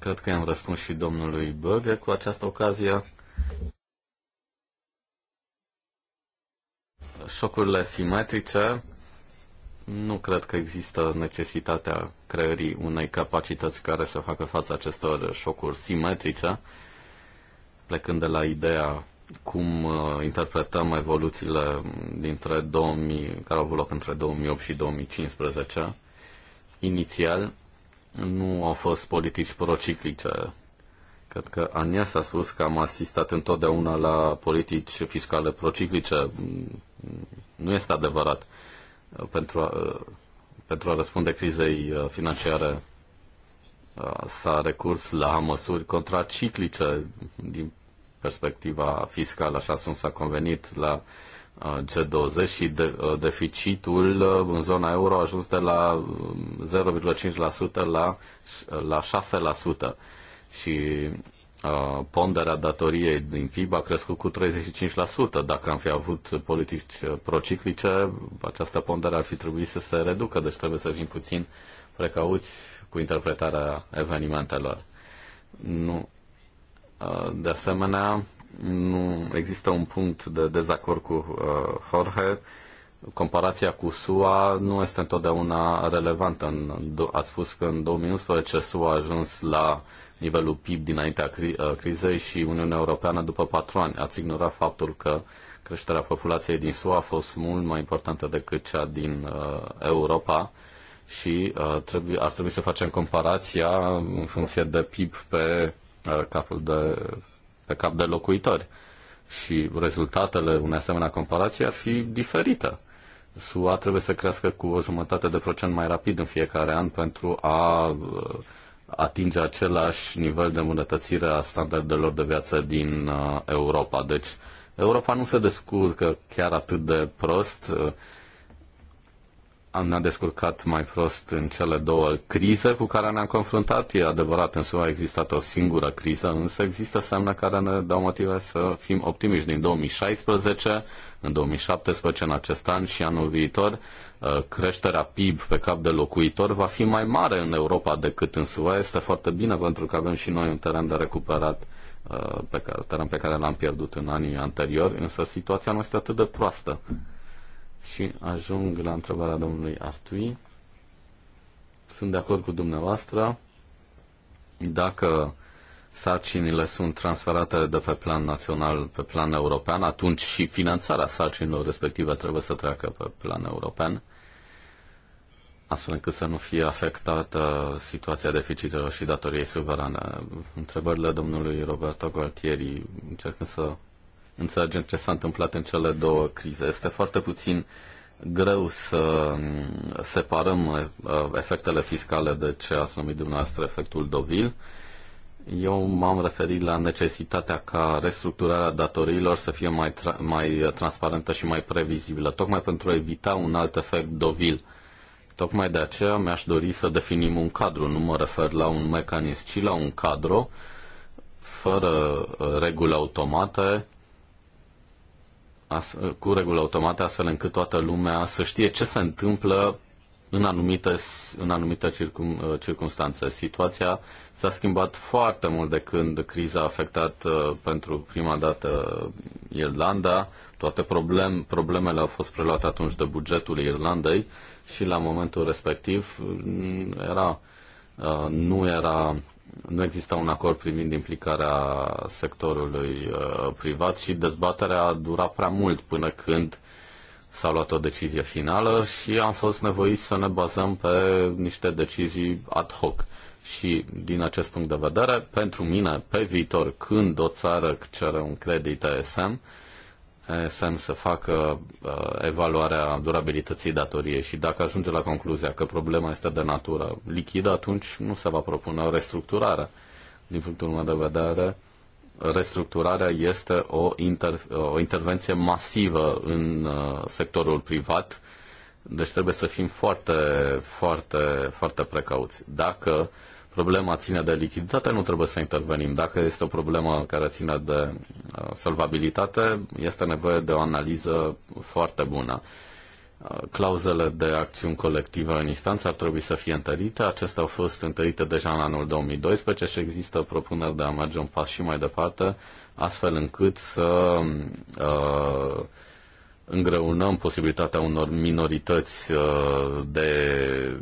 Cred că i-am răspuns și domnului Băgă cu această ocazie. Șocurile simetrice nu cred că există necesitatea creării unei capacități care să facă față acestor șocuri simetrice, plecând de la ideea cum uh, interpretăm evoluțiile dintre 2000, care au avut loc între 2008 și 2015. Inițial, nu au fost politici prociclice. Cred că Anias a spus că am asistat întotdeauna la politici fiscale prociclice. Nu este adevărat. Pentru a, pentru a răspunde crizei uh, financiare uh, s-a recurs la măsuri contraciclice din perspectiva fiscală, așa cum s-a convenit la uh, G20 și de, uh, deficitul uh, în zona euro a ajuns de la 0,5% um, la, la 6% uh, și ponderea datoriei din PIB a crescut cu 35%. Dacă am fi avut politici prociclice, această pondere ar fi trebuit să se reducă, deci trebuie să fim puțin precauți cu interpretarea evenimentelor. Nu. de asemenea, nu există un punct de dezacord cu uh, Jorge. Comparația cu SUA nu este întotdeauna relevantă. În, ați spus că în 2011 SUA a ajuns la nivelul PIB dinaintea cri- uh, crizei și Uniunea Europeană după patru ani. Ați ignorat faptul că creșterea populației din SUA a fost mult mai importantă decât cea din uh, Europa și uh, trebuie, ar trebui să facem comparația în funcție de PIB pe uh, capul de pe cap de locuitori. Și rezultatele unei asemenea comparații ar fi diferită. SUA trebuie să crească cu o jumătate de procent mai rapid în fiecare an pentru a uh, atinge același nivel de îmbunătățire a standardelor de viață din uh, Europa. Deci Europa nu se descurcă chiar atât de prost uh, am ne-a descurcat mai prost în cele două crize cu care ne-am confruntat. E adevărat, în SUA a existat o singură criză, însă există semne care ne dau motive să fim optimiști. Din 2016, în 2017, în acest an și anul viitor, uh, creșterea PIB pe cap de locuitor va fi mai mare în Europa decât în SUA. Este foarte bine pentru că avem și noi un teren de recuperat uh, pe care, teren pe care l-am pierdut în anii anteriori, însă situația nu este atât de proastă. Și ajung la întrebarea domnului Artui. Sunt de acord cu dumneavoastră. Dacă sarcinile sunt transferate de pe plan național pe plan european, atunci și finanțarea sarcinilor respective trebuie să treacă pe plan european, astfel încât să nu fie afectată situația deficitelor și datoriei suverane. Întrebările domnului Roberto Gualtieri încercând să înțelegem ce s-a întâmplat în cele două crize. Este foarte puțin greu să mm, separăm uh, efectele fiscale de ce ați numit dumneavoastră efectul Dovil. Eu m-am referit la necesitatea ca restructurarea datoriilor să fie mai, tra- mai transparentă și mai previzibilă, tocmai pentru a evita un alt efect dovil. Tocmai de aceea mi-aș dori să definim un cadru, nu mă refer la un mecanism, ci la un cadru fără uh, reguli automate, cu reguli automate, astfel încât toată lumea să știe ce se întâmplă în anumite, în anumite circum, uh, circunstanțe. Situația s-a schimbat foarte mult de când criza a afectat uh, pentru prima dată Irlanda. Toate problem, problemele au fost preluate atunci de bugetul Irlandei și la momentul respectiv mm, era, uh, nu era nu exista un acord privind implicarea sectorului uh, privat și dezbaterea a durat prea mult până când s-a luat o decizie finală și am fost nevoiți să ne bazăm pe niște decizii ad hoc. Și din acest punct de vedere, pentru mine, pe viitor, când o țară cere un credit ASM, ESM să facă uh, evaluarea durabilității datoriei și dacă ajunge la concluzia că problema este de natură lichidă, atunci nu se va propune o restructurare. Din punctul meu de vedere, restructurarea este o, inter- o intervenție masivă în uh, sectorul privat, deci trebuie să fim foarte, foarte, foarte precauți. Dacă problema ține de lichiditate, nu trebuie să intervenim. Dacă este o problemă care ține de uh, solvabilitate, este nevoie de o analiză foarte bună. Uh, clauzele de acțiuni colective în instanță ar trebui să fie întărite. Acestea au fost întărite deja în anul 2012 și există propuneri de a merge un pas și mai departe, astfel încât să uh, îngreunăm posibilitatea unor minorități uh, de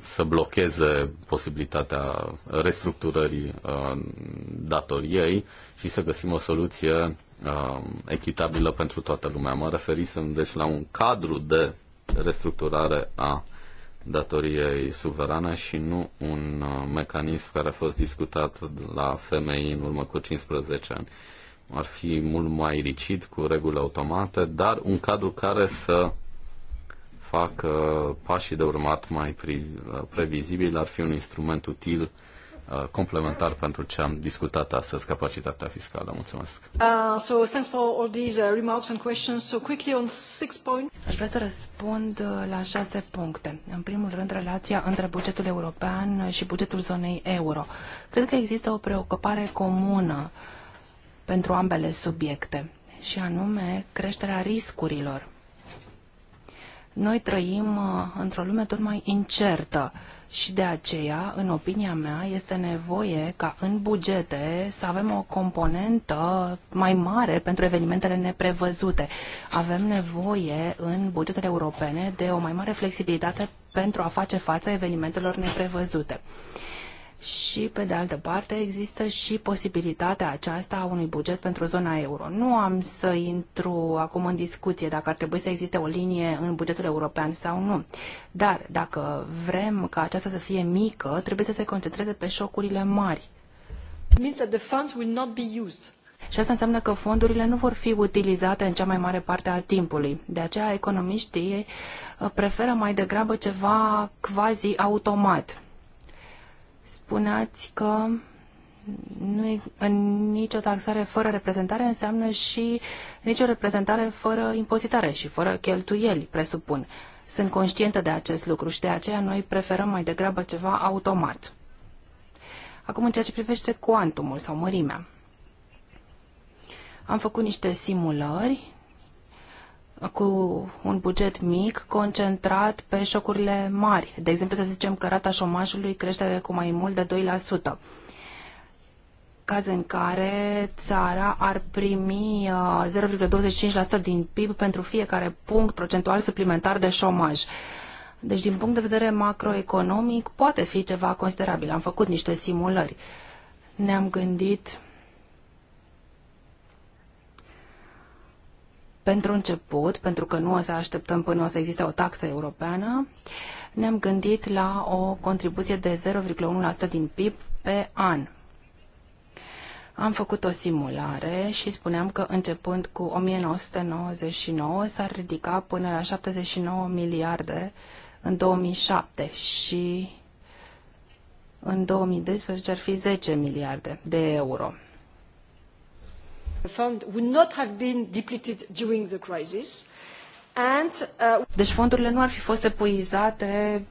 să blocheze posibilitatea restructurării uh, datoriei și să găsim o soluție uh, echitabilă pentru toată lumea. Mă referisem deci la un cadru de restructurare a datoriei suverane și nu un mecanism care a fost discutat la femei în urmă cu 15 ani ar fi mult mai licit cu reguli automate, dar un cadru care să facă pașii de urmat mai uh, previzibili ar fi un instrument util uh, complementar pentru ce am discutat astăzi, capacitatea fiscală. Mulțumesc. Uh, so thanks for all these remarks and questions. So quickly on six Aș vrea să răspund la șase puncte. În primul rând, relația între bugetul european și bugetul zonei euro. Cred că există o preocupare comună uh, pentru ambele subiecte, și anume creșterea riscurilor. Noi trăim uh, într-o lume tot mai incertă și de aceea, în opinia mea, este nevoie ca în bugete să avem o componentă mai mare pentru evenimentele neprevăzute. Avem nevoie în bugetele europene de o mai mare flexibilitate pentru a face față evenimentelor neprevăzute. Uh, și, pe de altă parte, există și posibilitatea aceasta a unui buget pentru zona euro. Nu am să intru acum în discuție dacă ar trebui să existe o linie în bugetul european sau nu, dar dacă vrem ca aceasta să fie mică, trebuie să se concentreze pe șocurile mari. Și asta înseamnă că fondurile nu vor fi utilizate în cea mai mare parte a timpului. De aceea, economiștii uh, preferă mai degrabă ceva quasi automat spuneați că nu, în nicio taxare fără reprezentare înseamnă și nicio reprezentare fără impozitare și fără cheltuieli, presupun. Sunt conștientă de acest lucru și de aceea noi preferăm mai degrabă ceva automat. Acum, în ceea ce privește cuantumul sau mărimea, am făcut niște simulări cu un buget mic concentrat pe șocurile mari. De exemplu, să zicem că rata șomajului crește cu mai mult de 2%. Caz în care țara ar primi 0,25% uh, din PIB pentru fiecare punct procentual suplimentar de șomaj. Deci, din punct de vedere macroeconomic, poate fi ceva considerabil. Am făcut niște simulări. Ne-am gândit Pentru început, pentru că nu o să așteptăm până o să existe o taxă europeană, ne-am gândit la o contribuție de 0,1% din PIB pe an. Am făcut o simulare și spuneam că începând cu 1999 s-ar ridica până la 79 miliarde în 2007 și în 2012 ar fi 10 miliarde de euro fund would not have been depleted during the crisis. And, uh, Deci fondurile nu ar fi fost epuizate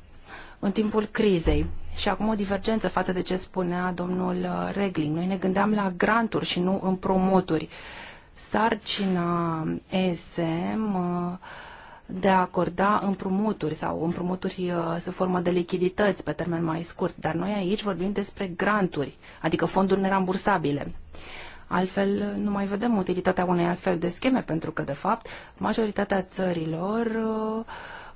în timpul crizei. Și acum o divergență față de ce spunea domnul uh, Regling. Noi ne gândeam la granturi și nu împrumuturi. Sarcina ESM uh, de a acorda împrumuturi sau împrumuturi sub formă de lichidități pe termen mai scurt, dar noi aici vorbim despre granturi, adică fonduri nerambursabile. Altfel, nu mai vedem utilitatea unei astfel de scheme, pentru că, de fapt, majoritatea țărilor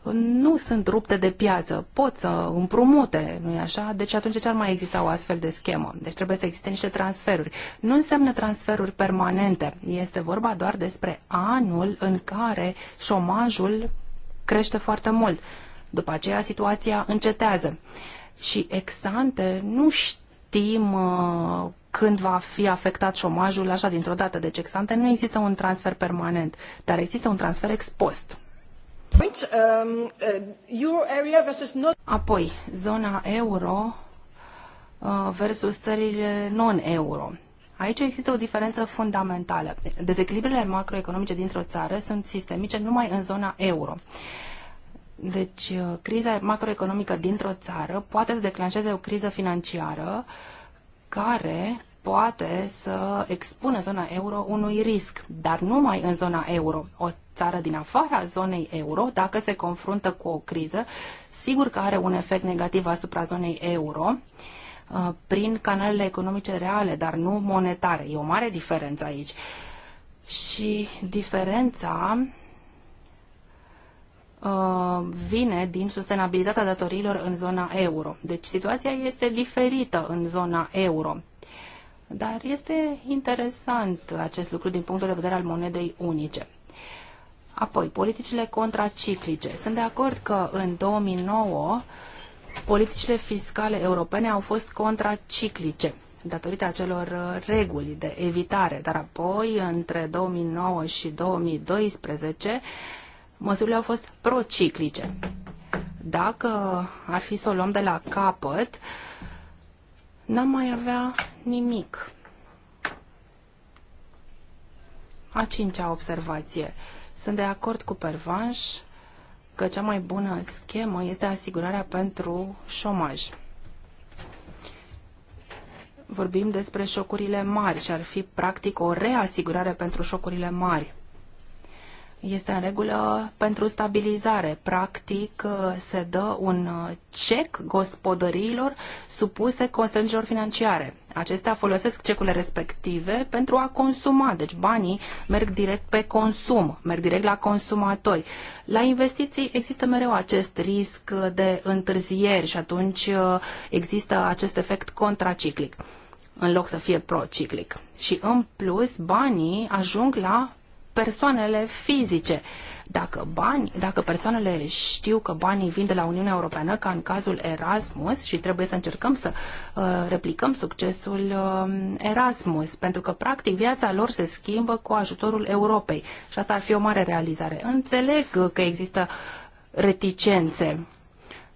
uh, nu sunt rupte de piață, pot să împrumute, nu-i așa? Deci atunci ce ar mai exista o astfel de schemă? Deci trebuie să existe niște transferuri. Nu înseamnă transferuri permanente, este vorba doar despre anul în care șomajul crește foarte mult. După aceea situația încetează. Și exante nu știm uh, când va fi afectat șomajul așa dintr-o dată. de cexante, nu există un transfer permanent, dar există un transfer expost. Um, uh, Apoi, zona euro uh, versus țările non-euro. Aici există o diferență fundamentală. Dezechilibrele macroeconomice dintr-o țară sunt sistemice numai în zona euro. Deci, uh, criza macroeconomică dintr-o țară poate să declanșeze o criză financiară uh, care poate să expună zona euro unui risc, dar numai în zona euro. O țară din afara zonei euro, dacă se confruntă cu o criză, sigur că are un efect negativ asupra zonei euro uh, prin canalele economice reale, dar nu monetare. E o mare diferență aici. Și diferența Uh, vine din sustenabilitatea datoriilor în zona euro. Deci situația este diferită în zona euro. Dar este interesant acest lucru din punctul de vedere al monedei unice. Apoi, politicile contraciclice. Sunt de acord că în 2009 politicile fiscale europene au fost contraciclice datorită acelor uh, reguli de evitare, dar apoi între 2009 și 2012 măsurile au fost prociclice. Dacă ar fi să o luăm de la capăt, n-am mai avea nimic. A cincea observație. Sunt de acord cu Pervanș că cea mai bună schemă este asigurarea pentru șomaj. Vorbim despre șocurile mari și ar fi practic o reasigurare pentru șocurile mari este în regulă pentru stabilizare. Practic, uh, se dă un uh, cec gospodăriilor supuse constrângerilor financiare. Acestea folosesc cecurile respective pentru a consuma, deci banii merg direct pe consum, merg direct la consumatori. La investiții există mereu acest risc de întârzieri și atunci uh, există acest efect contraciclic în loc să fie prociclic. Și în plus, banii ajung la persoanele fizice. Dacă, bani, dacă persoanele știu că banii vin de la Uniunea Europeană, ca în cazul Erasmus, și trebuie să încercăm să uh, replicăm succesul uh, Erasmus, pentru că, practic, viața lor se schimbă cu ajutorul Europei. Și asta ar fi o mare realizare. Înțeleg că există reticențe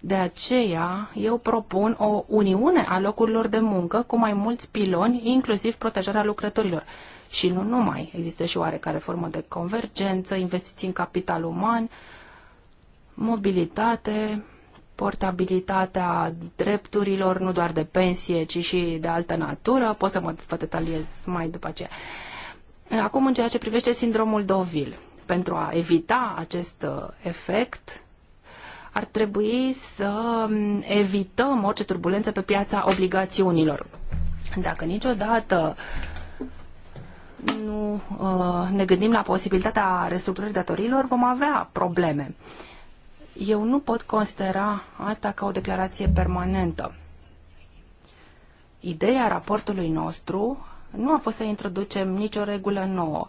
de aceea, eu propun o uniune a locurilor de muncă cu mai mulți piloni, inclusiv protejarea lucrătorilor. Și nu numai. Există și oarecare formă de convergență, investiții în capital uman, mobilitate, portabilitatea drepturilor, nu doar de pensie, ci și de altă natură. Pot să mă vă detaliez mai după aceea. Acum, în ceea ce privește sindromul dovil, pentru a evita acest uh, efect, ar trebui să mm, evităm orice turbulență pe piața obligațiunilor. Dacă niciodată nu uh, ne gândim la posibilitatea restructurării datorilor, vom avea probleme. Eu nu pot considera asta ca o declarație permanentă. Ideea raportului nostru nu a fost să introducem nicio regulă nouă.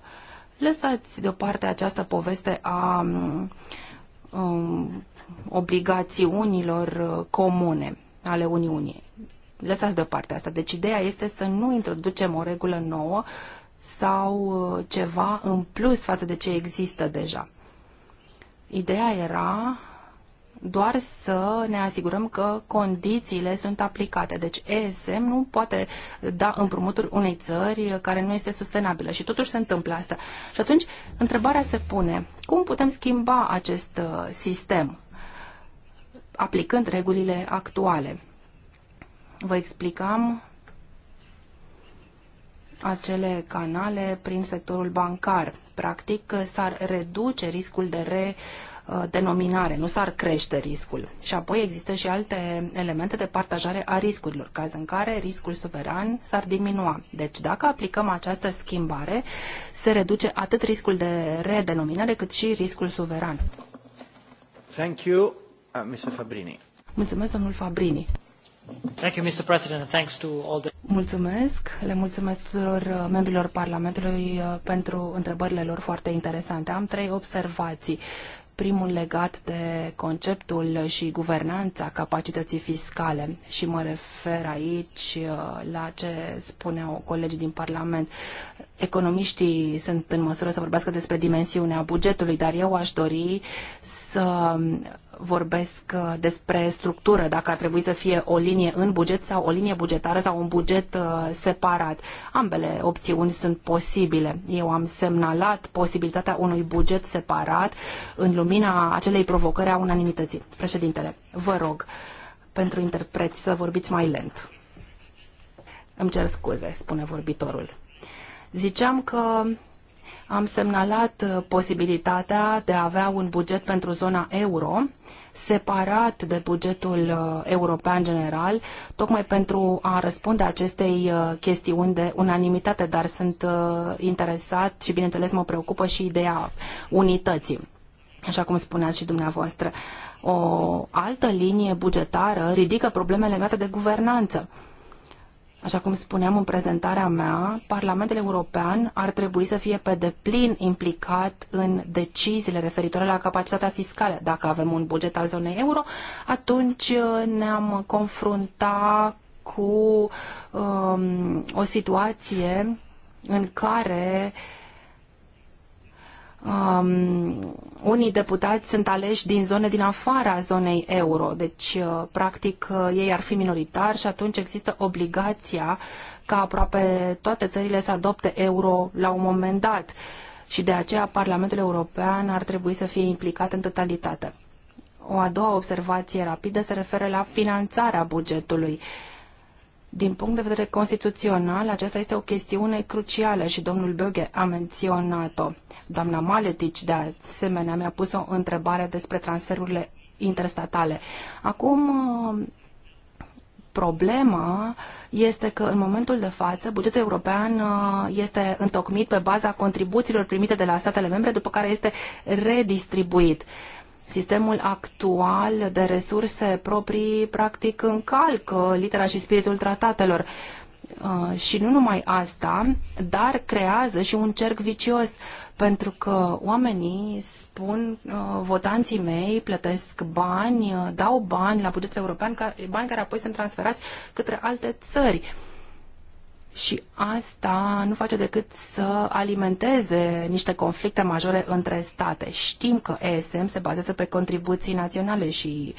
Lăsați deoparte această poveste a mm, um, obligațiunilor uh, comune ale Uniunii. Lăsați deoparte asta. Deci ideea este să nu introducem o regulă nouă sau uh, ceva în plus față de ce există deja. Ideea era doar să ne asigurăm că condițiile sunt aplicate. Deci ESM nu poate da împrumuturi unei țări care nu este sustenabilă și totuși se întâmplă asta. Și atunci întrebarea se pune, cum putem schimba acest uh, sistem? aplicând regulile actuale. Vă explicam acele canale prin sectorul bancar. Practic, s-ar reduce riscul de re denominare, nu s-ar crește riscul. Și apoi există și alte elemente de partajare a riscurilor, caz în care riscul suveran s-ar diminua. Deci dacă aplicăm această schimbare, se reduce atât riscul de redenominare cât și riscul suveran. Thank you. Uh, mulțumesc, domnul Fabrini. Thank you, Mr. President, and thanks to all the... Mulțumesc, le mulțumesc tuturor uh, membrilor Parlamentului uh, pentru întrebările lor foarte interesante. Am trei observații primul legat de conceptul și guvernanța capacității fiscale și mă refer aici la ce spuneau colegii din Parlament. Economiștii sunt în măsură să vorbească despre dimensiunea bugetului, dar eu aș dori să vorbesc uh, despre structură, dacă ar trebui să fie o linie în buget sau o linie bugetară sau un buget uh, separat. Ambele opțiuni sunt posibile. Eu am semnalat posibilitatea unui buget separat în lumina acelei provocări a unanimității. Președintele, vă rog pentru interpreți să vorbiți mai lent. Îmi cer scuze, spune vorbitorul. Ziceam că am semnalat uh, posibilitatea de a avea un buget pentru zona euro, separat de bugetul uh, european general, tocmai pentru a răspunde acestei uh, chestiuni de unanimitate, dar sunt interesat și, bineînțeles, mă preocupă și ideea unității, așa cum spuneați și dumneavoastră. O altă linie bugetară ridică probleme legate de guvernanță Așa cum spuneam în prezentarea mea, Parlamentul European ar trebui să fie pe deplin implicat în deciziile referitoare la capacitatea fiscală. Dacă avem un buget al zonei euro, atunci uh, ne-am confrunta cu um, o situație în care uh, Um, unii deputați sunt aleși din zone din afara zonei euro, deci uh, practic uh, ei ar fi minoritari și atunci există obligația ca aproape toate țările să adopte euro la un moment dat și de aceea Parlamentul European ar trebui să fie implicat în totalitate. O a doua observație rapidă se referă la finanțarea bugetului. Uh, din punct de vedere constituțional, aceasta este o chestiune crucială și domnul Böge a menționat-o. Doamna Maletici, de asemenea, mi-a pus o întrebare despre transferurile interstatale. Acum, problema este că în momentul de față bugetul european uh, este întocmit pe baza contribuțiilor primite de la statele membre, după care este redistribuit. Uh, Sistemul actual de resurse proprii practic încalcă litera și spiritul tratatelor. Uh, și nu numai asta, dar creează și un cerc vicios, pentru că oamenii spun, uh, votanții mei plătesc bani, uh, dau bani la bugetul european, bani care apoi sunt transferați către alte țări și asta nu face decât să alimenteze niște conflicte majore între state. Știm că ESM se bazează pe contribuții naționale și,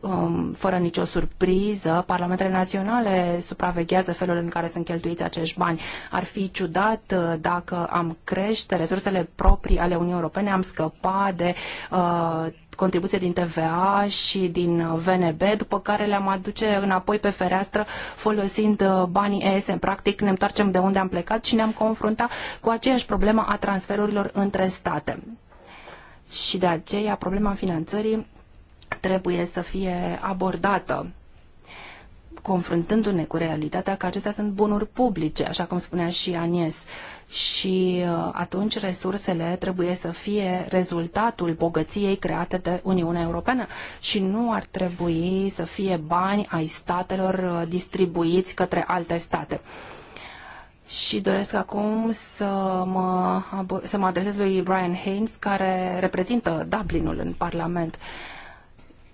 um, fără nicio surpriză, parlamentele naționale supraveghează felul în care sunt cheltuiți acești bani. Ar fi ciudat uh, dacă am crește resursele proprii ale Uniunii Europene, am scăpa de uh, contribuție din TVA și din VNB, după care le-am aduce înapoi pe fereastră folosind uh, banii ESM. Practic ne întoarcem de unde am plecat și ne-am confruntat cu aceeași problemă a transferurilor între state. Și de aceea problema finanțării trebuie să fie abordată confruntându-ne cu realitatea că acestea sunt bunuri publice, așa cum spunea și Anies. Uh, și uh, atunci resursele trebuie să fie rezultatul bogăției create de Uniunea Europeană și nu ar trebui să fie bani ai statelor uh, distribuiți către alte state. Și doresc acum să mă, să mă adresez lui Brian Haynes, care reprezintă Dublinul în Parlament.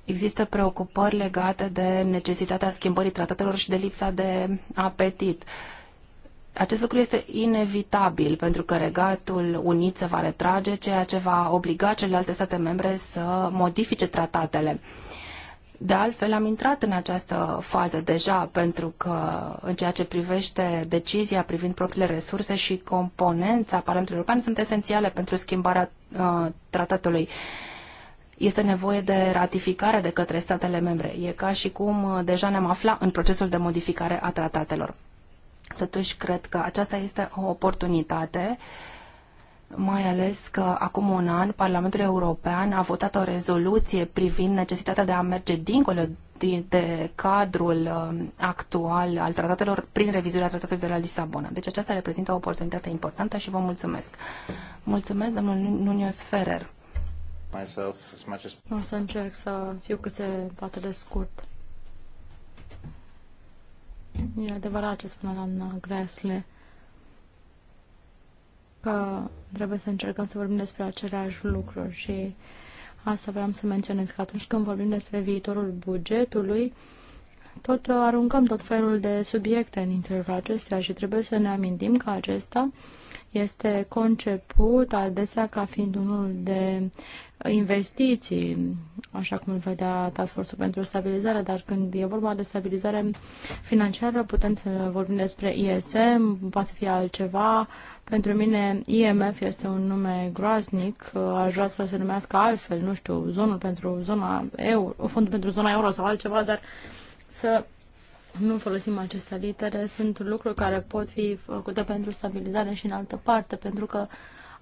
Există preocupări legate de necesitatea schimbării tratatelor și de lipsa de apetit. Uh, acest lucru este inevitabil pentru că Regatul Unit se va retrage, ceea ce va obliga celelalte state membre să modifice tratatele. De altfel, am intrat în această fază deja, pentru că în ceea ce privește decizia privind propriile resurse și componența Parlamentului european sunt esențiale pentru schimbarea uh, tratatului. Este nevoie de ratificare de către statele membre. E ca și cum uh, deja ne-am aflat în procesul de modificare a tratatelor. Totuși, cred că aceasta este o oportunitate mai ales că acum un an Parlamentul European a votat o rezoluție privind necesitatea de a merge dincolo de cadrul um, actual al tratatelor prin revizuirea tratatului de la Lisabona. Deci aceasta reprezintă o oportunitate importantă și vă mulțumesc. Mulțumesc, domnul Nunios Ferrer. O să încerc să fiu cât se poate de scurt. E adevărat ce spune doamna Gresle că trebuie să încercăm să vorbim despre aceleași lucruri și asta vreau să menționez, că atunci când vorbim despre viitorul bugetului, tot aruncăm tot felul de subiecte în interiorul acestuia și trebuie să ne amintim că acesta este conceput adesea ca fiind unul de investiții, așa cum îl vedea Task force pentru stabilizare, dar când e vorba de stabilizare financiară, putem să vorbim despre ISM, poate să fie altceva. Pentru mine IMF este un nume groaznic, aș vrea să se numească altfel, nu știu, zonul pentru zona euro, fondul pentru zona euro sau altceva, dar să nu folosim aceste litere, sunt lucruri care pot fi făcute pentru stabilizare și în altă parte, pentru că uh,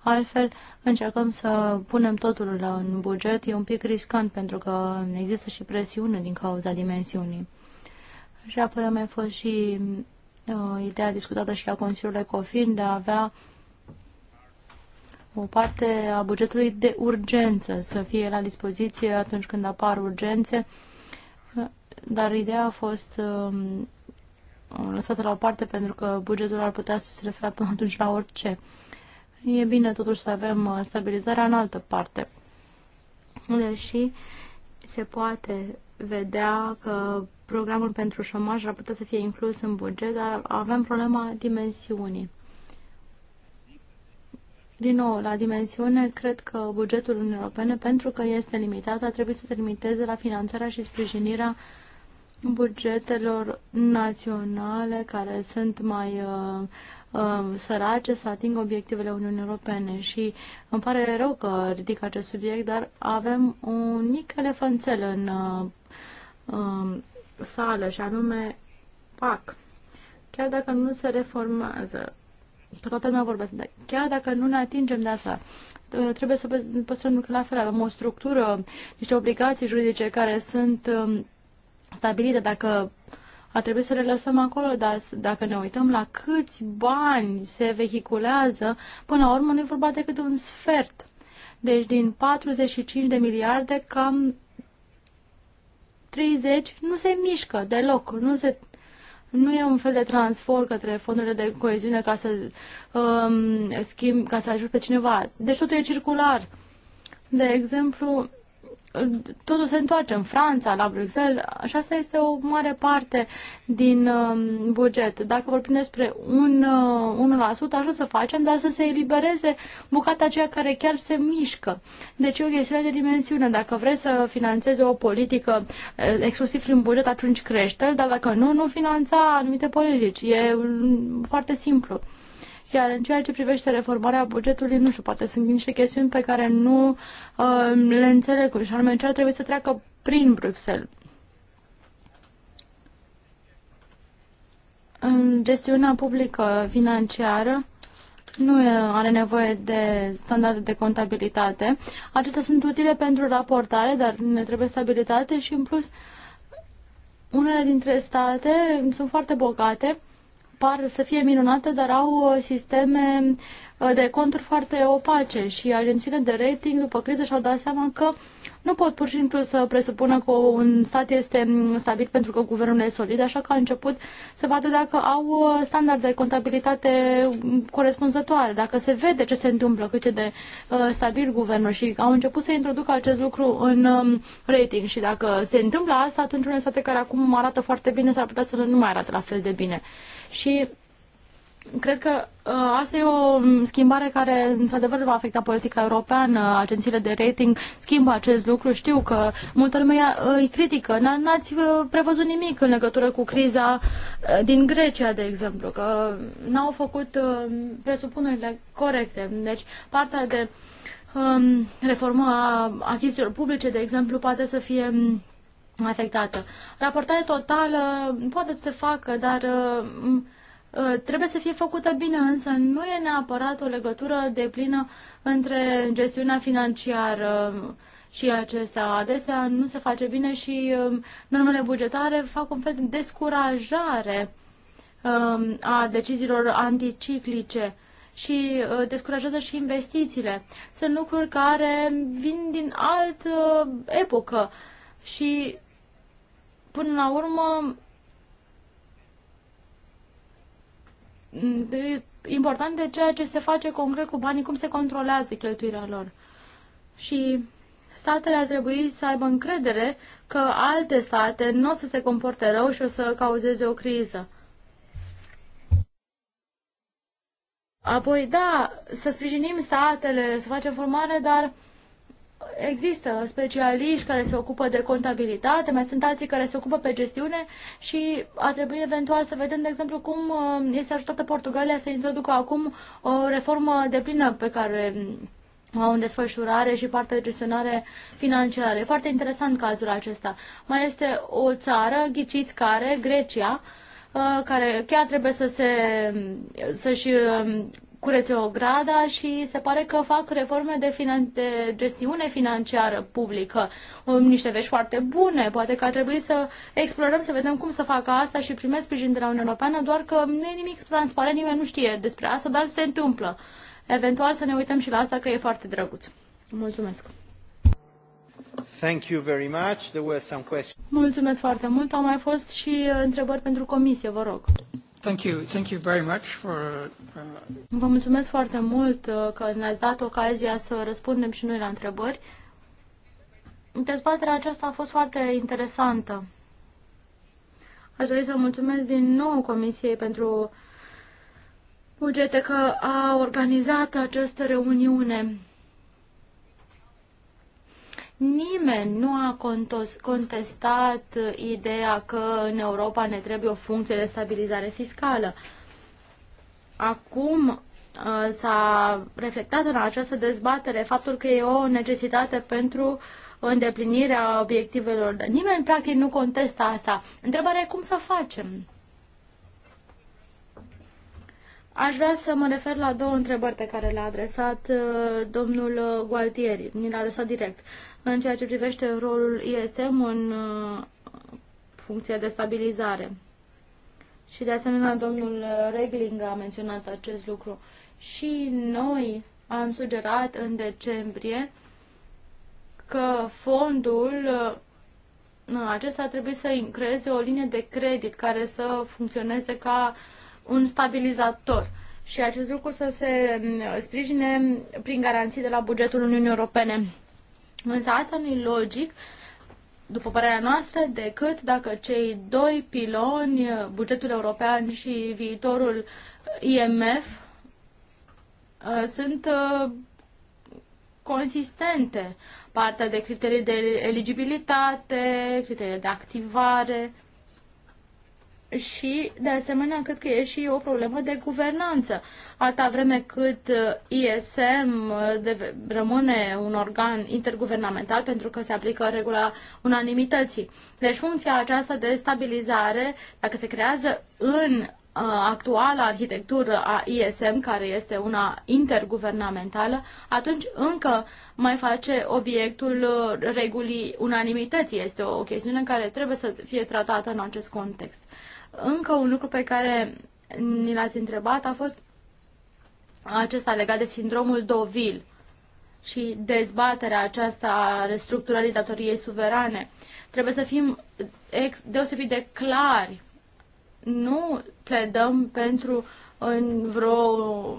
Altfel, încercăm să punem totul la un buget. E un pic riscant pentru că există și presiune din cauza dimensiunii. Și apoi a mai fost și uh, ideea discutată și la Consiliul Ecofin de a avea o parte a bugetului de urgență să fie la dispoziție atunci când apar urgențe, dar ideea a fost um, lăsată la o parte pentru că bugetul ar putea să se referă până atunci la orice e bine totuși să avem uh, stabilizarea în altă parte. Deși se poate vedea că programul pentru șomaj ar putea să fie inclus în buget, dar avem problema dimensiunii. Din nou, la dimensiune, cred că bugetul Uniunii Europene, pentru că este limitat, ar trebui să se limiteze la finanțarea și sprijinirea bugetelor naționale care sunt mai uh, Um, sărace să atingă obiectivele Uniunii Europene și îmi pare rău că ridic acest subiect, dar avem un mic elefanțel în uh, um, sală și anume PAC. Chiar dacă nu se reformează, că toată lumea vorbesc, dar chiar dacă nu ne atingem de asta, uh, trebuie să păstrăm lucrurile la fel. Avem o structură, niște obligații juridice care sunt um, stabilite stabilită. Dacă a trebuit să le lăsăm acolo, dar dacă ne uităm la câți bani se vehiculează, până la urmă nu e vorba decât un sfert. Deci din 45 de miliarde, cam 30 nu se mișcă deloc, nu, se, nu e un fel de transfer către fondurile de coeziune ca să um, schimb, ca să ajut pe cineva. Deci totul e circular. De exemplu, totul se întoarce în Franța, la Bruxelles și asta este o mare parte din um, buget. Dacă vorbim despre un, 1%, uh, așa să facem, dar să se elibereze bucata aceea care chiar se mișcă. Deci e o chestiune de dimensiune. Dacă vrei să finanțezi o politică uh, exclusiv prin buget, atunci crește, dar dacă nu, nu finanța anumite politici. E um, foarte simplu. Iar în ceea ce privește reformarea bugetului, nu știu, poate sunt niște chestiuni pe care nu uh, le înțeleg și anume ce ar trebui să treacă prin Bruxelles. În gestiunea publică financiară nu are nevoie de standarde de contabilitate. Acestea sunt utile pentru raportare, dar ne trebuie stabilitate și în plus unele dintre state sunt foarte bogate par să fie minunate, dar au uh, sisteme uh, de conturi foarte opace și agențiile de rating după criză și-au dat seama că nu pot pur și simplu să presupună că un stat este stabil pentru că guvernul e solid, așa că a început să vadă dacă au standarde de contabilitate corespunzătoare, dacă se vede ce se întâmplă, cât e de uh, stabil guvernul și au început să introducă acest lucru în um, rating și dacă se întâmplă asta, atunci unele state care acum arată foarte bine s-ar putea să nu mai arate la fel de bine. Și Cred că uh, asta e o schimbare care, într-adevăr, va afecta politica europeană. Agențiile de rating schimbă acest lucru. Știu că multă lume uh, îi critică. N-ați uh, prevăzut nimic în legătură cu criza din Grecia, de exemplu, că n-au făcut presupunerile corecte. Deci, partea de um, reformă a achizițiilor publice, de exemplu, poate să fie um, afectată. Raportarea totală poate să se facă, dar Uh, trebuie să fie făcută bine, însă nu e neapărat o legătură de plină între gestiunea financiară și acesta. Adesea nu se face bine și um, normele bugetare fac un fel de descurajare um, a deciziilor anticiclice și uh, descurajează și investițiile. Sunt lucruri care vin din altă uh, epocă și până la urmă de, important de ceea ce se face concret cu banii, cum se controlează cheltuirea lor. Și statele ar trebui să aibă încredere că alte state nu o să se comporte rău și o să cauzeze o criză. Apoi, da, să sprijinim statele, să facem formare, dar Există specialiști care se ocupă de contabilitate, mai sunt alții care se ocupă pe gestiune și ar trebui eventual să vedem, de exemplu, cum uh, este ajutată Portugalia să introducă acum o reformă de plină pe care um, au în desfășurare și partea de gestionare financiară. E foarte interesant cazul acesta. Mai este o țară, ghiciți care, Grecia, uh, care chiar trebuie să se, să-și um, curețe ograda și se pare că fac reforme de, finan- de gestiune financiară publică. Niște vești foarte bune. Poate că ar trebui să explorăm, să vedem cum să facă asta și primesc sprijin de la Uniunea Europeană, doar că nu e nimic transparent, nimeni nu știe despre asta, dar se întâmplă. Eventual să ne uităm și la asta că e foarte drăguț. Mulțumesc! Thank you very much. There were some questions. Mulțumesc foarte mult. Au mai fost și uh, întrebări pentru comisie, vă rog. Thank you. Thank you very much for, uh... Vă mulțumesc foarte mult uh, că ne-ați dat ocazia să răspundem și noi la întrebări. Dezbaterea aceasta a fost foarte interesantă. Aș dori să mulțumesc din nou Comisiei pentru bugete că a organizat această reuniune. Nimeni nu a contestat ideea că în Europa ne trebuie o funcție de stabilizare fiscală. Acum uh, s-a reflectat în această dezbatere faptul că e o necesitate pentru îndeplinirea obiectivelor. Nimeni practic nu contestă asta. Întrebarea e cum să facem. Aș vrea să mă refer la două întrebări pe care le-a adresat uh, domnul Gualtieri. Ni le-a adresat direct în ceea ce privește rolul ISM în uh, funcția de stabilizare. Și de asemenea, domnul Regling a menționat acest lucru. Și noi am sugerat în decembrie că fondul uh, acesta trebuie să creeze o linie de credit care să funcționeze ca un stabilizator și acest lucru să se uh, sprijine prin garanții de la bugetul Uniunii Europene. Însă asta nu e logic, după părerea noastră, decât dacă cei doi piloni, bugetul european și viitorul IMF, uh, sunt uh, consistente. Partea de criterii de eligibilitate, criterii de activare, și, de asemenea, cred că e și o problemă de guvernanță. Atâta vreme cât uh, ISM uh, rămâne un organ interguvernamental pentru că se aplică regula unanimității. Deci funcția aceasta de stabilizare, dacă se creează în uh, actuala arhitectură a ISM, care este una interguvernamentală, atunci încă mai face obiectul regulii unanimității. Este o chestiune care trebuie să fie tratată în acest context. Încă un lucru pe care ni l-ați întrebat a fost acesta legat de sindromul dovil și dezbaterea aceasta a restructurării datoriei suverane. Trebuie să fim deosebit de clari. Nu pledăm pentru în vreo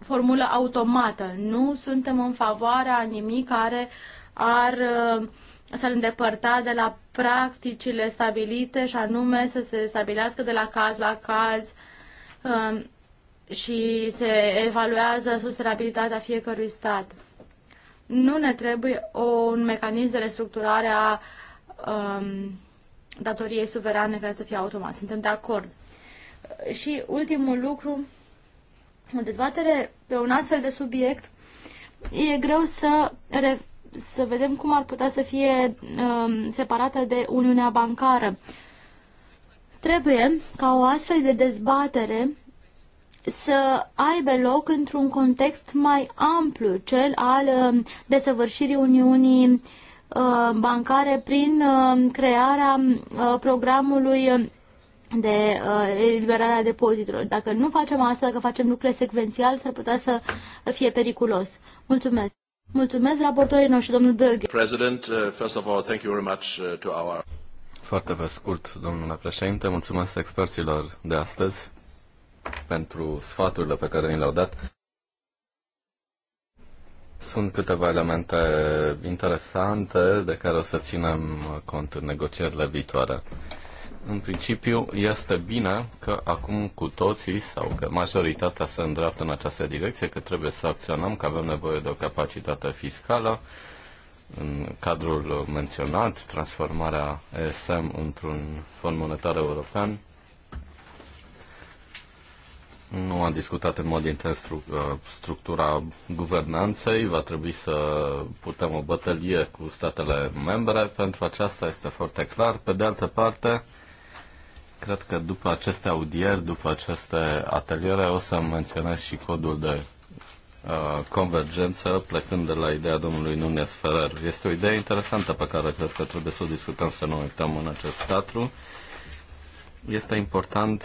formulă automată. Nu suntem în favoarea nimic care ar uh, s-ar îndepărta de la practicile stabilite și anume să se stabilească de la caz la caz um, și se evaluează sustenabilitatea fiecărui stat. Nu ne trebuie un mecanism de restructurare a um, datoriei suverane care să fie automat. Suntem de acord. Și ultimul lucru, o dezbatere pe un astfel de subiect, e greu să să vedem cum ar putea să fie um, separată de Uniunea Bancară. Trebuie ca o astfel de dezbatere să aibă loc într-un context mai amplu, cel al um, desăvârșirii Uniunii uh, bancare prin um, crearea uh, programului de uh, eliberare a depozitelor. Dacă nu facem asta, dacă facem lucrurile secvențial, s-ar putea să fie periculos. Mulțumesc! Mulțumesc raportorii noștri, domnul Böge. President, uh, first of all, thank you very much uh, to our... Foarte pe scurt, domnule președinte, mulțumesc experților de astăzi pentru sfaturile pe care ni le-au dat. Sunt câteva elemente interesante de care o să ținem cont în negocierile viitoare în principiu, este bine că acum cu toții sau că majoritatea se îndreaptă în această direcție, că trebuie să acționăm, că avem nevoie de o capacitate fiscală în cadrul menționat, transformarea ESM într-un fond monetar european. Nu am discutat în mod intens uh, structura guvernanței, va trebui să putem o bătălie cu statele membre, pentru aceasta este foarte clar. Pe de altă parte, Cred că după aceste audieri, după aceste ateliere, o să menționez și codul de uh, convergență, plecând de la ideea domnului Nunes Ferrer. Este o idee interesantă pe care cred că trebuie să o discutăm, să nu uităm în acest teatru. Este important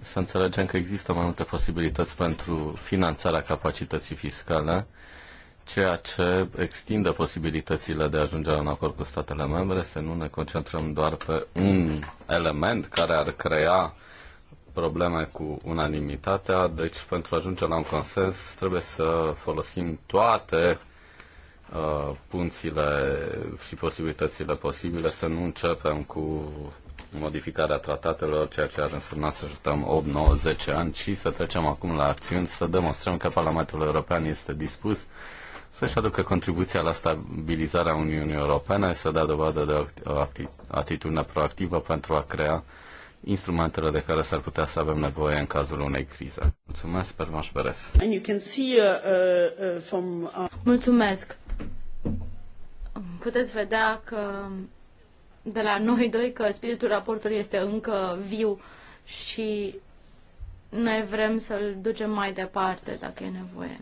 să înțelegem că există mai multe posibilități pentru finanțarea capacității fiscale ceea ce extinde posibilitățile de a ajunge la un acord cu statele membre, să nu ne concentrăm doar pe un element care ar crea probleme cu unanimitatea, deci pentru a ajunge la un consens trebuie să folosim toate uh, punțile și posibilitățile posibile, să nu începem cu modificarea tratatelor, ceea ce ar însemna să ajutăm 8, 9, 10 ani, ci să trecem acum la acțiuni, să demonstrăm că Parlamentul European este dispus să-și aducă contribuția la stabilizarea Uniunii Europene, să dea dovadă de o atitudine proactivă pentru a crea instrumentele de care s-ar putea să avem nevoie în cazul unei crize. Mulțumesc, Permaș Perez. Uh, uh, uh, Mulțumesc. Puteți vedea că de la noi doi că spiritul raportului este încă viu și noi vrem să-l ducem mai departe dacă e nevoie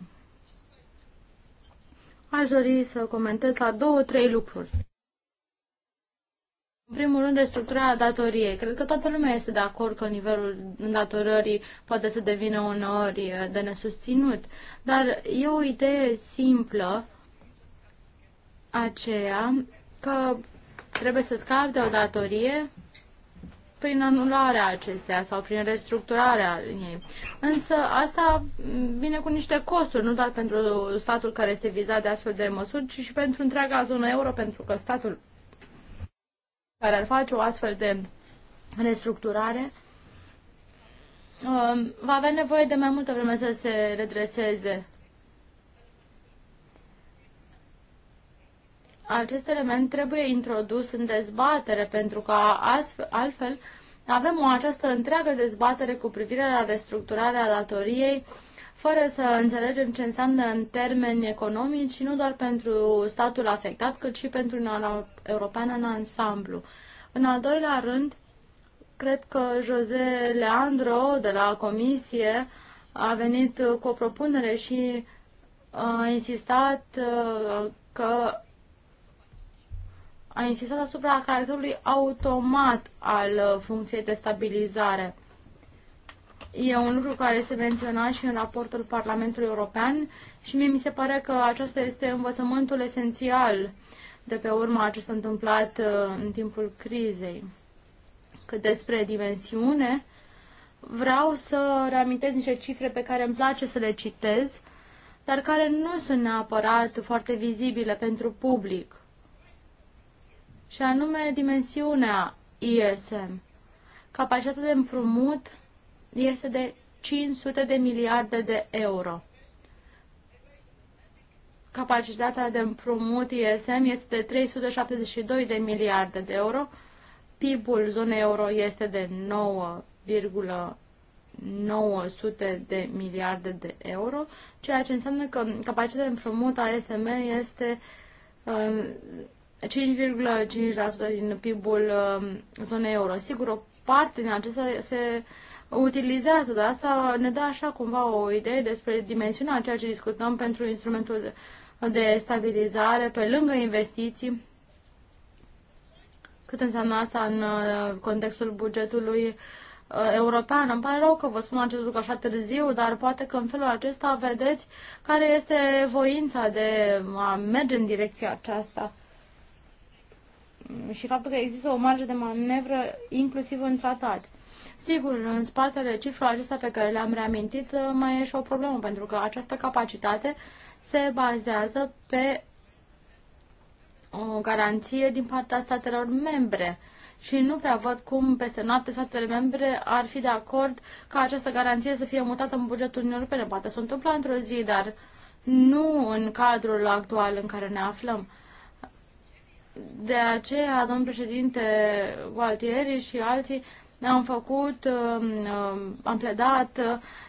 aș dori să comentez la două, trei lucruri. În primul rând, restructurarea datoriei. Cred că toată lumea este de acord că nivelul îndatorării poate să devină uneori eh, de nesusținut, dar e o idee simplă aceea că trebuie să scap de o datorie prin anularea acestea sau prin restructurarea ei. Însă asta mm, vine cu niște costuri, nu doar pentru statul care este vizat de astfel de măsuri, ci și pentru întreaga zonă euro, pentru că statul care ar face o astfel de restructurare um, va avea nevoie de mai multă vreme să se redreseze acest element trebuie introdus în dezbatere, pentru că altfel avem o această întreagă dezbatere cu privire la restructurarea datoriei, fără să înțelegem ce înseamnă în termeni economici, nu doar pentru statul afectat, cât și pentru Uniunea Europeană în ansamblu. În al doilea rând, cred că Jose Leandro de la Comisie a venit cu o propunere și a insistat uh, că a insistat asupra caracterului automat al uh, funcției de stabilizare. E un lucru care este menționat și în raportul Parlamentului European și mie mi se pare că acesta este învățământul esențial de pe urma ce s-a întâmplat uh, în timpul crizei. Cât despre dimensiune, vreau să reamintesc niște cifre pe care îmi place să le citez, dar care nu sunt neapărat foarte vizibile pentru public și anume dimensiunea ISM. Capacitatea de împrumut este de 500 de miliarde de euro. Capacitatea de împrumut ISM este de 372 de miliarde de euro. PIB-ul zonei euro este de 9,900 de miliarde de euro, ceea ce înseamnă că capacitatea de împrumut a SME este uh, 5,5% din PIB-ul um, zonei euro. Sigur, o parte din acesta se utilizează, dar asta ne dă așa cumva o idee despre dimensiunea ceea ce discutăm pentru instrumentul de stabilizare, pe lângă investiții, cât înseamnă asta în uh, contextul bugetului uh, european. Îmi pare rău că vă spun acest lucru așa târziu, dar poate că în felul acesta vedeți care este voința de a merge în direcția aceasta și faptul că există o marjă de manevră inclusiv în tratat. Sigur, în spatele cifrelor acestea pe care le-am reamintit uh, mai e și o problemă, pentru că această capacitate se bazează pe o garanție din partea statelor membre și nu prea văd cum peste noapte statele membre ar fi de acord ca această garanție să fie mutată în bugetul Uniunii Europene. Poate se întâmplă într-o zi, dar nu în cadrul actual în care ne aflăm. De aceea, domnul președinte Gualtieri și alții am făcut, um, um, am pledat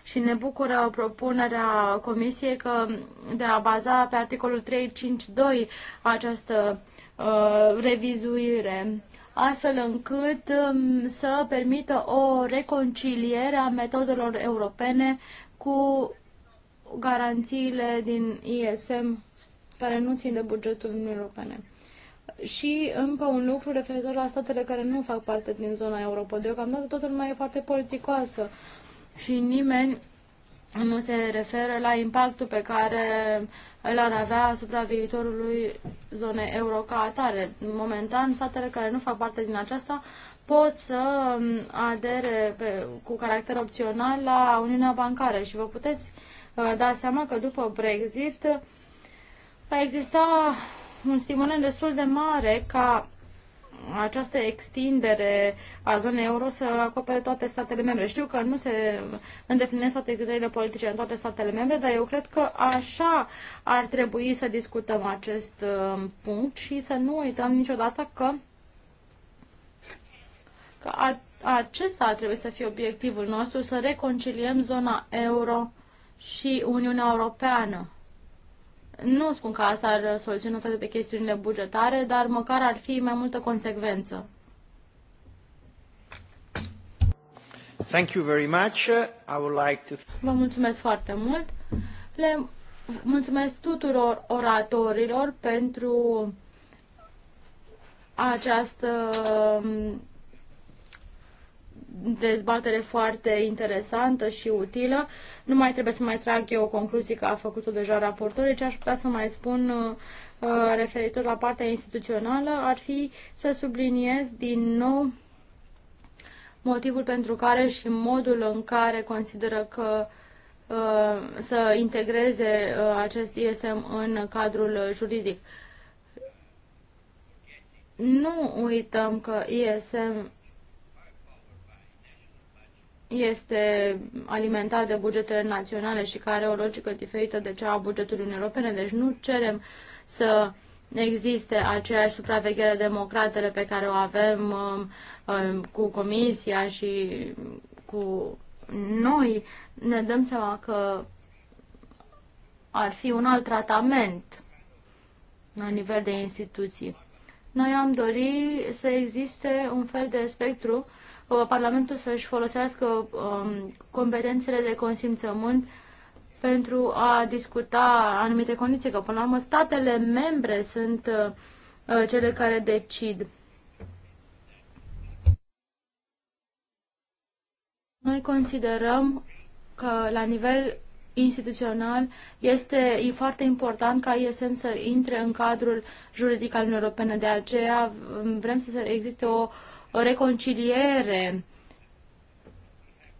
și ne bucură propunerea Comisiei că de a baza pe articolul 352 această uh, revizuire, astfel încât um, să permită o reconciliere a metodelor europene cu garanțiile din ISM care nu țin de bugetul Uniunii Europene. Și încă un lucru referitor la statele care nu fac parte din zona Europa. Deocamdată totul mai e foarte politicoasă și nimeni nu se referă la impactul pe care îl ar avea asupra viitorului zonei euro ca atare. Momentan, statele care nu fac parte din aceasta pot să um, adere pe, cu caracter opțional la Uniunea Bancară și vă puteți uh, da seama că după Brexit va exista un stimulant destul de mare ca această extindere a zonei euro să acopere toate statele membre. Știu că nu se îndeplinesc toate criteriile politice în toate statele membre, dar eu cred că așa ar trebui să discutăm acest uh, punct și să nu uităm niciodată că, că a, acesta ar trebui să fie obiectivul nostru, să reconciliem zona euro și Uniunea Europeană. Nu spun că asta ar soluționa toate chestiunile bugetare, dar măcar ar fi mai multă consecvență. Thank you very much. I would like to... Vă mulțumesc foarte mult. Le mulțumesc tuturor oratorilor pentru această dezbatere foarte interesantă și utilă. Nu mai trebuie să mai trag eu concluzie că a făcut-o deja raportorul, ce deci aș putea să mai spun uh, referitor la partea instituțională ar fi să subliniez din nou motivul pentru care și modul în care consideră că uh, să integreze uh, acest ISM în cadrul juridic. Nu uităm că ISM este alimentat de bugetele naționale și care are o logică diferită de cea a bugetului Uniunii Europene. Deci nu cerem să existe aceeași supraveghere democratele pe care o avem um, um, cu Comisia și cu noi. Ne dăm seama că ar fi un alt tratament la nivel de instituții. Noi am dorit să existe un fel de spectru Uh, Parlamentul să-și folosească um, competențele de consimțământ pentru a discuta anumite condiții, că până la urmă statele membre sunt uh, uh, cele care decid. Noi considerăm că la nivel instituțional este e foarte important ca ISM să intre în cadrul juridic al Uniunii Europene. De aceea um, vrem să existe o uh, reconciliere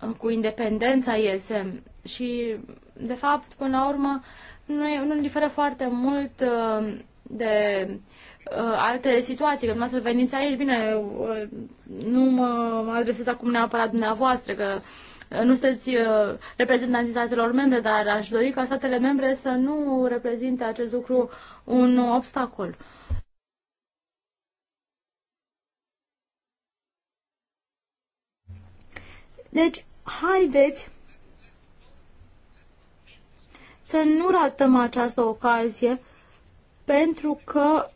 um, cu independența ISM și, de fapt, până la urmă, nu, e, nu diferă foarte mult um, de uh, alte situații, că dumneavoastră veniți aici, bine, uh, nu mă adresez acum neapărat dumneavoastră, că uh, nu sunteți reprezentanții statelor membre, dar aș dori ca statele membre să nu reprezinte acest lucru un obstacol. Deci, haideți să nu ratăm această ocazie pentru că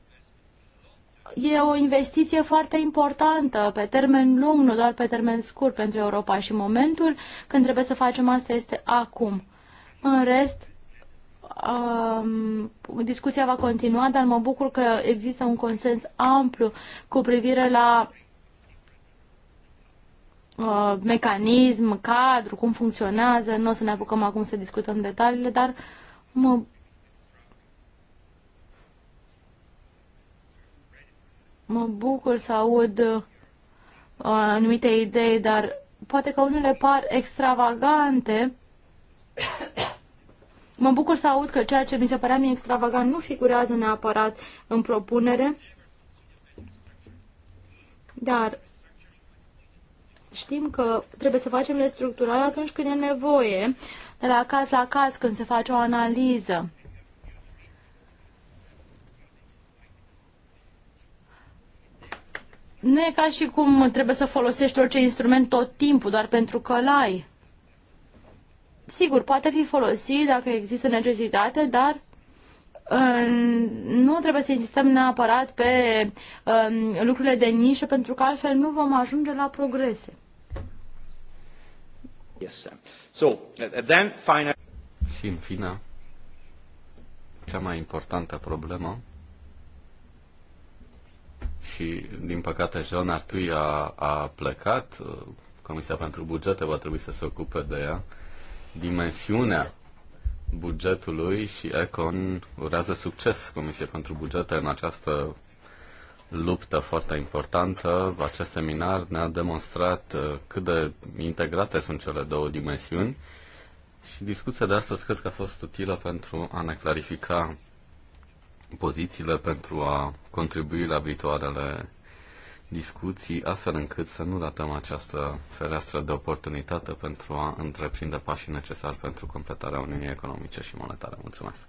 e o investiție foarte importantă pe termen lung, nu doar pe termen scurt pentru Europa și momentul când trebuie să facem asta este acum. În rest, um, discuția va continua, dar mă bucur că există un consens amplu cu privire la Uh, mecanism, cadru, cum funcționează. Nu o să ne apucăm acum să discutăm detaliile, dar mă mă bucur să aud uh, anumite idei, dar poate că unele par extravagante. mă bucur să aud că ceea ce mi se părea mie extravagant nu figurează neapărat în propunere, dar știm că trebuie să facem restructurare atunci când e nevoie, de la caz la caz, când se face o analiză. Nu e ca și cum trebuie să folosești orice instrument tot timpul, doar pentru că l-ai. Sigur, poate fi folosit dacă există necesitate, dar nu trebuie să insistăm neapărat pe um, lucrurile de nișă, pentru că altfel nu vom ajunge la progrese. Yes, so, uh, then, final... Și în fine, cea mai importantă problemă și, din păcate, Jean Artui a, a plecat, uh, Comisia pentru Bugete va trebui să se ocupe de ea, dimensiunea bugetului și Econ urează succes Comisie pentru Bugete în această luptă foarte importantă. Acest seminar ne-a demonstrat uh, cât de integrate sunt cele două dimensiuni și discuția de astăzi cred că a fost utilă pentru a ne clarifica pozițiile, pentru a contribui la viitoarele discuții astfel încât să nu datăm această fereastră de oportunitate pentru a întreprinde pașii necesari pentru completarea Uniunii Economice și Monetare. Mulțumesc!